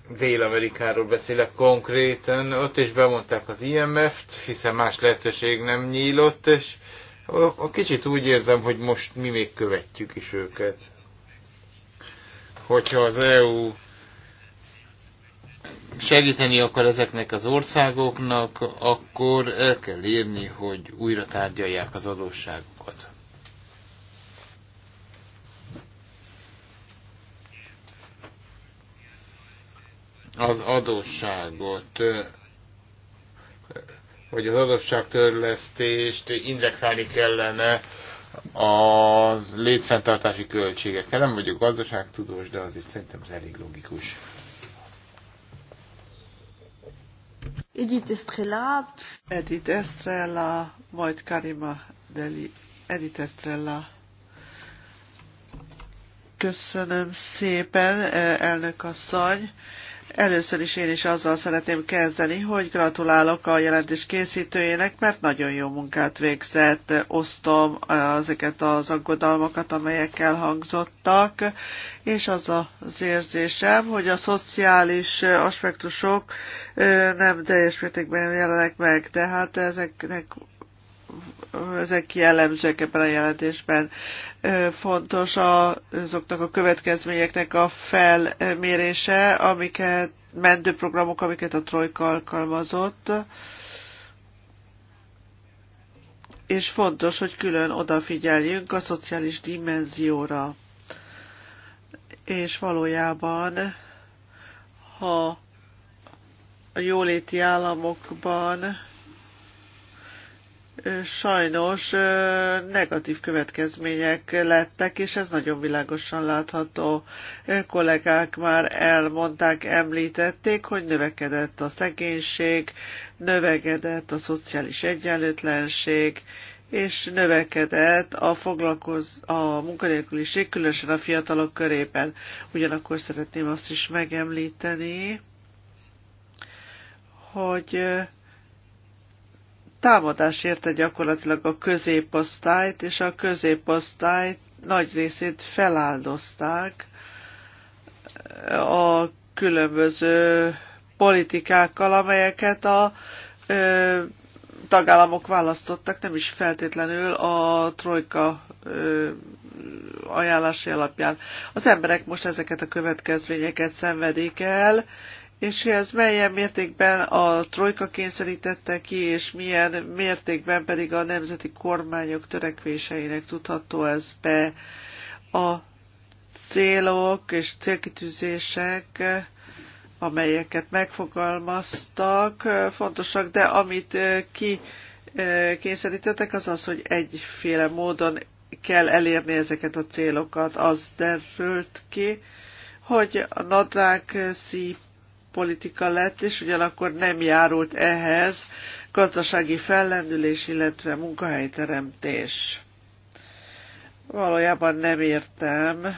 [SPEAKER 4] Dél-Amerikáról beszélek konkrétan, ott is bemondták az IMF-t, hiszen más lehetőség nem nyílott, és a, a kicsit úgy érzem, hogy most mi még követjük is őket. Hogyha az EU segíteni akar ezeknek az országoknak, akkor el kell írni, hogy újra tárgyalják az adósságot. az adósságot, hogy az adósságtörlesztést indexálni kellene a létfenntartási költségekkel. Nem vagyok gazdaságtudós, de azért szerintem ez elég logikus.
[SPEAKER 1] Edith Estrella.
[SPEAKER 3] Edith Estrella, majd Karima Deli. Edith Estrella. Köszönöm szépen, elnök asszony. Először is én is azzal szeretném kezdeni, hogy gratulálok a jelentés készítőjének, mert nagyon jó munkát végzett, osztom ezeket az aggodalmakat, amelyek elhangzottak, és az az érzésem, hogy a szociális aspektusok nem teljes mértékben jelenek meg, tehát ezeknek ezek jellemzők ebben a jelentésben. Fontos azoknak a következményeknek a felmérése, amiket mentő programok, amiket a Trojka alkalmazott, és fontos, hogy külön odafigyeljünk a szociális dimenzióra. És valójában, ha a jóléti államokban sajnos negatív következmények lettek, és ez nagyon világosan látható. Kollégák már elmondták, említették, hogy növekedett a szegénység, növekedett a szociális egyenlőtlenség, és növekedett a, foglalkoz, a munkanélküliség, különösen a fiatalok körében. Ugyanakkor szeretném azt is megemlíteni, hogy támadás érte gyakorlatilag a középosztályt, és a középosztály nagy részét feláldozták a különböző politikákkal, amelyeket a ö, tagállamok választottak, nem is feltétlenül a trojka ö, ajánlási alapján. Az emberek most ezeket a következményeket szenvedik el, és ez melyen mértékben a trojka kényszerítette ki, és milyen mértékben pedig a nemzeti kormányok törekvéseinek tudható ez be a célok és célkitűzések, amelyeket megfogalmaztak, fontosak, de amit ki kényszerítettek, az az, hogy egyféle módon kell elérni ezeket a célokat. Az derült ki, hogy a nadrág szíp politika lett, és ugyanakkor nem járult ehhez gazdasági fellendülés, illetve munkahelyteremtés. Valójában nem értem,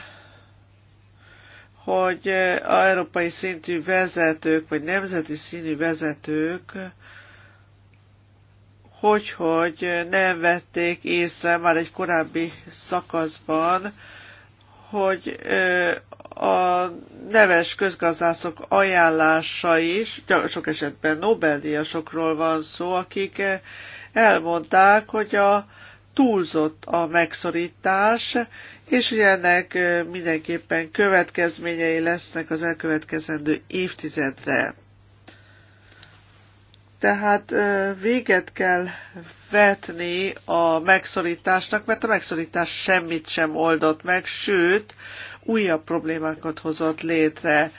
[SPEAKER 3] hogy a európai szintű vezetők, vagy nemzeti színű vezetők, hogy, hogy nem vették észre már egy korábbi szakaszban, hogy a neves közgazdászok ajánlása is, sok esetben Nobel-díjasokról van szó, akik elmondták, hogy a túlzott a megszorítás, és hogy ennek mindenképpen következményei lesznek az elkövetkezendő évtizedre. Tehát véget kell vetni a megszorításnak, mert a megszorítás semmit sem oldott meg, sőt, újabb problémákat hozott létre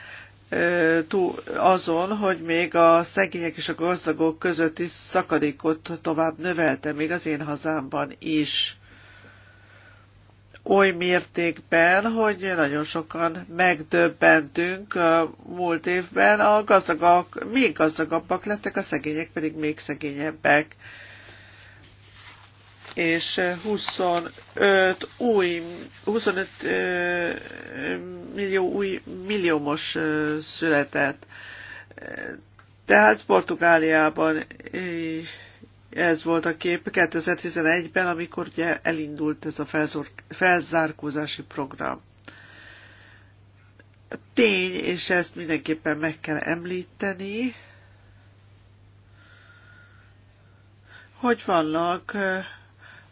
[SPEAKER 3] azon, hogy még a szegények és a gazdagok közötti szakadékot tovább növelte, még az én hazámban is oly mértékben, hogy nagyon sokan megdöbbentünk a múlt évben, a gazdagak még gazdagabbak lettek, a szegények pedig még szegényebbek. És 25 új, 25 millió új milliómos született. Tehát Portugáliában ez volt a kép 2011-ben, amikor ugye elindult ez a felzor- felzárkózási program. A tény, és ezt mindenképpen meg kell említeni, hogy vannak, eh,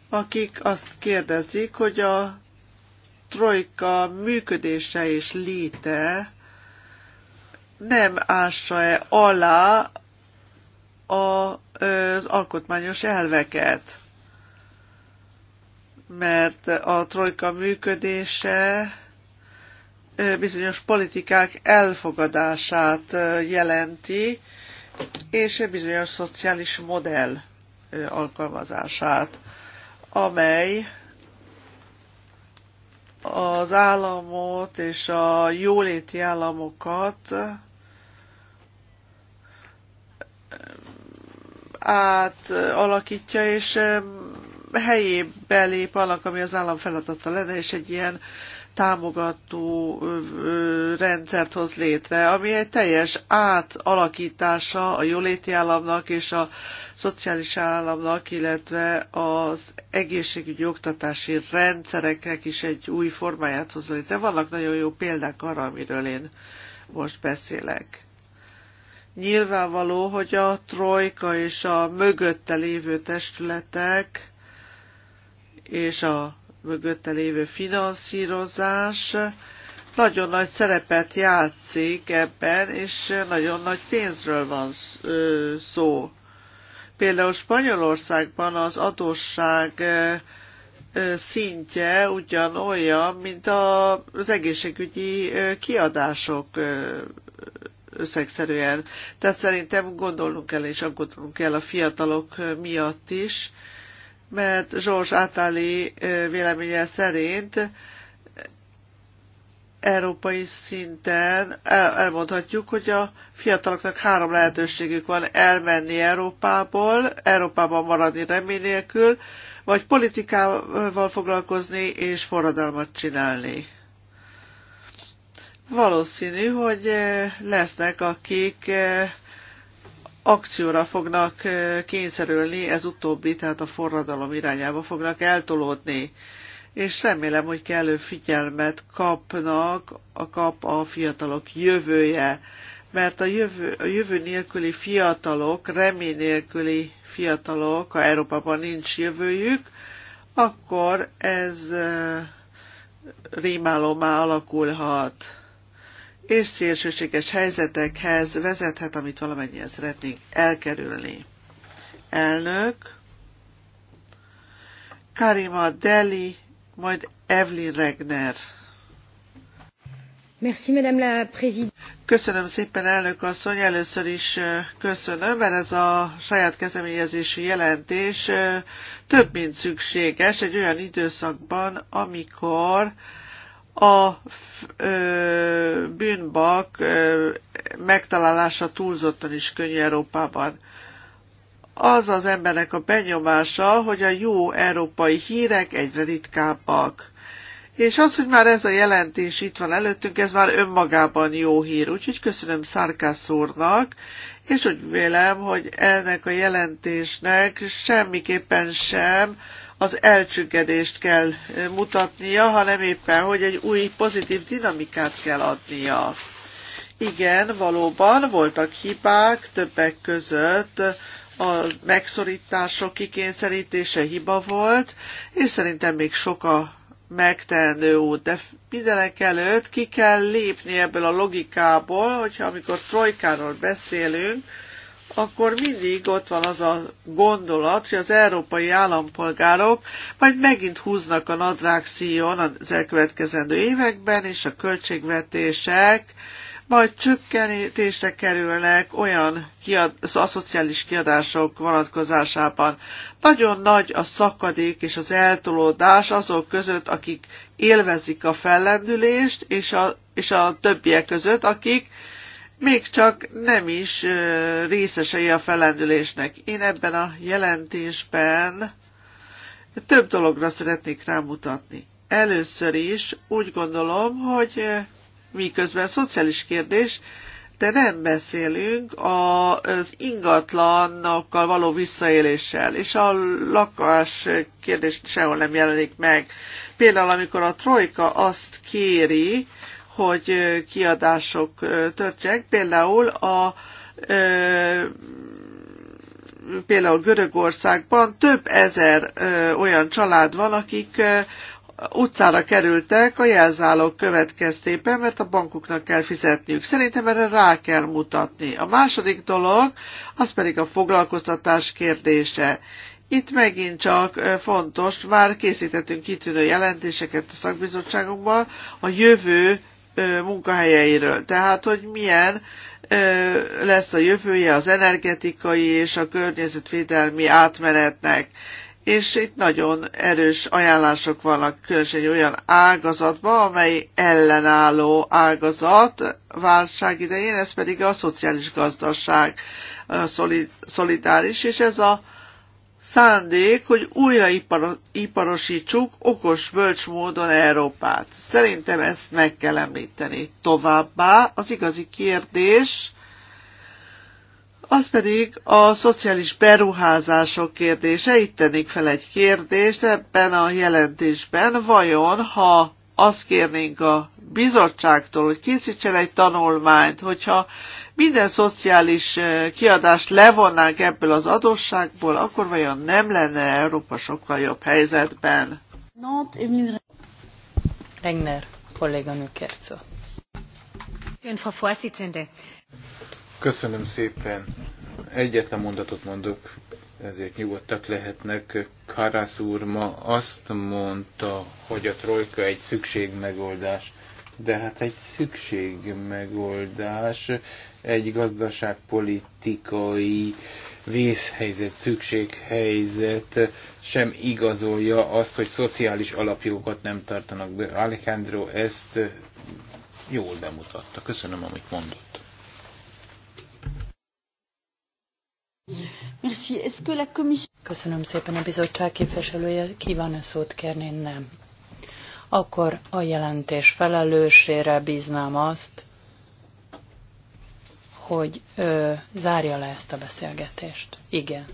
[SPEAKER 3] akik azt kérdezik, hogy a trojka működése és léte nem ássa-e alá a, az alkotmányos elveket. Mert a trojka működése bizonyos politikák elfogadását jelenti, és bizonyos szociális modell alkalmazását, amely az államot és a jóléti államokat átalakítja, és helyébe lép annak, ami az állam feladata lenne, és egy ilyen támogató rendszert hoz létre, ami egy teljes átalakítása a jóléti államnak és a szociális államnak, illetve az egészségügyi oktatási rendszereknek is egy új formáját hoz létre. Vannak nagyon jó példák arra, amiről én most beszélek nyilvánvaló, hogy a trojka és a mögötte lévő testületek és a mögötte lévő finanszírozás nagyon nagy szerepet játszik ebben, és nagyon nagy pénzről van szó. Például Spanyolországban az adósság szintje ugyanolyan, mint az egészségügyi kiadások összegszerűen. Tehát szerintem gondolnunk kell és aggódnunk kell a fiatalok miatt is, mert Zsors Átáli véleménye szerint európai szinten elmondhatjuk, hogy a fiataloknak három lehetőségük van elmenni Európából, Európában maradni remény nélkül, vagy politikával foglalkozni és forradalmat csinálni valószínű, hogy eh, lesznek, akik eh, akcióra fognak eh, kényszerülni, ez utóbbi, tehát a forradalom irányába fognak eltolódni. És remélem, hogy kellő figyelmet kapnak a kap a fiatalok jövője, mert a jövő, a jövő nélküli fiatalok, remény nélküli fiatalok, ha Európában nincs jövőjük, akkor ez rémálomá alakulhat és szélsőséges helyzetekhez vezethet, amit valamennyien szeretnénk elkerülni. Elnök, Karima Deli, majd Evelyn Regner. Merci, Madame la Présidente. Köszönöm szépen, elnök asszony. Először is köszönöm, mert ez a saját kezdeményezési jelentés több mint szükséges egy olyan időszakban, amikor a ö, bűnbak ö, megtalálása túlzottan is könnyű Európában. Az az embernek a benyomása, hogy a jó európai hírek egyre ritkábbak. És az, hogy már ez a jelentés itt van előttünk, ez már önmagában jó hír. Úgyhogy köszönöm Szárkász úrnak, és úgy vélem, hogy ennek a jelentésnek semmiképpen sem az elcsüggedést kell mutatnia, hanem éppen, hogy egy új pozitív dinamikát kell adnia. Igen, valóban voltak hibák, többek között a megszorítások kikényszerítése hiba volt, és szerintem még sok a megteendő út, de mindenek előtt ki kell lépni ebből a logikából, hogyha amikor trojkáról beszélünk, akkor mindig ott van az a gondolat, hogy az európai állampolgárok majd megint húznak a nadrág szíjon az elkövetkezendő években, és a költségvetések majd csökkenítésre kerülnek olyan kiad, a szociális kiadások vonatkozásában. Nagyon nagy a szakadék és az eltolódás azok között, akik élvezik a fellendülést, és a, és a többiek között, akik még csak nem is részesei a felendülésnek. Én ebben a jelentésben több dologra szeretnék rámutatni. Először is úgy gondolom, hogy miközben szociális kérdés, de nem beszélünk az ingatlanokkal való visszaéléssel, és a lakás kérdés sehol nem jelenik meg. Például, amikor a trojka azt kéri, hogy kiadások történjenek. Például a például Görögországban több ezer olyan család van, akik utcára kerültek a jelzálók következtében, mert a bankoknak kell fizetniük. Szerintem erre rá kell mutatni. A második dolog, az pedig a foglalkoztatás kérdése. Itt megint csak fontos, már készítettünk kitűnő jelentéseket a szakbizottságunkban, a jövő munkahelyeiről. Tehát, hogy milyen lesz a jövője az energetikai és a környezetvédelmi átmenetnek. És itt nagyon erős ajánlások vannak, különösen egy olyan ágazatban, amely ellenálló ágazat válság idején, ez pedig a szociális gazdaság, a szolid, szolidáris, és ez a szándék, hogy újraiparosítsuk okos bölcs módon Európát. Szerintem ezt meg kell említeni. Továbbá az igazi kérdés, az pedig a szociális beruházások kérdése. Itt tennék fel egy kérdést ebben a jelentésben. Vajon, ha azt kérnénk a bizottságtól, hogy készítsen egy tanulmányt, hogyha minden szociális eh, kiadást levonnánk ebből az adósságból, akkor vajon nem lenne Európa sokkal jobb helyzetben?
[SPEAKER 2] Regner kolléganő Kerco.
[SPEAKER 4] Köszönöm szépen. Egyetlen mondatot mondok ezért nyugodtak lehetnek. Karasz úr ma azt mondta, hogy a trojka egy szükségmegoldás, de hát egy szükségmegoldás, egy gazdaságpolitikai vészhelyzet, szükséghelyzet sem igazolja azt, hogy szociális alapjogokat nem tartanak be. Alejandro ezt jól bemutatta. Köszönöm, amit mondott.
[SPEAKER 2] Köszönöm szépen a bizottság képviselője. kíván a szót kérni? Nem. Akkor a jelentés felelősére bíznám azt, hogy ö, zárja le ezt a beszélgetést. Igen.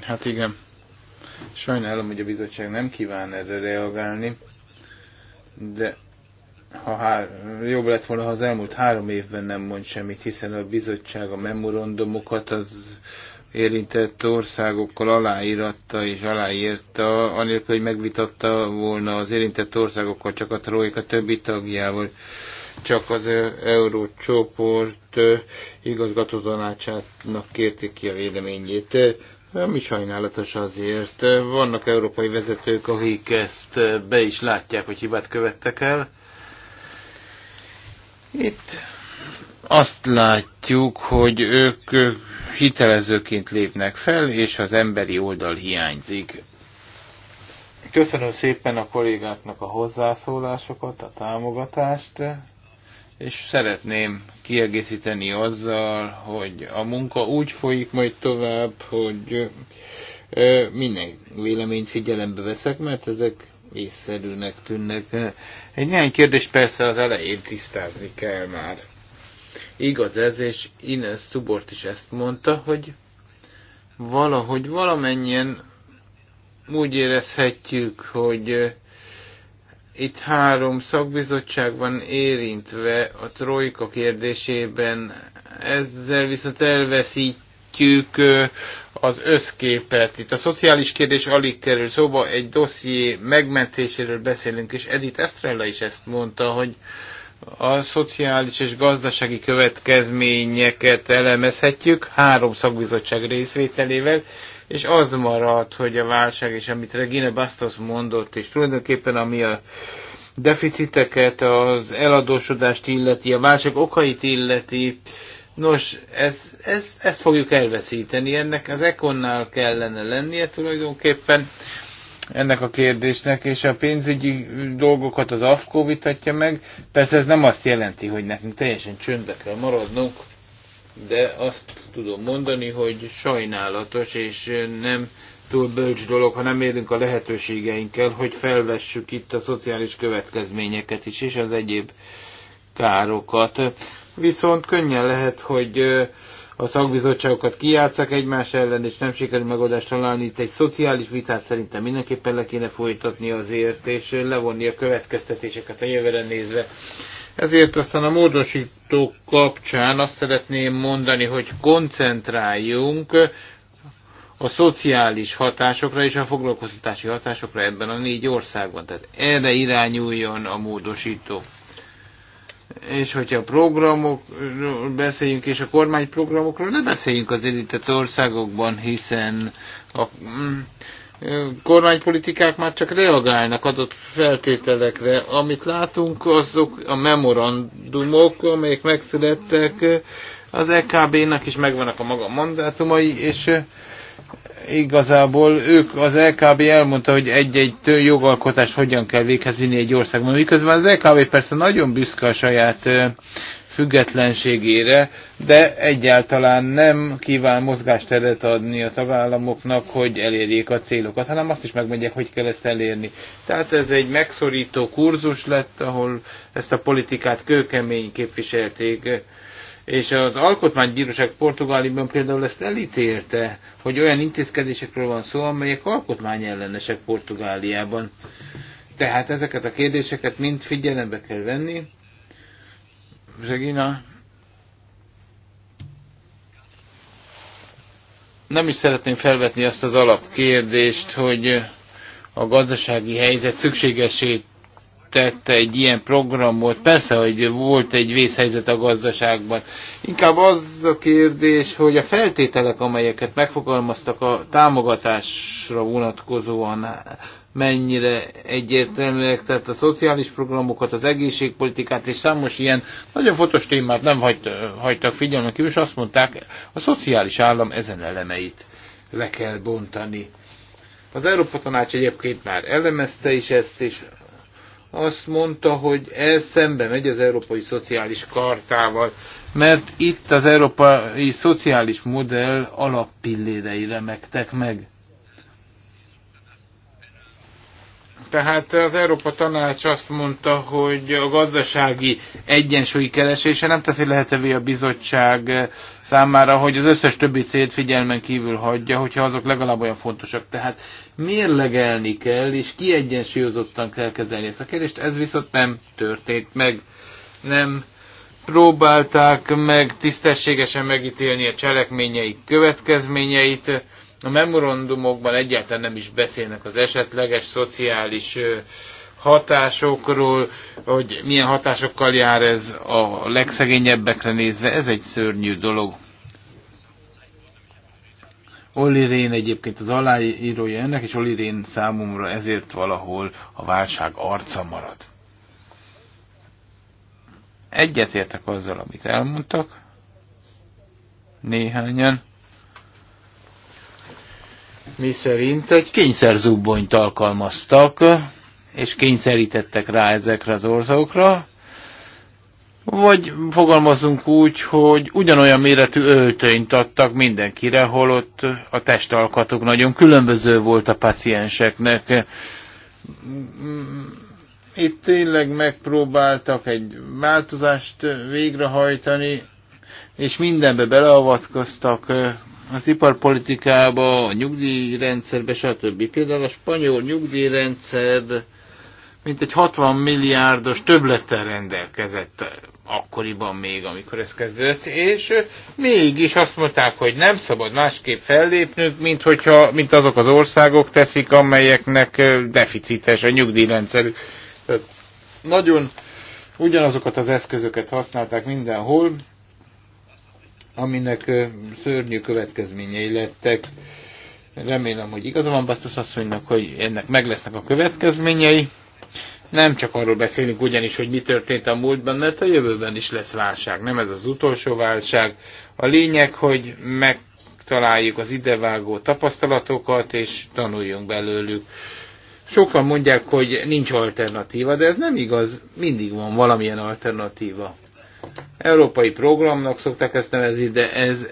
[SPEAKER 4] Hát igen. Sajnálom, hogy a bizottság nem kíván erre reagálni, de ha hár, jobb lett volna, ha az elmúlt három évben nem mond semmit, hiszen a bizottság a memorandumokat az érintett országokkal aláíratta és aláírta, anélkül, hogy megvitatta volna az érintett országokkal, csak a Trójka többi tagjával, csak az Eurócsoport igazgató kérték ki a véleményét. Mi sajnálatos azért. Vannak európai vezetők, akik ezt be is látják, hogy hibát követtek el, itt azt látjuk, hogy ők hitelezőként lépnek fel, és az emberi oldal hiányzik. Köszönöm szépen a kollégáknak a hozzászólásokat, a támogatást, és szeretném kiegészíteni azzal, hogy a munka úgy folyik majd tovább, hogy minden véleményt figyelembe veszek, mert ezek észszerűnek tűnnek. Egy néhány kérdés persze az elején tisztázni kell már. Igaz ez, és Ines Szubort is ezt mondta, hogy valahogy valamennyien úgy érezhetjük, hogy eh, itt három szakbizottság van érintve a trojka kérdésében, ezzel viszont elveszítjük eh, az összképet. Itt a szociális kérdés alig kerül szóba, egy dosszié megmentéséről beszélünk, és Edith Estrella is ezt mondta, hogy a szociális és gazdasági következményeket elemezhetjük három szakbizottság részvételével, és az marad, hogy a válság, és amit Regina Bastos mondott, és tulajdonképpen ami a deficiteket, az eladósodást illeti, a válság okait illeti, Nos, ez, ez, ezt fogjuk elveszíteni, ennek az ekonnál kellene lennie tulajdonképpen ennek a kérdésnek, és a pénzügyi dolgokat az AFKO vitatja meg. Persze ez nem azt jelenti, hogy nekünk teljesen csöndbe kell maradnunk, de azt tudom mondani, hogy sajnálatos, és nem túl bölcs dolog, ha nem érünk a lehetőségeinkkel, hogy felvessük itt a szociális következményeket is, és az egyéb károkat viszont könnyen lehet, hogy a szakbizottságokat kijátszák egymás ellen, és nem sikerül megoldást találni. Itt egy szociális vitát szerintem mindenképpen le kéne folytatni azért, és levonni a következtetéseket a jövőre nézve. Ezért aztán a módosítók kapcsán azt szeretném mondani, hogy koncentráljunk a szociális hatásokra és a foglalkoztatási hatásokra ebben a négy országban. Tehát erre irányuljon a módosító és hogyha a programokról beszéljünk, és a kormányprogramokról, ne beszéljünk az érintett országokban, hiszen a mm, kormánypolitikák már csak reagálnak adott feltételekre. Amit látunk, azok a memorandumok, amelyek megszülettek, az EKB-nak is megvannak a maga mandátumai, és igazából ők, az LKB elmondta, hogy egy-egy jogalkotást hogyan kell véghez vinni egy országban. Miközben az LKB persze nagyon büszke a saját függetlenségére, de egyáltalán nem kíván mozgásteret adni a tagállamoknak, hogy elérjék a célokat, hanem azt is megmegyek, hogy kell ezt elérni. Tehát ez egy megszorító kurzus lett, ahol ezt a politikát kőkemény képviselték és az Alkotmánybíróság Portugáliában például ezt elítélte, hogy olyan intézkedésekről van szó, amelyek alkotmányellenesek Portugáliában. Tehát ezeket a kérdéseket mind figyelembe kell venni. Regina, nem is szeretném felvetni azt az alapkérdést, hogy a gazdasági helyzet szükségesét működtett egy ilyen programot. Persze, hogy volt egy vészhelyzet a gazdaságban. Inkább az a kérdés, hogy a feltételek, amelyeket megfogalmaztak a támogatásra vonatkozóan, mennyire egyértelműek, tehát a szociális programokat, az egészségpolitikát és számos ilyen nagyon fontos témát nem hagyt, hagytak figyelni, kívül, és azt mondták, a szociális állam ezen elemeit le kell bontani. Az Európa Tanács egyébként már elemezte is ezt, és azt mondta, hogy ez szembe megy az Európai Szociális Kartával, mert itt az európai szociális modell alappilléreire megtek meg. Tehát az Európa Tanács azt mondta, hogy a gazdasági egyensúlyi keresése nem teszi lehetővé a bizottság számára, hogy az összes többi célt figyelmen kívül hagyja, hogyha azok legalább olyan fontosak. Tehát mérlegelni kell, és kiegyensúlyozottan kell kezelni ezt a kérdést. Ez viszont nem történt meg. Nem próbálták meg tisztességesen megítélni a cselekményeik következményeit, a memorandumokban egyáltalán nem is beszélnek az esetleges szociális hatásokról, hogy milyen hatásokkal jár ez a legszegényebbekre nézve, ez egy szörnyű dolog. Olli Rén egyébként az aláírója ennek, és Olli Rén számomra ezért valahol a válság arca marad. Egyetértek azzal, amit elmondtak, néhányan mi szerint egy kényszerzubbonyt alkalmaztak, és kényszerítettek rá ezekre az országokra, vagy fogalmazunk úgy, hogy ugyanolyan méretű öltönyt adtak mindenkire, holott a testalkatok nagyon különböző volt a pacienseknek. Itt tényleg megpróbáltak egy változást végrehajtani, és mindenbe beleavatkoztak, az iparpolitikába, a nyugdíjrendszerbe, stb. Például a spanyol nyugdíjrendszer mint egy 60 milliárdos többlettel rendelkezett akkoriban még, amikor ez kezdődött, és mégis azt mondták, hogy nem szabad másképp fellépnünk, mint, hogyha, mint azok az országok teszik, amelyeknek deficites a nyugdíjrendszer. nagyon ugyanazokat az eszközöket használták mindenhol, aminek szörnyű következményei lettek. Remélem, hogy igaza van Basztus asszonynak, hogy ennek meg lesznek a következményei. Nem csak arról beszélünk ugyanis, hogy mi történt a múltban, mert a jövőben is lesz válság. Nem ez az utolsó válság. A lényeg, hogy megtaláljuk az idevágó tapasztalatokat, és tanuljunk belőlük. Sokan mondják, hogy nincs alternatíva, de ez nem igaz. Mindig van valamilyen alternatíva Európai programnak szokták ezt nevezni, de ez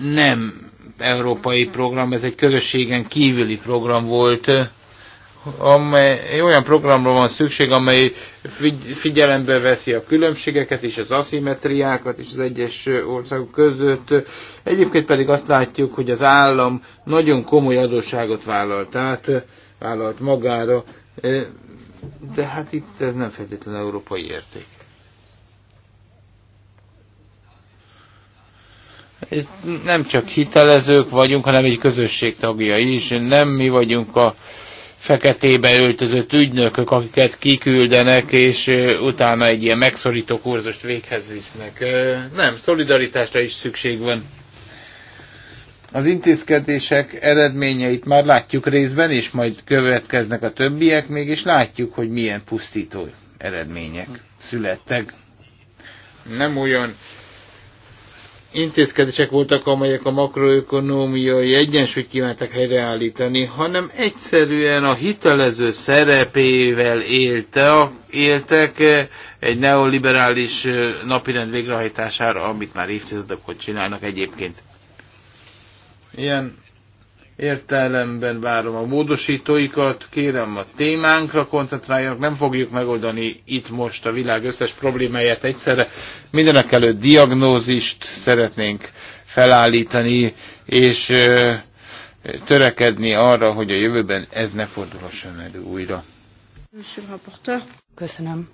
[SPEAKER 4] nem európai program, ez egy közösségen kívüli program volt, amely, olyan programra van szükség, amely figyelembe veszi a különbségeket és az aszimetriákat és az egyes országok között. Egyébként pedig azt látjuk, hogy az állam nagyon komoly adósságot vállalt át, vállalt magára, de hát itt ez nem feltétlenül európai érték. nem csak hitelezők vagyunk, hanem egy közösség tagja is. Nem mi vagyunk a feketébe öltözött ügynökök, akiket kiküldenek, és utána egy ilyen megszorító kurzust véghez visznek. Nem, szolidaritásra is szükség van. Az intézkedések eredményeit már látjuk részben, és majd következnek a többiek még, és látjuk, hogy milyen pusztító eredmények születtek. Nem olyan intézkedések voltak, amelyek a makroökonómiai egyensúlyt kívántak helyreállítani, hanem egyszerűen a hitelező szerepével élte, éltek eh, egy neoliberális eh, napirend végrehajtására, amit már évtizedek hogy csinálnak egyébként. Ilyen értelemben várom a módosítóikat, kérem a témánkra koncentráljanak, nem fogjuk megoldani itt most a világ összes problémáját egyszerre. Mindenek előtt diagnózist szeretnénk felállítani, és ö, törekedni arra, hogy a jövőben ez ne fordulhasson elő újra.
[SPEAKER 2] Köszönöm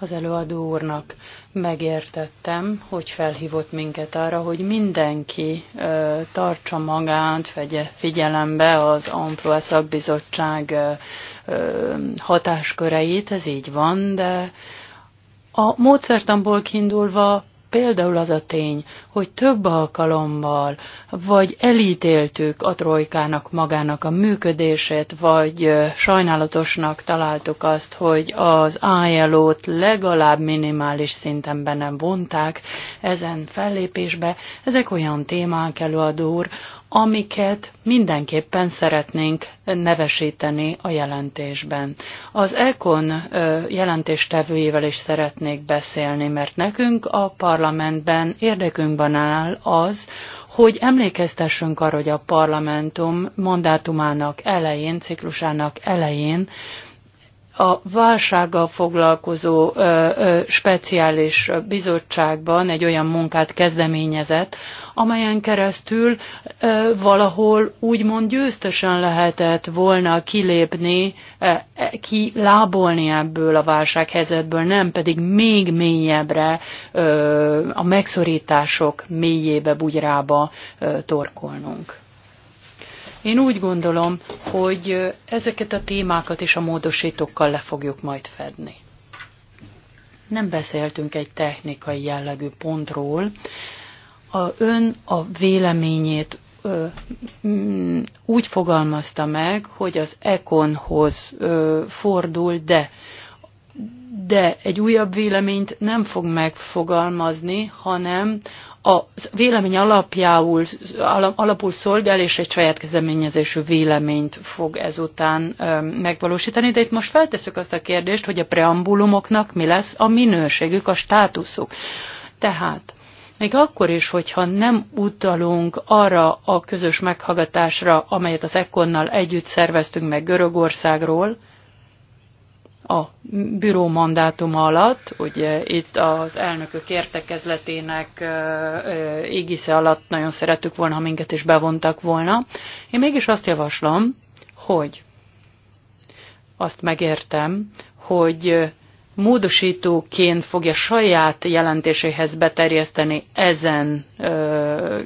[SPEAKER 2] az előadó úrnak. Megértettem, hogy felhívott minket arra, hogy mindenki ö, tartsa magát, vegye figyelembe az Amploa szakbizottság ö, ö, hatásköreit, ez így van, de a módszertamból kiindulva Például az a tény, hogy több alkalommal vagy elítéltük a trojkának magának a működését, vagy sajnálatosnak találtuk azt, hogy az ILO-t legalább minimális szinten be nem vonták ezen fellépésbe. Ezek olyan témák, előadó úr, amiket mindenképpen szeretnénk nevesíteni a jelentésben. Az ECON jelentéstevőjével is szeretnék beszélni, mert nekünk a parlamentben érdekünkben áll az, hogy emlékeztessünk arra, hogy a parlamentum mandátumának elején, ciklusának elején a válsággal foglalkozó speciális bizottságban egy olyan munkát kezdeményezett, amelyen keresztül valahol úgymond győztesen lehetett volna kilépni, e, kilábolni ebből a válsághelyzetből, nem pedig még mélyebbre a megszorítások mélyébe, bugyrába torkolnunk. Én úgy gondolom, hogy ezeket a témákat is a módosítókkal le fogjuk majd fedni. Nem beszéltünk egy technikai jellegű pontról. A ön a véleményét ö, mm, úgy fogalmazta meg, hogy az ekonhoz fordul, de de egy újabb véleményt nem fog megfogalmazni, hanem a vélemény alapjául, alapul szolgál, és egy saját kezdeményezésű véleményt fog ezután megvalósítani. De itt most feltesszük azt a kérdést, hogy a preambulumoknak mi lesz a minőségük, a státuszuk. Tehát még akkor is, hogyha nem utalunk arra a közös meghallgatásra, amelyet az Ekkonnal együtt szerveztünk meg Görögországról, a büró mandátuma alatt, ugye itt az elnökök értekezletének égisze alatt nagyon szeretük volna, ha minket is bevontak volna. Én mégis azt javaslom, hogy azt megértem, hogy módosítóként fogja saját jelentéséhez beterjeszteni ezen ö,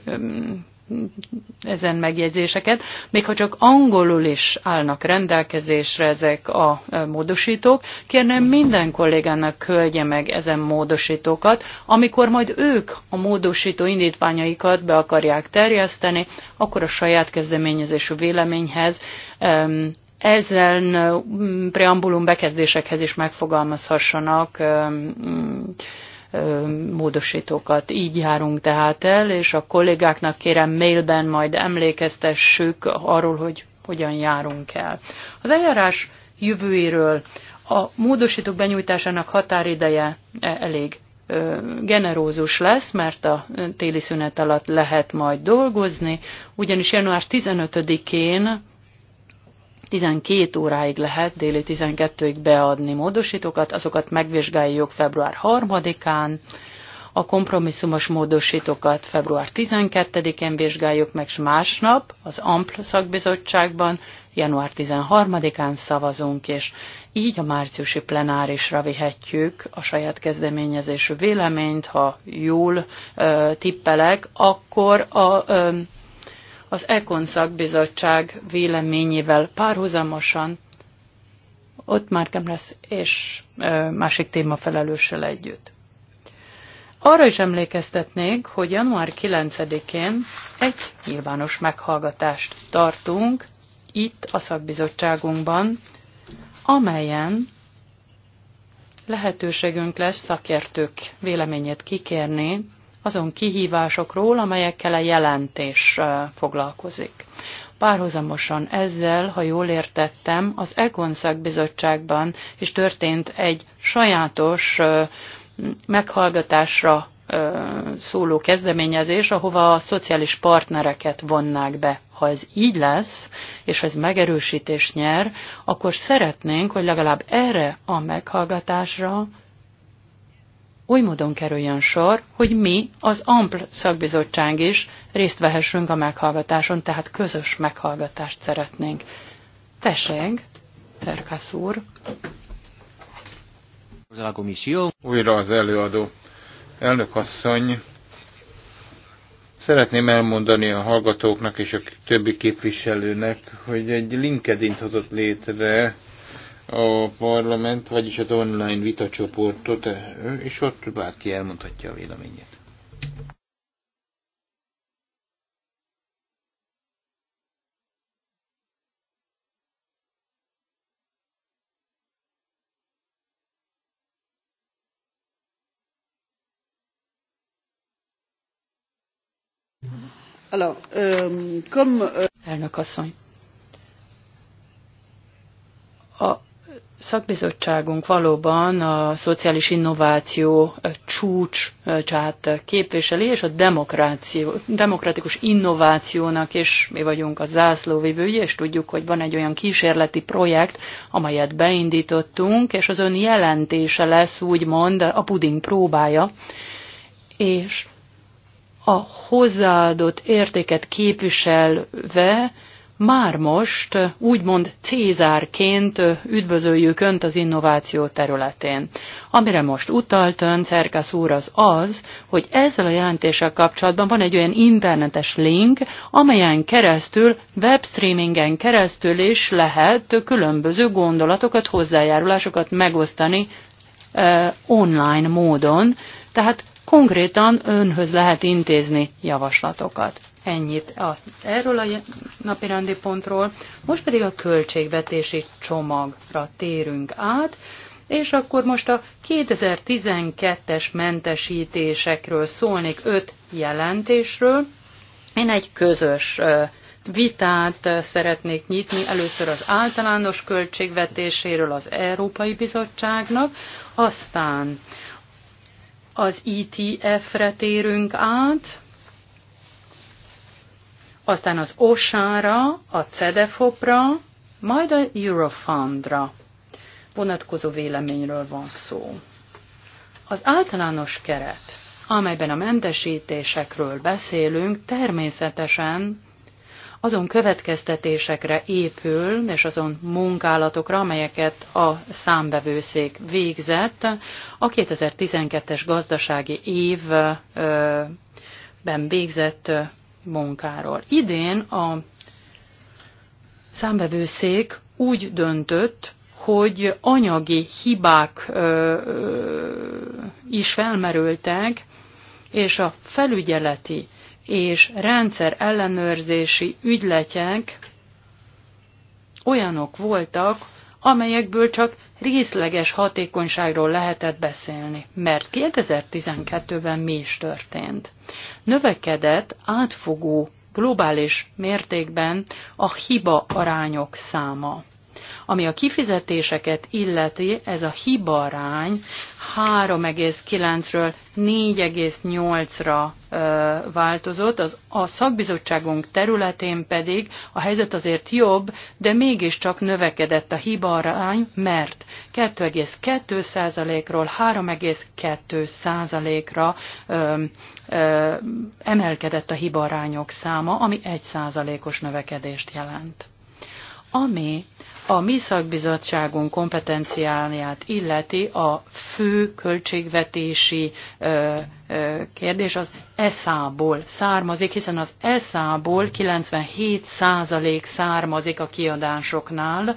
[SPEAKER 2] ezen megjegyzéseket, még ha csak angolul is állnak rendelkezésre ezek a e, módosítók, kérném minden kollégának küldje meg ezen módosítókat, amikor majd ők a módosító indítványaikat be akarják terjeszteni, akkor a saját kezdeményezésű véleményhez ezen preambulum bekezdésekhez is megfogalmazhassanak módosítókat. Így járunk tehát el, és a kollégáknak kérem mailben majd emlékeztessük arról, hogy hogyan járunk el. Az eljárás jövőiről a módosítók benyújtásának határideje e, elég generózus lesz, mert a téli szünet alatt lehet majd dolgozni, ugyanis január 15-én 12 óráig lehet déli 12-ig beadni módosítókat, azokat megvizsgáljuk február 3-án, a kompromisszumos módosítókat február 12-én vizsgáljuk meg, és másnap az AMPL szakbizottságban január 13-án szavazunk, és így a márciusi plenárisra vihetjük a saját kezdeményezésű véleményt, ha jól ö, tippelek, akkor a ö, az Ekon szakbizottság véleményével párhuzamosan ott már lesz, és másik témafelelőssel együtt. Arra is emlékeztetnék, hogy január 9-én egy nyilvános meghallgatást tartunk itt a szakbizottságunkban, amelyen lehetőségünk lesz szakértők véleményét kikérni azon kihívásokról, amelyekkel a jelentés foglalkozik. Párhuzamosan ezzel, ha jól értettem, az Egon szakbizottságban is történt egy sajátos meghallgatásra szóló kezdeményezés, ahova a szociális partnereket vonnák be. Ha ez így lesz, és ez megerősítés nyer, akkor szeretnénk, hogy legalább erre a meghallgatásra oly módon kerüljön sor, hogy mi, az AMPL szakbizottság is részt vehessünk a meghallgatáson, tehát közös meghallgatást szeretnénk. Tessék, Cerkasz úr!
[SPEAKER 4] Újra az előadó. Elnök asszony, Szeretném elmondani a hallgatóknak és a többi képviselőnek, hogy egy linkedin hozott létre a parlament, vagyis az online vitacsoportot, és ott bárki
[SPEAKER 1] elmondhatja a véleményét. Alors, euh,
[SPEAKER 2] comme, euh... Elnök asszony. A szakbizottságunk valóban a szociális innováció csúcsát képviseli, és a demokráció, demokratikus innovációnak is mi vagyunk a zászlóvivői, és tudjuk, hogy van egy olyan kísérleti projekt, amelyet beindítottunk, és az ön jelentése lesz úgymond a puding próbája, és a hozzáadott értéket képviselve már most úgymond Cézárként üdvözöljük Önt az innováció területén. Amire most utalt Ön, Cerkasz úr, az az, hogy ezzel a jelentéssel kapcsolatban van egy olyan internetes link, amelyen keresztül, webstreamingen keresztül is lehet különböző gondolatokat, hozzájárulásokat megosztani e, online módon, tehát konkrétan önhöz lehet intézni javaslatokat. Ennyit a, erről a napirendi pontról. Most pedig a költségvetési csomagra térünk át, és akkor most a 2012-es mentesítésekről szólnék öt jelentésről. Én egy közös vitát szeretnék nyitni először az általános költségvetéséről az Európai Bizottságnak, aztán az etf re térünk át, aztán az OSA-ra, a CEDEFOP-ra, majd a Eurofundra vonatkozó véleményről van szó. Az általános keret, amelyben a mentesítésekről beszélünk, természetesen azon következtetésekre épül, és azon munkálatokra, amelyeket a számbevőszék végzett a 2012-es gazdasági évben végzett munkáról. Idén a számbevőszék úgy döntött, hogy anyagi hibák ö, ö, is felmerültek, és a felügyeleti és rendszer ellenőrzési ügyletek olyanok voltak, amelyekből csak részleges hatékonyságról lehetett beszélni, mert 2012-ben mi is történt. Növekedett átfogó globális mértékben a hiba arányok száma. Ami a kifizetéseket illeti, ez a hibarány 3,9-ről 4,8-ra változott, az, a szakbizottságunk területén pedig a helyzet azért jobb, de mégiscsak növekedett a hibarány, mert 2,2%-ról 3,2%-ra emelkedett a hibarányok száma, ami 1%-os növekedést jelent. Ami a mi szakbizottságunk kompetenciáját illeti a fő költségvetési ö, ö, kérdés az ESZÁ-ból származik, hiszen az ESZÁ-ból 97% származik a kiadásoknál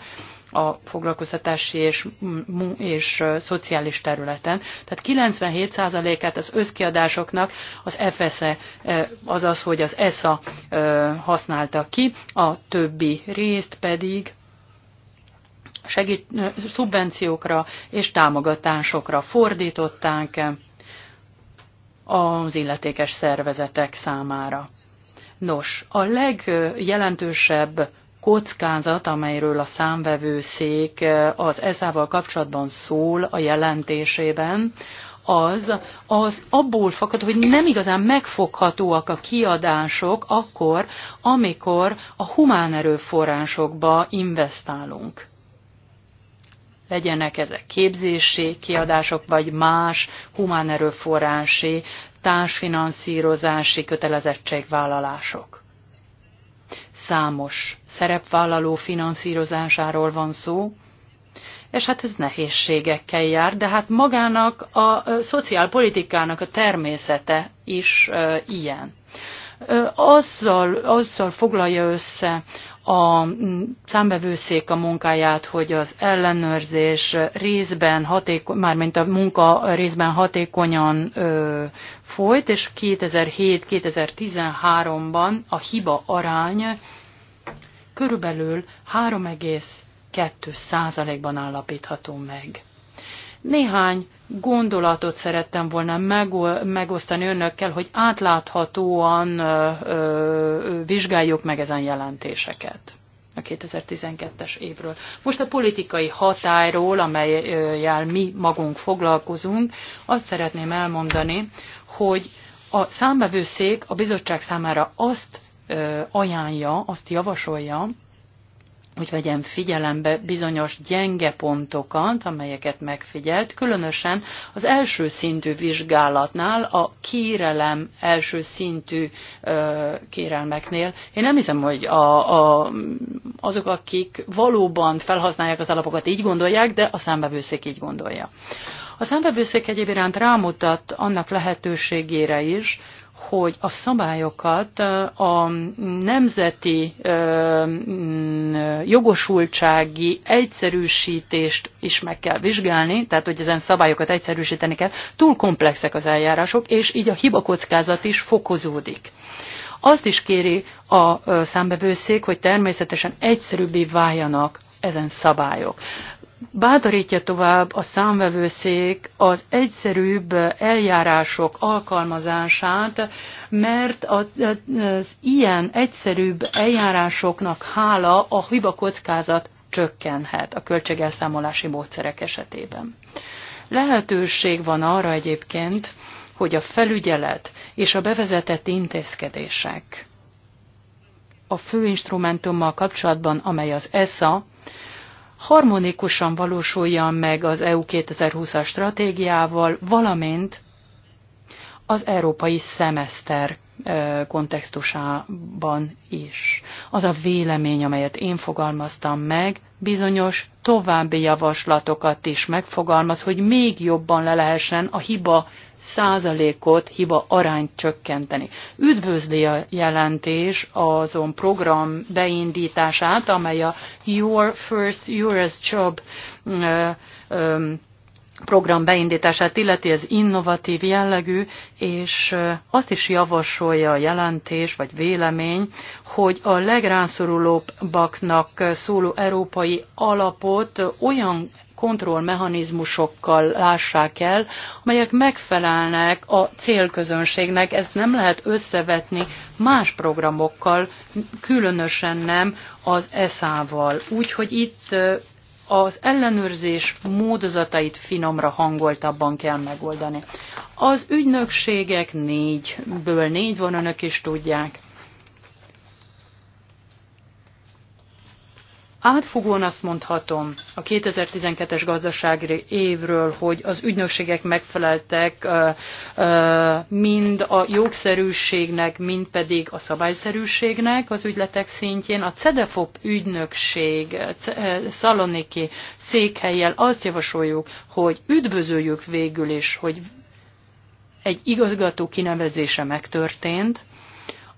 [SPEAKER 2] a foglalkoztatási és, és szociális területen. Tehát 97%-át az összkiadásoknak az FSE, azaz, hogy az ESA használta ki, a többi részt pedig segít, szubvenciókra és támogatásokra fordították az illetékes szervezetek számára. Nos, a legjelentősebb kockázat, amelyről a számvevőszék az ESZ-val kapcsolatban szól a jelentésében, az, az abból fakad, hogy nem igazán megfoghatóak a kiadások akkor, amikor a humán erőforrásokba investálunk legyenek ezek képzési kiadások, vagy más humán erőforrási, társfinanszírozási kötelezettségvállalások. Számos szerepvállaló finanszírozásáról van szó, és hát ez nehézségekkel jár, de hát magának a szociálpolitikának a természete is ilyen azzal, azzal foglalja össze a számbevőszék a munkáját, hogy az ellenőrzés részben hatékony, mármint a munka részben hatékonyan ö, folyt, és 2007-2013-ban a hiba arány körülbelül 3,2 százalékban állapítható meg. Néhány gondolatot szerettem volna megosztani önökkel, hogy átláthatóan vizsgáljuk meg ezen jelentéseket a 2012-es évről. Most a politikai hatályról, amelyel mi magunk foglalkozunk, azt szeretném elmondani, hogy a számbevőszék a bizottság számára azt ajánlja, azt javasolja, hogy vegyem figyelembe bizonyos gyenge pontokat, amelyeket megfigyelt, különösen az első szintű vizsgálatnál, a kérelem első szintű ö, kérelmeknél. Én nem hiszem, hogy a, a, azok, akik valóban felhasználják az alapokat, így gondolják, de a számbevőszék így gondolja. A számbevőszék egyéb iránt rámutat annak lehetőségére is, hogy a szabályokat a nemzeti jogosultsági egyszerűsítést is meg kell vizsgálni, tehát hogy ezen szabályokat egyszerűsíteni kell, túl komplexek az eljárások, és így a hibakockázat is fokozódik. Azt is kéri a számbevőszék, hogy természetesen egyszerűbbé váljanak ezen szabályok bátorítja tovább a számvevőszék az egyszerűbb eljárások alkalmazását, mert az ilyen egyszerűbb eljárásoknak hála a hibakockázat csökkenhet a költségelszámolási módszerek esetében. Lehetőség van arra egyébként, hogy a felügyelet és a bevezetett intézkedések a fő instrumentummal kapcsolatban, amely az ESA, harmonikusan valósuljon meg az EU 2020-as stratégiával, valamint az európai szemeszter kontextusában is. Az a vélemény, amelyet én fogalmaztam meg, bizonyos további javaslatokat is megfogalmaz, hogy még jobban le lehessen a hiba százalékot hiba arányt csökkenteni. Üdvözli a jelentés azon program beindítását, amely a Your First Yours Job program beindítását illeti, ez innovatív jellegű, és azt is javasolja a jelentés vagy vélemény, hogy a legrászorulóbbaknak szóló európai alapot olyan kontrollmechanizmusokkal lássák el, amelyek megfelelnek a célközönségnek. Ezt nem lehet összevetni más programokkal, különösen nem az ESZÁ-val. Úgyhogy itt az ellenőrzés módozatait finomra hangoltabban kell megoldani. Az ügynökségek négyből négy van, önök is tudják. Átfogóan azt mondhatom a 2012-es gazdasági évről, hogy az ügynökségek megfeleltek mind a jogszerűségnek, mind pedig a szabályszerűségnek az ügyletek szintjén. A CEDEFOP ügynökség Szaloniki székhelyjel azt javasoljuk, hogy üdvözöljük végül is, hogy egy igazgató kinevezése megtörtént,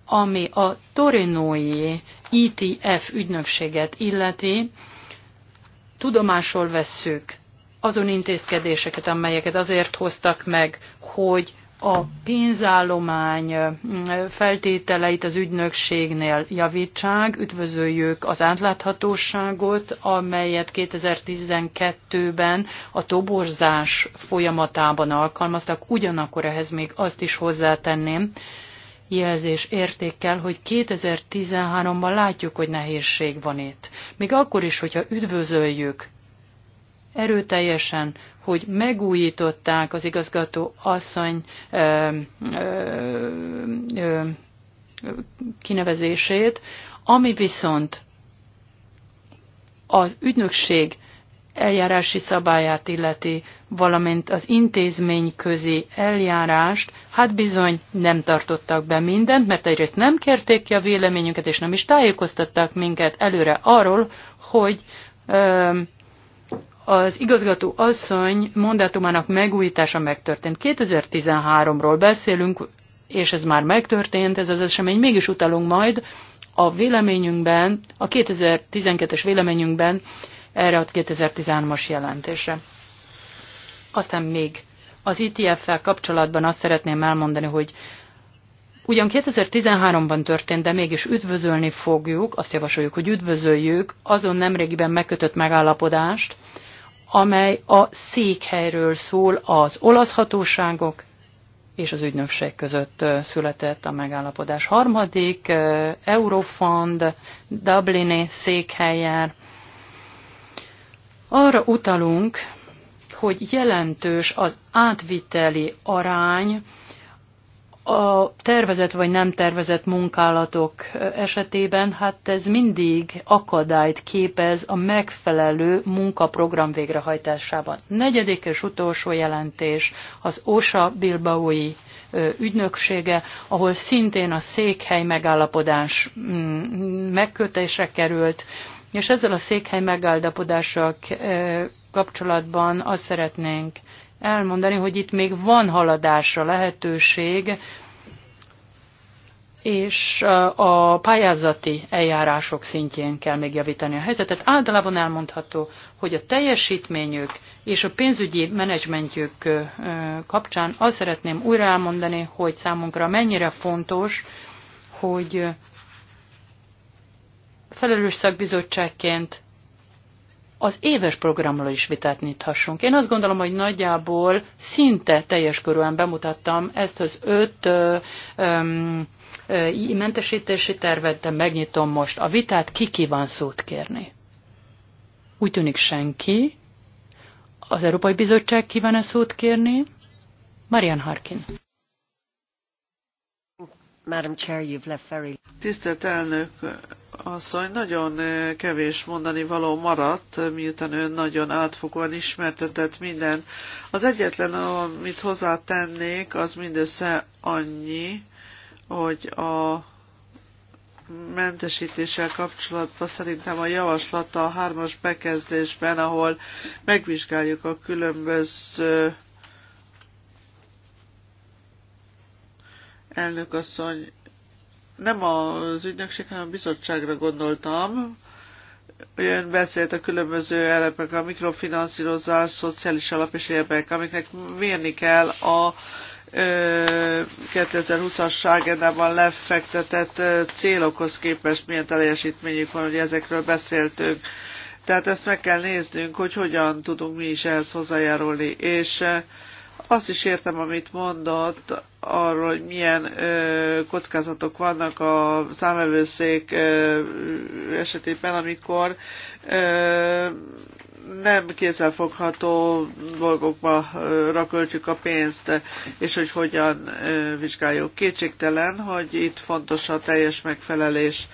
[SPEAKER 2] ami a torinói ETF ügynökséget illeti, tudomásról vesszük azon intézkedéseket, amelyeket azért hoztak meg, hogy a pénzállomány feltételeit az ügynökségnél javítsák, üdvözöljük az átláthatóságot, amelyet 2012-ben a toborzás folyamatában alkalmaztak, ugyanakkor ehhez még azt is hozzátenném, jelzés értékkel, hogy 2013-ban látjuk, hogy nehézség van itt. Még akkor is, hogyha üdvözöljük erőteljesen, hogy megújították az igazgató asszony ö, ö, ö, kinevezését, ami viszont az ügynökség eljárási szabályát illeti, valamint az intézmény közi eljárást, hát bizony nem tartottak be mindent, mert egyrészt nem kérték ki a véleményünket, és nem is tájékoztattak minket előre arról, hogy ö, az igazgató asszony mandátumának megújítása megtörtént. 2013-ról beszélünk, és ez már megtörtént, ez az esemény, mégis utalunk majd a véleményünkben, a 2012-es véleményünkben erre a 2013-as jelentésre. Aztán még az ETF-fel kapcsolatban azt szeretném elmondani, hogy Ugyan 2013-ban történt, de mégis üdvözölni fogjuk, azt javasoljuk, hogy üdvözöljük azon nemrégiben megkötött megállapodást, amely a székhelyről szól az olasz hatóságok és az ügynökség között született a megállapodás. Harmadik, Eurofond, Dublini székhelyen arra utalunk, hogy jelentős az átviteli arány a tervezett vagy nem tervezett munkálatok esetében, hát ez mindig akadályt képez a megfelelő munkaprogram végrehajtásában. Negyedik és utolsó jelentés az OSA Bilbaui ügynöksége, ahol szintén a székhely megállapodás mm, megkötése került, és ezzel a székhely megállapodással eh, kapcsolatban azt szeretnénk elmondani, hogy itt még van haladásra lehetőség, és eh, a pályázati eljárások szintjén kell még javítani a helyzetet. Általában elmondható, hogy a teljesítményük és a pénzügyi menedzsmentjük eh, kapcsán azt szeretném újra elmondani, hogy számunkra mennyire fontos, hogy felelős szakbizottságként az éves programról is vitát nyithassunk. Én azt gondolom, hogy nagyjából szinte teljes körülön bemutattam ezt az öt ö, ö, ö, mentesítési tervet, de megnyitom most a vitát, ki kíván szót kérni. Úgy tűnik senki. Az Európai Bizottság kíván-e szót kérni? Marian Harkin.
[SPEAKER 3] Madam Chair, you've left very... Tisztelt elnök asszony, nagyon kevés mondani való maradt, miután ön nagyon átfogóan ismertetett minden. Az egyetlen, amit hozzátennék, az mindössze annyi, hogy a mentesítéssel kapcsolatban szerintem a javaslata a hármas bekezdésben, ahol megvizsgáljuk a különböző elnökasszony nem az ügynökség, hanem a bizottságra gondoltam. Ön beszélt a különböző elemek a mikrofinanszírozás, szociális alap és érdek, amiknek mérni kell a 2020-as ágendában lefektetett célokhoz képest milyen teljesítményük van, hogy ezekről beszéltünk. Tehát ezt meg kell néznünk, hogy hogyan tudunk mi is ehhez hozzájárulni. És Hát azt is értem, amit mondott arról, hogy milyen ö, kockázatok vannak a számvevőszék ö, esetében, amikor ö, nem kézzelfogható dolgokba raköltjük a pénzt, és hogy hogyan vizsgáljuk. Kétségtelen, hogy itt fontos a teljes megfelelés.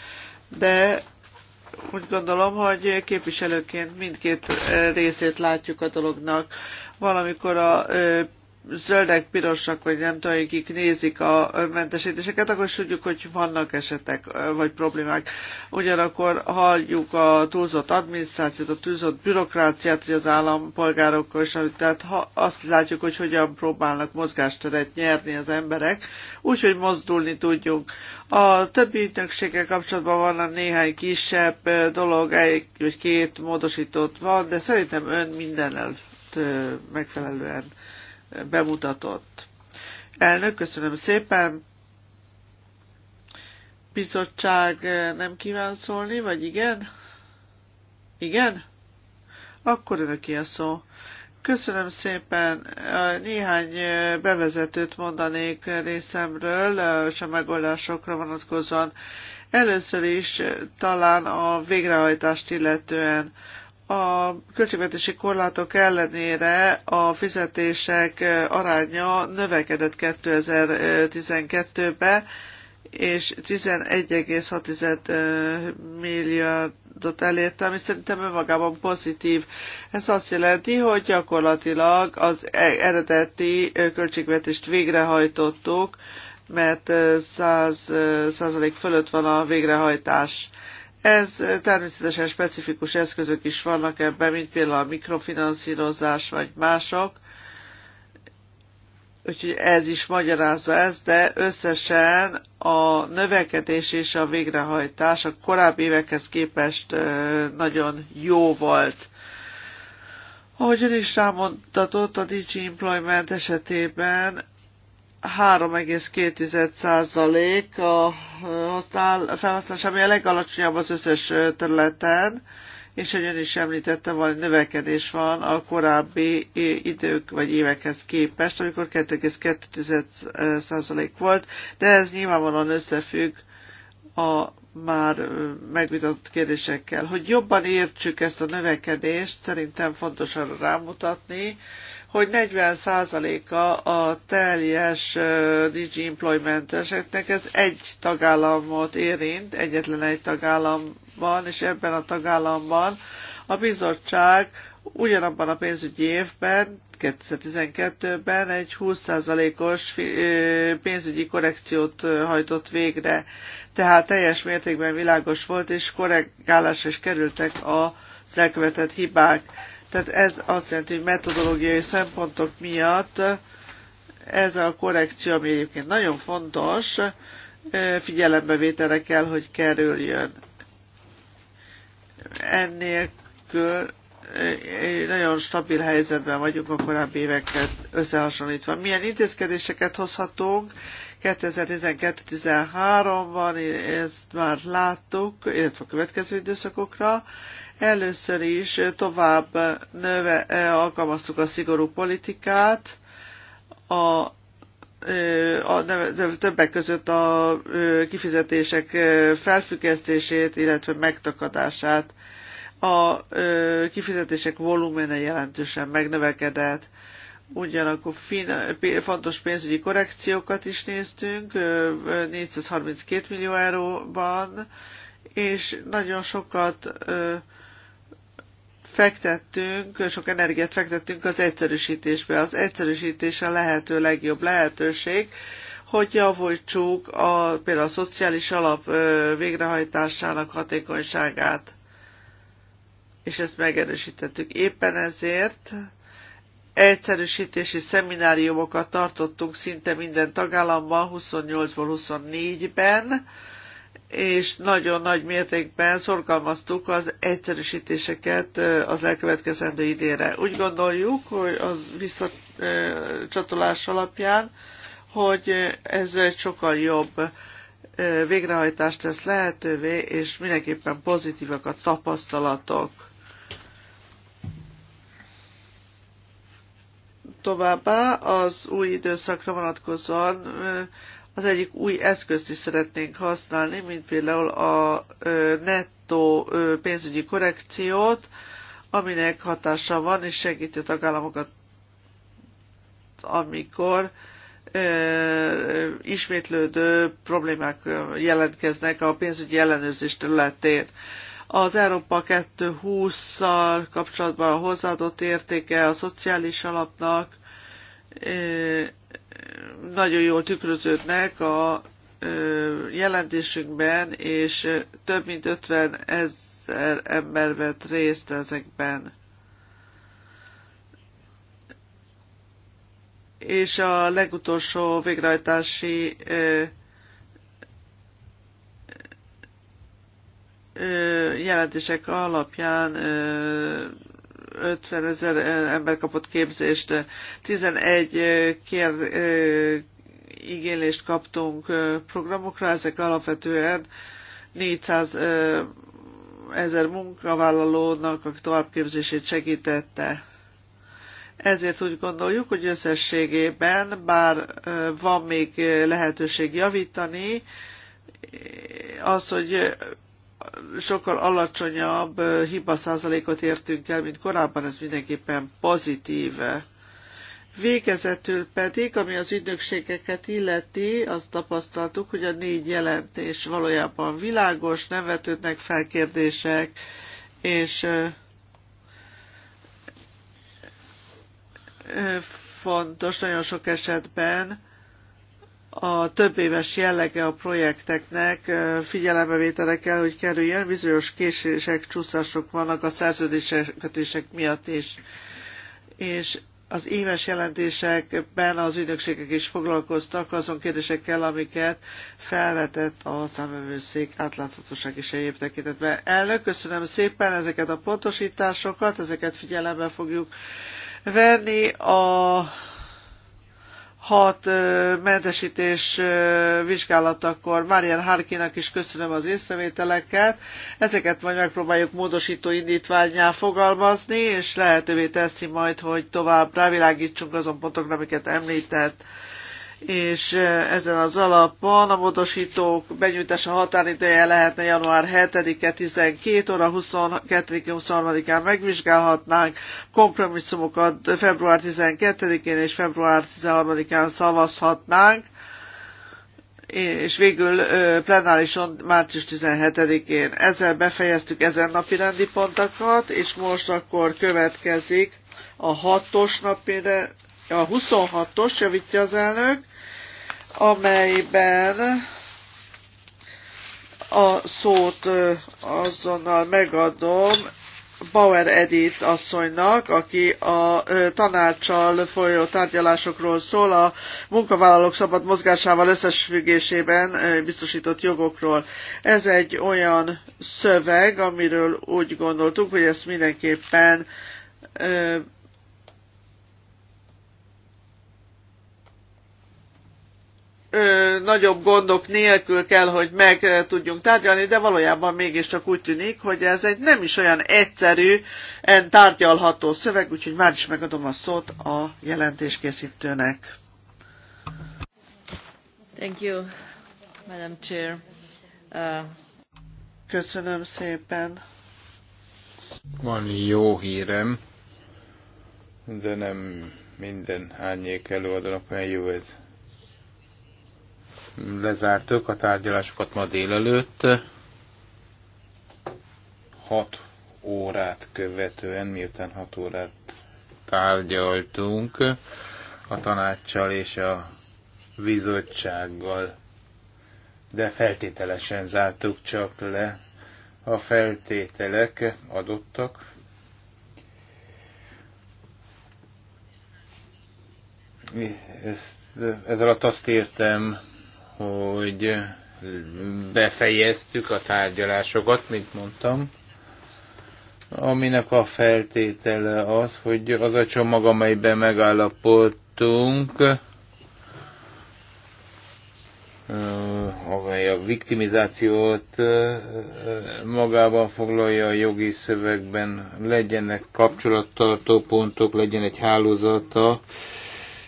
[SPEAKER 3] De úgy gondolom, hogy képviselőként mindkét részét látjuk a dolognak. Valamikor a zöldek, pirosak, vagy nem tudom, akik nézik a mentesítéseket, akkor is tudjuk, hogy vannak esetek, vagy problémák. Ugyanakkor halljuk a túlzott adminisztrációt, a túlzott bürokráciát, hogy az állampolgárok is, tehát ha azt látjuk, hogy hogyan próbálnak mozgásteret nyerni az emberek, úgyhogy mozdulni tudjunk. A többi ügynökséggel kapcsolatban van néhány kisebb dolog, egy vagy két módosított van, de szerintem ön mindenelt megfelelően bemutatott. Elnök, köszönöm szépen. Bizottság eh, nem kíván szólni, vagy igen? Igen? Akkor önöki a szó. Köszönöm szépen. Eh, Néhány eh, bevezetőt mondanék részemről, és a megoldásokra vonatkozóan. Először is talán a végrehajtást illetően a költségvetési korlátok ellenére a fizetések aránya növekedett 2012-be, és 11,6 milliárdot elérte, ami szerintem önmagában pozitív. Ez azt jelenti, hogy gyakorlatilag az e- eredeti költségvetést végrehajtottuk, mert 100 fölött van a végrehajtás. Ez természetesen specifikus eszközök is vannak ebben, mint például a mikrofinanszírozás vagy mások. Úgyhogy ez is magyarázza ezt, de összesen a növekedés és a végrehajtás a korábbi évekhez képest nagyon jó volt. Ahogy ön is rámutatott a Digi Employment esetében, 3,2% a használ, felhasználás, ami a legalacsonyabb az összes területen, és hogy ön is említette, valami növekedés van a korábbi idők vagy évekhez képest, amikor 2,2% volt, de ez nyilvánvalóan összefügg a már megvitatott kérdésekkel. Hogy jobban értsük ezt a növekedést, szerintem fontos arra rámutatni, hogy 40%-a a teljes DG Employment eseknek, ez egy tagállamot érint, egyetlen egy tagállamban, és ebben a tagállamban a bizottság ugyanabban a pénzügyi évben, 2012-ben egy 20%-os pénzügyi korrekciót hajtott végre. Tehát teljes mértékben világos volt, és korrekálásra is kerültek a elkövetett hibák tehát ez azt jelenti, hogy metodológiai szempontok miatt ez a korrekció, ami egyébként nagyon fontos, figyelembevételre kell, hogy kerüljön. Ennélkül nagyon stabil helyzetben vagyunk a korábbi éveket összehasonlítva. Milyen intézkedéseket hozhatunk? 2012-13-ban ezt már láttuk, illetve a következő időszakokra. Először is tovább növe, eh, alkalmaztuk a szigorú politikát, a a, többek között a kifizetések felfüggesztését, illetve megtakadását. A kifizetések volumene jelentősen megnövekedett. Ugyanakkor fin, fontos pénzügyi korrekciókat is néztünk, 432 millió euróban, és nagyon sokat fektettünk, sok energiát fektettünk az egyszerűsítésbe. Az egyszerűsítés a lehető legjobb lehetőség, hogy javítsuk a, például a szociális alap végrehajtásának hatékonyságát. És ezt megerősítettük. Éppen ezért egyszerűsítési szemináriumokat tartottunk szinte minden tagállamban, 28-ból 24-ben, és nagyon nagy mértékben szorgalmaztuk az egyszerűsítéseket az elkövetkezendő idénre. Úgy gondoljuk, hogy az visszacsatolás alapján, hogy ez egy sokkal jobb végrehajtást tesz lehetővé, és mindenképpen pozitívak a tapasztalatok. Továbbá az új időszakra vonatkozóan az egyik új eszközt is szeretnénk használni, mint például a nettó pénzügyi korrekciót, aminek hatása van, és segíti a tagállamokat, amikor ismétlődő problémák jelentkeznek a pénzügyi ellenőrzés területén. Az Európa 2020 szal kapcsolatban a hozzáadott értéke a szociális alapnak, nagyon jól tükröződnek a jelentésünkben, és több mint 50 ezer ember vett részt ezekben. És a legutolsó végrehajtási jelentések alapján 50 ezer ember kapott képzést, 11 kér, igénylést kaptunk programokra, ezek alapvetően 400 ezer munkavállalónak a továbbképzését segítette. Ezért úgy gondoljuk, hogy összességében, bár van még lehetőség javítani, az, hogy sokkal alacsonyabb hiba százalékot értünk el, mint korábban, ez mindenképpen pozitív. Végezetül pedig, ami az ügynökségeket illeti, azt tapasztaltuk, hogy a négy jelentés valójában világos, nem vetődnek fel kérdések, és fontos nagyon sok esetben, a több éves jellege a projekteknek figyelembevétele kell, hogy kerüljön, bizonyos késések, csúszások vannak a szerződések miatt is. És az éves jelentésekben az ügynökségek is foglalkoztak azon kérdésekkel, amiket felvetett a számövőszék átláthatóság és egyéb tekintetben. Elnök, köszönöm szépen ezeket a pontosításokat, ezeket figyelembe fogjuk venni. A hat mentesítés vizsgálatakor Marian Harkinak is köszönöm az észrevételeket. Ezeket majd megpróbáljuk módosító indítványá fogalmazni, és lehetővé teszi majd, hogy tovább rávilágítsunk azon pontokra, amiket említett és ezen az alapon a módosítók benyújtása határideje lehetne január 7-e 12 óra 22-23-án megvizsgálhatnánk, kompromisszumokat február 12-én és február 13-án szavazhatnánk, és végül plenárison március 17-én. Ezzel befejeztük ezen napi rendi pontokat, és most akkor következik a hatos napi a 26-os, javítja az elnök, amelyben a szót azonnal megadom Bauer Edith asszonynak, aki a tanácssal folyó tárgyalásokról szól, a munkavállalók szabad mozgásával összesfüggésében biztosított jogokról. Ez egy olyan szöveg, amiről úgy gondoltuk, hogy ezt mindenképpen ö, nagyobb gondok nélkül kell, hogy meg tudjunk tárgyalni, de valójában mégiscsak úgy tűnik, hogy ez egy nem is olyan egyszerű, en tárgyalható szöveg, úgyhogy már is megadom a szót a jelentéskészítőnek. Thank you, Madam Chair. Uh... Köszönöm szépen.
[SPEAKER 4] Van jó hírem, de nem minden árnyék előadónak mert jó ez lezártuk a tárgyalásokat ma délelőtt. 6 órát követően, miután 6 órát tárgyaltunk a tanácssal és a bizottsággal, de feltételesen zártuk csak le. A feltételek adottak. Ezzel a azt értem, hogy befejeztük a tárgyalásokat, mint mondtam, aminek a feltétele az, hogy az a csomag, amelyben megállapodtunk, amely a viktimizációt magában foglalja a jogi szövegben, legyenek kapcsolattartó pontok, legyen egy hálózata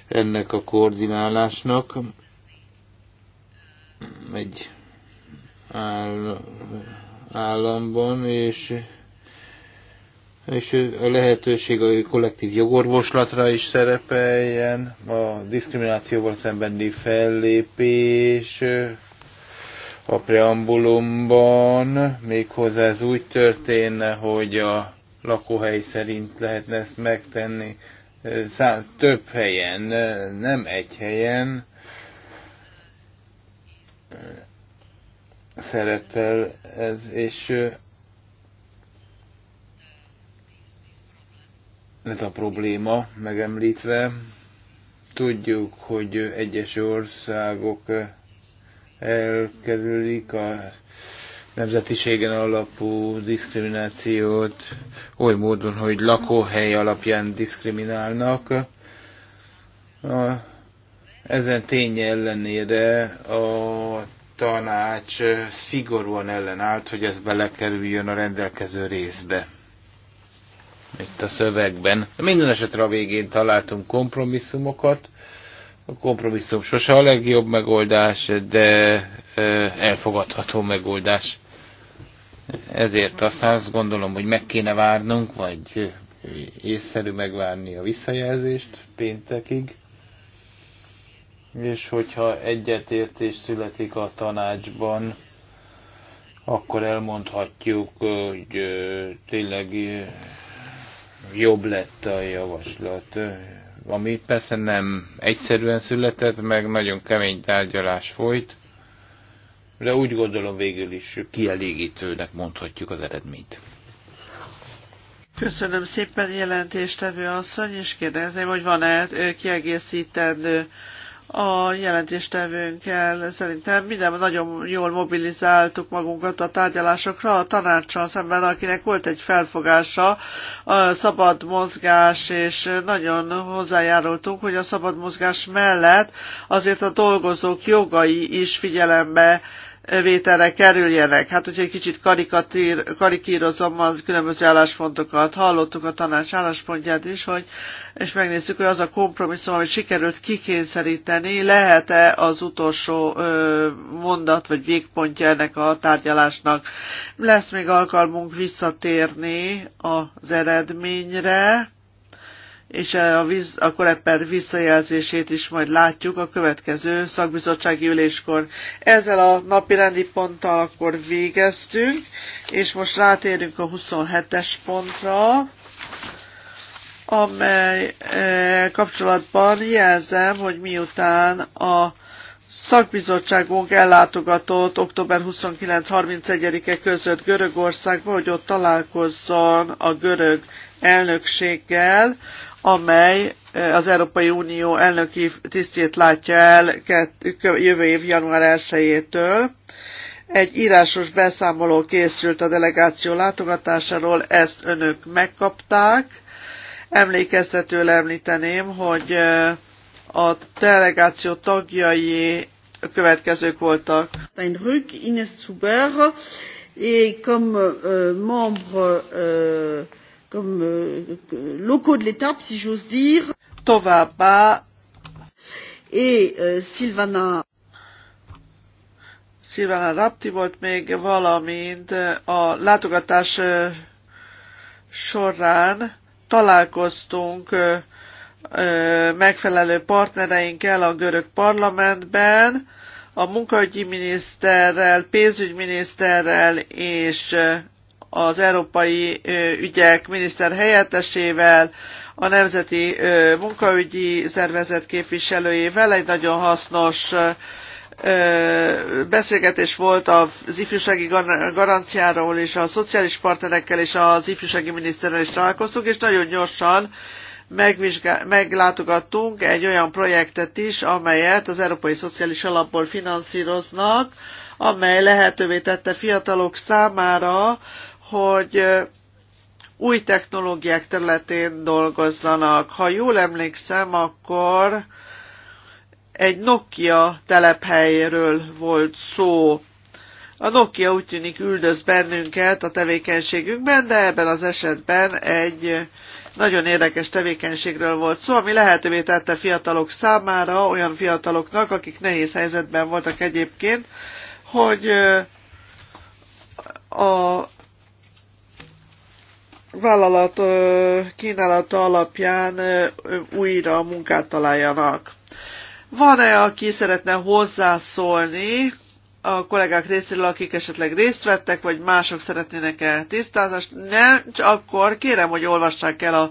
[SPEAKER 4] ennek a koordinálásnak, egy államban, és, és a lehetőség a kollektív jogorvoslatra is szerepeljen, a diszkriminációval szembeni fellépés a preambulumban, méghozzá ez úgy történne, hogy a lakóhely szerint lehetne ezt megtenni, szám több helyen, nem egy helyen, szerepel ez, és ez a probléma megemlítve. Tudjuk, hogy egyes országok elkerülik a nemzetiségen alapú diszkriminációt oly módon, hogy lakóhely alapján diszkriminálnak. A ezen tény ellenére a tanács szigorúan ellenállt, hogy ez belekerüljön a rendelkező részbe. Itt a szövegben. Minden esetre a végén találtunk kompromisszumokat. A kompromisszum sose a legjobb megoldás, de elfogadható megoldás. Ezért aztán azt gondolom, hogy meg kéne várnunk, vagy észszerű megvárni a visszajelzést péntekig és hogyha egyetértés születik a tanácsban, akkor elmondhatjuk, hogy tényleg jobb lett a javaslat. Ami persze nem egyszerűen született, meg nagyon kemény tárgyalás folyt, de úgy gondolom végül is kielégítőnek mondhatjuk az eredményt.
[SPEAKER 3] Köszönöm szépen jelentéstevő asszony, és kérdezném, hogy van-e kiegészítendő a jelentéstevőnkkel szerintem minden nagyon jól mobilizáltuk magunkat a tárgyalásokra a tanácssal szemben, akinek volt egy felfogása, a szabad mozgás, és nagyon hozzájárultunk, hogy a szabad mozgás mellett azért a dolgozók jogai is figyelembe vételre kerüljenek. Hát, hogyha egy kicsit karikatír, karikírozom az különböző álláspontokat, hallottuk a tanács álláspontját is, hogy, és megnézzük, hogy az a kompromisszum, amit sikerült kikényszeríteni, lehet-e az utolsó ö, mondat, vagy végpontja ennek a tárgyalásnak. Lesz még alkalmunk visszatérni az eredményre, és a, víz, a koreper visszajelzését is majd látjuk a következő szakbizottsági üléskor. Ezzel a napi rendi ponttal akkor végeztünk, és most rátérünk a 27-es pontra, amely e, kapcsolatban jelzem, hogy miután a szakbizottságunk ellátogatott október 29-31-e között Görögországba, hogy ott találkozzon a görög elnökséggel, amely az Európai Unió elnöki tisztjét látja el jövő év január 1-től. Egy írásos beszámoló készült a delegáció látogatásáról, ezt önök megkapták. Emlékeztetőle említeném, hogy a delegáció tagjai
[SPEAKER 1] a következők voltak. Steinrück, Ines Zuber, és comme euh, membre euh, Euh, euh, locaux de l'étape, si j'ose dire. Továbbá. Et euh, Sylvana.
[SPEAKER 3] Rapti volt még, valamint euh, a látogatás során találkoztunk megfelelő partnereinkkel a görög parlamentben, a munkaügyi miniszterrel, pénzügyminiszterrel és az európai ügyek miniszter helyettesével, a Nemzeti Munkaügyi Szervezet képviselőjével egy nagyon hasznos beszélgetés volt az ifjúsági garanciáról, és a szociális partnerekkel és az ifjúsági miniszterrel is találkoztunk, és nagyon gyorsan meglátogattunk egy olyan projektet is, amelyet az Európai Szociális Alapból finanszíroznak, amely lehetővé tette fiatalok számára, hogy új technológiák területén dolgozzanak. Ha jól emlékszem, akkor egy Nokia telephelyről volt szó. A Nokia úgy tűnik üldöz bennünket a tevékenységünkben, de ebben az esetben egy nagyon érdekes tevékenységről volt szó, ami lehetővé tette fiatalok számára, olyan fiataloknak, akik nehéz helyzetben voltak egyébként, hogy a vállalat kínálata alapján újra munkát találjanak. Van-e, aki szeretne hozzászólni a kollégák részéről, akik esetleg részt vettek, vagy mások szeretnének-e tisztázást? Nem, csak akkor kérem, hogy olvassák el az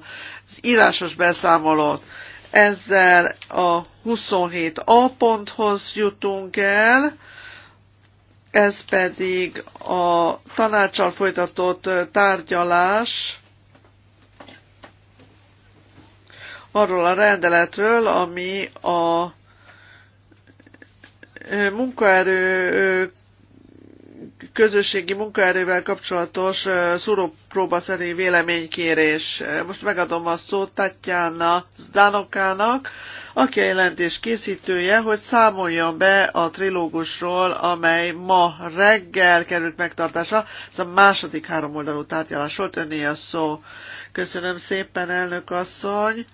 [SPEAKER 3] írásos beszámolót. Ezzel a 27a ponthoz jutunk el ez pedig a tanácsal folytatott tárgyalás arról a rendeletről, ami a munkaerő közösségi munkaerővel kapcsolatos szúrópróba szerint véleménykérés. Most megadom a szót Tatjana Zdanokának, aki a jelentés készítője, hogy számoljon be a trilógusról, amely ma reggel került megtartása, Ez a második háromoldalú tárgyalás volt, önné a szó. Köszönöm szépen, elnök asszony.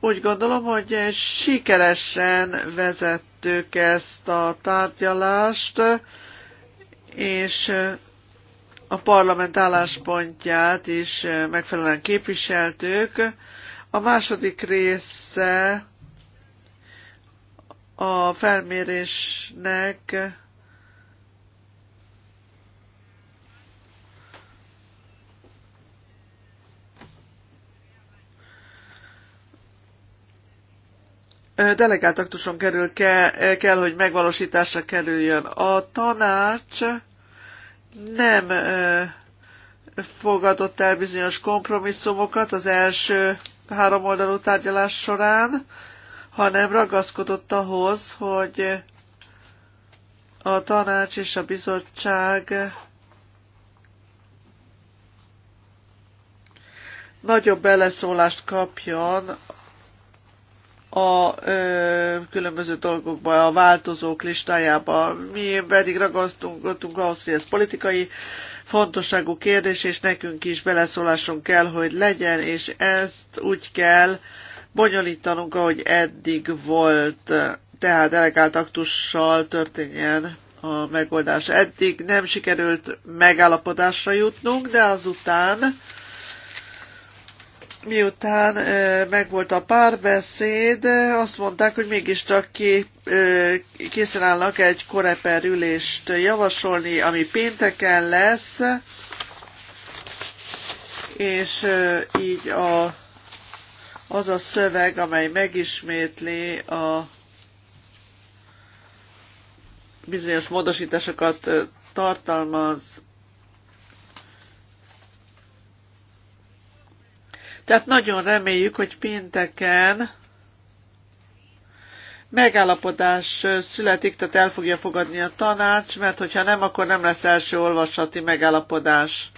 [SPEAKER 3] Úgy gondolom, hogy sikeresen vezettük ezt a tárgyalást és a parlament álláspontját is megfelelően képviseltük. A második része a felmérésnek delegált aktuson kerül, ke, kell, hogy megvalósításra kerüljön. A tanács nem fogadott el bizonyos kompromisszumokat az első három oldalú tárgyalás során, hanem ragaszkodott ahhoz, hogy a tanács és a bizottság nagyobb beleszólást kapjon a ö, különböző dolgokba, a változók listájába. Mi pedig ragasztunk ahhoz, hogy ez politikai fontosságú kérdés, és nekünk is beleszólásunk kell, hogy legyen, és ezt úgy kell bonyolítanunk, ahogy eddig volt. Tehát delegált aktussal történjen a megoldás. Eddig nem sikerült megállapodásra jutnunk, de azután miután megvolt a párbeszéd, azt mondták, hogy mégiscsak ki, készen állnak egy koreperülést javasolni, ami pénteken lesz, és így a, az a szöveg, amely megismétli a bizonyos módosításokat tartalmaz, Tehát nagyon reméljük, hogy pénteken megállapodás születik, tehát el fogja fogadni a tanács, mert hogyha nem, akkor nem lesz első olvasati megállapodás.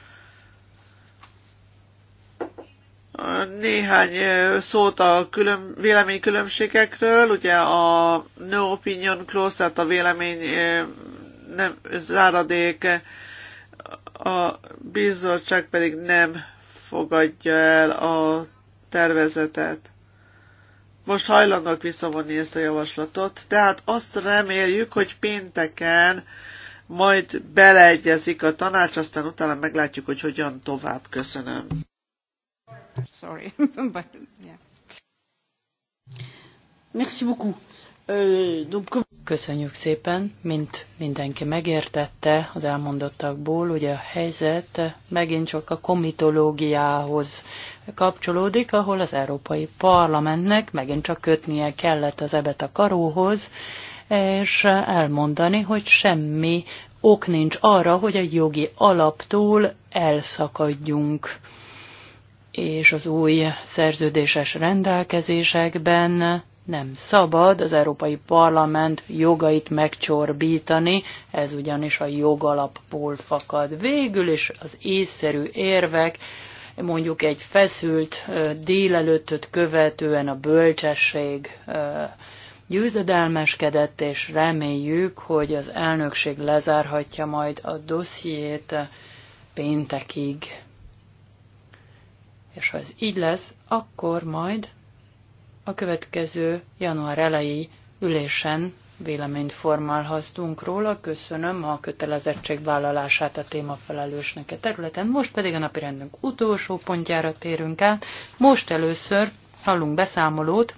[SPEAKER 3] Néhány szót a külön, véleménykülönbségekről, ugye a no opinion clause, tehát a vélemény nem záradék, a bizottság pedig nem fogadja el a tervezetet. Most hajlandók visszavonni ezt a javaslatot, tehát azt reméljük, hogy pénteken majd beleegyezik a tanács, aztán utána meglátjuk, hogy hogyan tovább. Köszönöm. Sorry, but yeah.
[SPEAKER 2] Merci beaucoup. Euh, Köszönjük szépen, mint mindenki megértette az elmondottakból, hogy a helyzet megint csak a komitológiához kapcsolódik, ahol az Európai Parlamentnek megint csak kötnie kellett az ebet a karóhoz, és elmondani, hogy semmi ok nincs arra, hogy a jogi alaptól elszakadjunk és az új szerződéses rendelkezésekben nem szabad az Európai Parlament jogait megcsorbítani, ez ugyanis a jogalapból fakad. Végül is az észszerű érvek, mondjuk egy feszült délelőttöt követően a bölcsesség győzedelmeskedett, és reméljük, hogy az elnökség lezárhatja majd a dossziét péntekig. És ha ez így lesz, akkor majd a következő január elejé ülésen véleményt formálhatunk róla. Köszönöm a vállalását a témafelelősnek a e területen. Most pedig a napirendünk utolsó pontjára térünk át. Most először hallunk beszámolót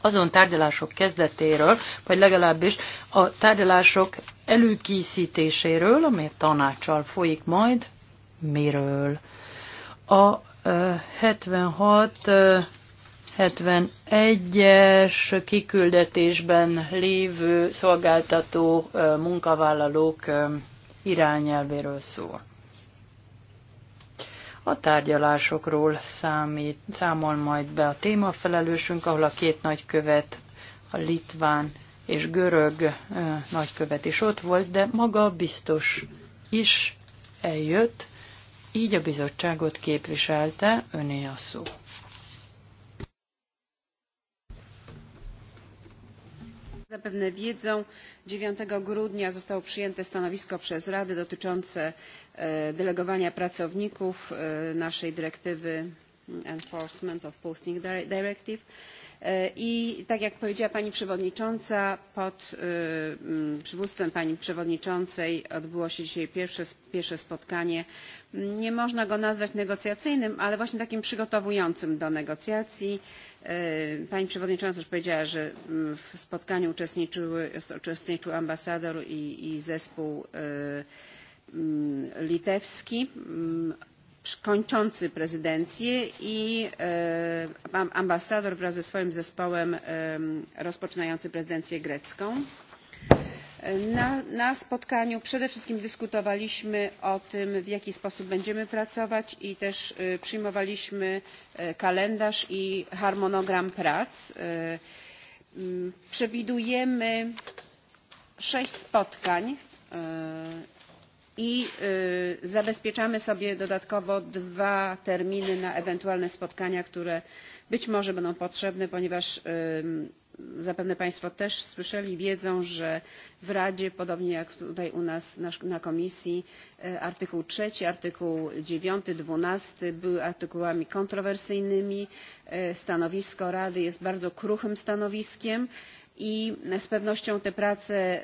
[SPEAKER 2] azon tárgyalások kezdetéről, vagy legalábbis a tárgyalások előkészítéséről, amely tanácsal folyik majd, miről. A 76 71-es kiküldetésben lévő szolgáltató munkavállalók irányelvéről szól. A tárgyalásokról számít, számol majd be a témafelelősünk, ahol a két nagykövet, a litván és görög nagykövet is ott volt, de maga biztos is eljött, így a bizottságot képviselte, öné a szó.
[SPEAKER 5] Zapewne wiedzą, 9 grudnia zostało przyjęte stanowisko przez Radę dotyczące e, delegowania pracowników e, naszej dyrektywy Enforcement of Posting Directive E, i tak jak powiedziała pani przewodnicząca pod e, przywództwem pani przewodniczącej odbyło się dzisiaj pierwsze, spotkanie nie można go nazwać negocjacyjnym ale właśnie takim przygotowującym do negocjacji. E, pani przewodnicząca już powiedziała że w spotkaniu uczestniczył ambasador i zespół litewski kończący prezydencję i e, ambasador wraz ze swoim zespołem e, rozpoczynający prezydencję grecką. Na, spotkaniu przede wszystkim dyskutowaliśmy o tym w jaki sposób będziemy pracować i też e, przyjmowaliśmy kalendarz i harmonogram prac. przewidujemy sześć spotkań i zabezpieczamy sobie dodatkowo dwa terminy na ewentualne spotkania które być może będą potrzebne ponieważ zapewne państwo też słyszeli i wiedzą że w radzie podobnie jak tutaj u nas na, komisji artykuł trzy artykuł dziewięć dwanaście były artykułami kontrowersyjnymi stanowisko rady jest bardzo kruchym stanowiskiem i i z pewnością te prace e,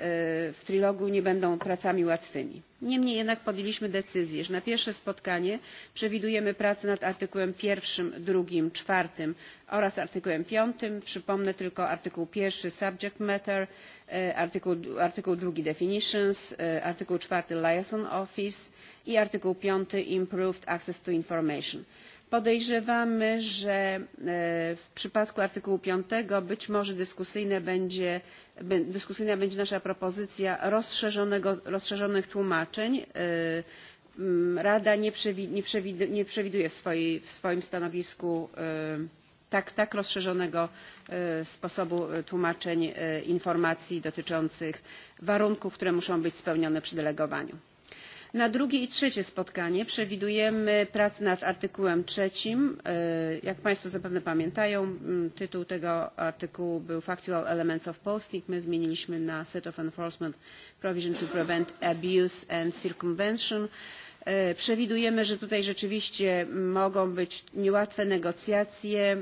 [SPEAKER 5] w trilogu nie będą pracami łatwymi. niemniej jednak podjęliśmy decyzję że na pierwsze spotkanie przewidujemy prace nad artykułem jeden dwa cztery oraz artykułem pięć przypomnę tylko artykuł jeden subject matter e, artykuł dwa definitions e, artykuł cztery liaison office i artykuł pięć improved access to information podejrzewamy że e, w przypadku artykułu pięć być może dyskusyjna będzie nasza propozycja rozszerzonych tłumaczeń e, rada nie przewiduje w swoim stanowisku e, tak rozszerzonego sposobu tłumaczeń informacji dotyczących warunków które muszą być spełnione przy delegowaniu na drugie i trzecie spotkanie przewidujemy prace nad artykułem trzecim e, jak państwo zapewne pamiętają tytuł tego artykułu był factual elements of posting my zmieniliśmy na set of enforcement provision to prevent abuse and circumvention e, przewidujemy że tutaj rzeczywiście mogą być niełatwe negocjacje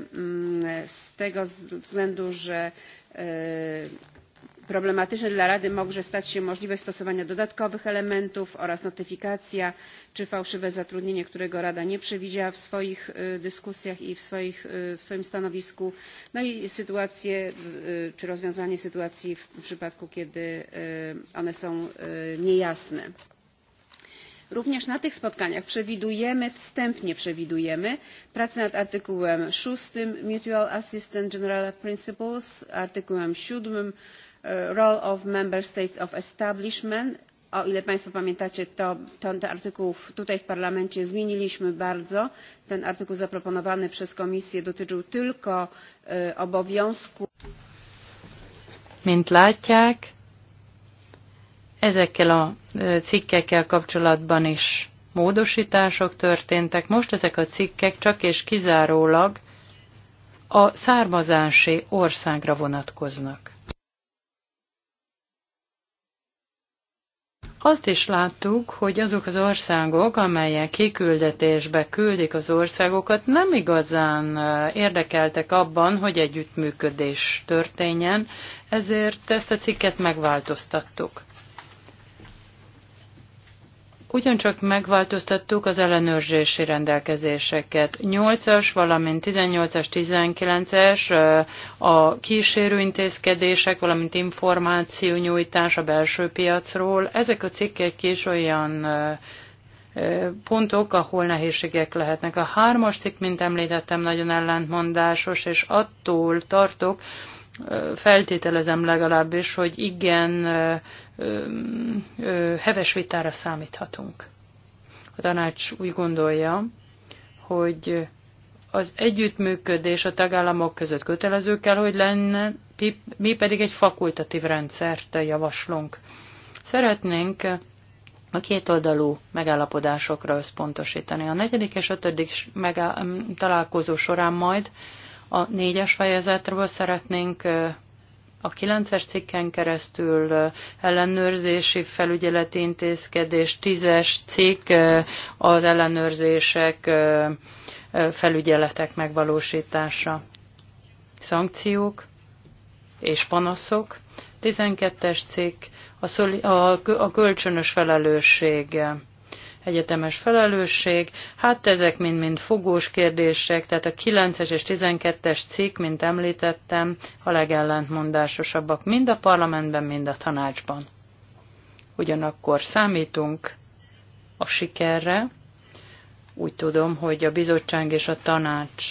[SPEAKER 5] z tego względu że e, problematyczne dla rady może stać się możliwość stosowania dodatkowych elementów oraz notyfikacja czy fałszywe zatrudnienie którego rada nie przewidziała w swoich dyskusjach i w, swoim stanowisku no i sytuacje czy rozwiązanie sytuacji w przypadku kiedy one są niejasne. również na tych spotkaniach przewidujemy wstępnie przewidujemy pracę nad artykułem sześć mutual assistance general principles artykułem siedem E, role of member states of establishment o ile państwo pamiętacie to ten artykuł tutaj w parlamencie zmieniliśmy bardzo ten artykuł zaproponowany przez komisję dotyczył tylko e, obowiązku
[SPEAKER 2] Mint látják, ezekkel a e, cikkekkel kapcsolatban is módosítások történtek. Most ezek a cikkek csak és kizárólag a származási országra vonatkoznak. Azt is láttuk, hogy azok az országok, amelyek kiküldetésbe küldik az országokat, nem igazán érdekeltek abban, hogy együttműködés történjen, ezért ezt a cikket megváltoztattuk. Ugyancsak megváltoztattuk az ellenőrzési rendelkezéseket. 8-as, valamint 18-as, 19-es a kísérőintézkedések, valamint nyújtás a belső piacról. Ezek a cikkek is olyan pontok, ahol nehézségek lehetnek. A hármas cikk, mint említettem, nagyon ellentmondásos, és attól tartok, feltételezem legalábbis, hogy igen heves vitára számíthatunk. A tanács úgy gondolja, hogy az együttműködés a tagállamok között kötelező kell, hogy lenne, mi pedig egy fakultatív rendszert javaslunk. Szeretnénk a kétoldalú megállapodásokra összpontosítani. A negyedik és ötödik találkozó során majd a négyes fejezetről szeretnénk a 9-es cikken keresztül ellenőrzési felügyeleti intézkedés, 10-es cikk az ellenőrzések felügyeletek megvalósítása, szankciók és panaszok, 12-es cikk a, a kölcsönös felelősség egyetemes felelősség. Hát ezek mind-mind fogós kérdések, tehát a 9-es és 12-es cikk, mint említettem, a legellentmondásosabbak mind a parlamentben, mind a tanácsban. Ugyanakkor számítunk a sikerre. Úgy tudom, hogy a bizottság és a tanács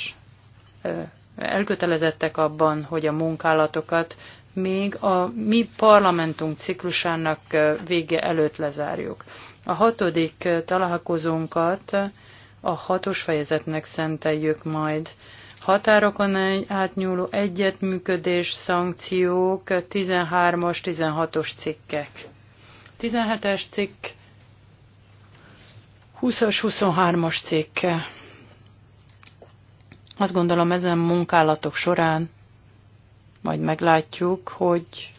[SPEAKER 2] elkötelezettek abban, hogy a munkálatokat még a mi parlamentunk ciklusának vége előtt lezárjuk. A hatodik találkozónkat a hatos fejezetnek szenteljük majd. Határokon átnyúló egyetműködés, szankciók, 13-as, 16-os cikkek. 17-es cikk, 20-as, 23-as cikk. Azt gondolom ezen munkálatok során majd meglátjuk, hogy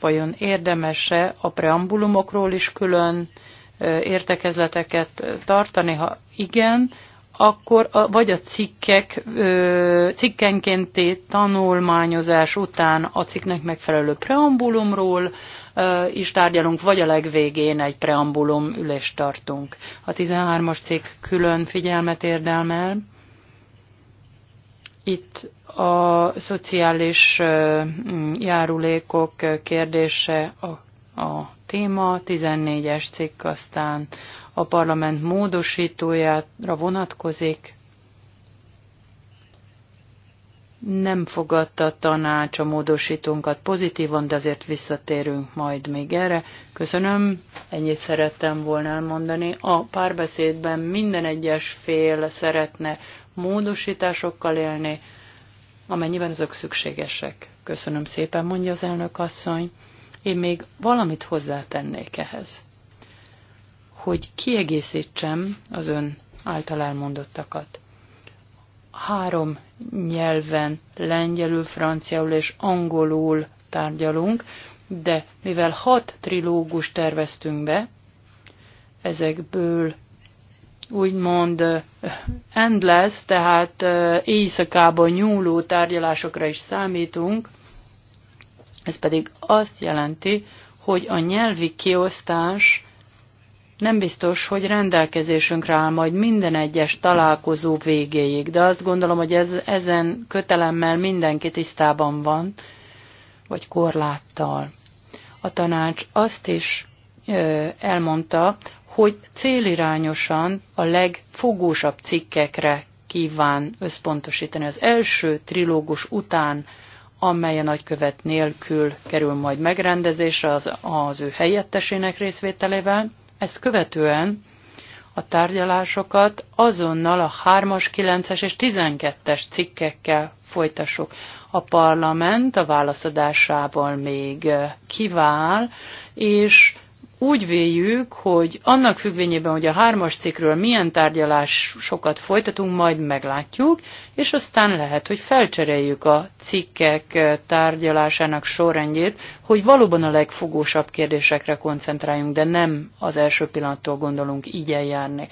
[SPEAKER 2] vajon érdemese a preambulumokról is külön értekezleteket tartani? Ha igen, akkor a, vagy a cikkek, ö, cikkenkénti tanulmányozás után a cikknek megfelelő preambulumról ö, is tárgyalunk, vagy a legvégén egy preambulum ülést tartunk. A 13-as cikk külön figyelmet érdemel. Itt a szociális ö, járulékok kérdése a, a téma, 14-es cikk aztán a parlament módosítójára vonatkozik. Nem fogadta a tanács a módosítónkat pozitívan, de azért visszatérünk majd még erre. Köszönöm, ennyit szerettem volna elmondani. A párbeszédben minden egyes fél szeretne módosításokkal élni, amennyiben azok szükségesek. Köszönöm szépen, mondja az elnök asszony. Én még valamit hozzátennék ehhez, hogy kiegészítsem az ön által elmondottakat. Három nyelven, lengyelül, franciául és angolul tárgyalunk, de mivel hat trilógus terveztünk be, ezekből úgymond eh, endless, tehát eh, éjszakában nyúló tárgyalásokra is számítunk, ez pedig azt jelenti, hogy a nyelvi kiosztás nem biztos, hogy rendelkezésünkre áll majd minden egyes találkozó végéig, de azt gondolom, hogy ez, ezen kötelemmel mindenki tisztában van, vagy korláttal. A tanács azt is ö, elmondta, hogy célirányosan a legfogósabb cikkekre kíván összpontosítani. Az első trilógus után amely a nagykövet nélkül kerül majd megrendezésre az, az ő helyettesének részvételével. Ezt követően a tárgyalásokat azonnal a 3-as, 9-es és 12-es cikkekkel folytassuk. A parlament a válaszadásából még kivál, és úgy véljük, hogy annak függvényében, hogy a hármas cikkről milyen tárgyalásokat folytatunk, majd meglátjuk, és aztán lehet, hogy felcseréljük a cikkek tárgyalásának sorrendjét, hogy valóban a legfogósabb kérdésekre koncentráljunk, de nem az első pillanattól gondolunk így eljárni.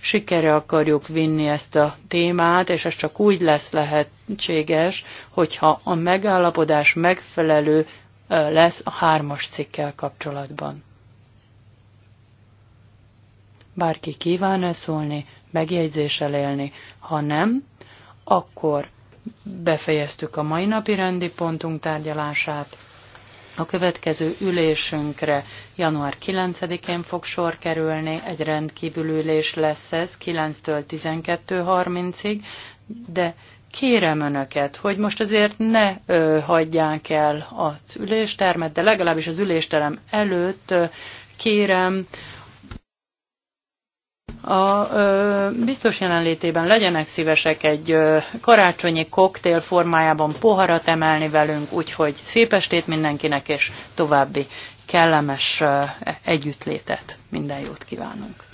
[SPEAKER 2] Sikerre akarjuk vinni ezt a témát, és ez csak úgy lesz lehetséges, hogyha a megállapodás megfelelő lesz a hármas cikkel kapcsolatban. Bárki kíván-e szólni, megjegyzéssel élni? Ha nem, akkor befejeztük a mai napi rendi pontunk tárgyalását. A következő ülésünkre január 9-én fog sor kerülni, egy rendkívül ülés lesz ez 9-től 12.30-ig, de kérem Önöket, hogy most azért ne ö, hagyják el az üléstermet, de legalábbis az ülésterem előtt ö, kérem, a ö, biztos jelenlétében legyenek szívesek egy ö, karácsonyi koktél formájában poharat emelni velünk, úgyhogy szép estét mindenkinek, és további kellemes ö, együttlétet. Minden jót kívánunk!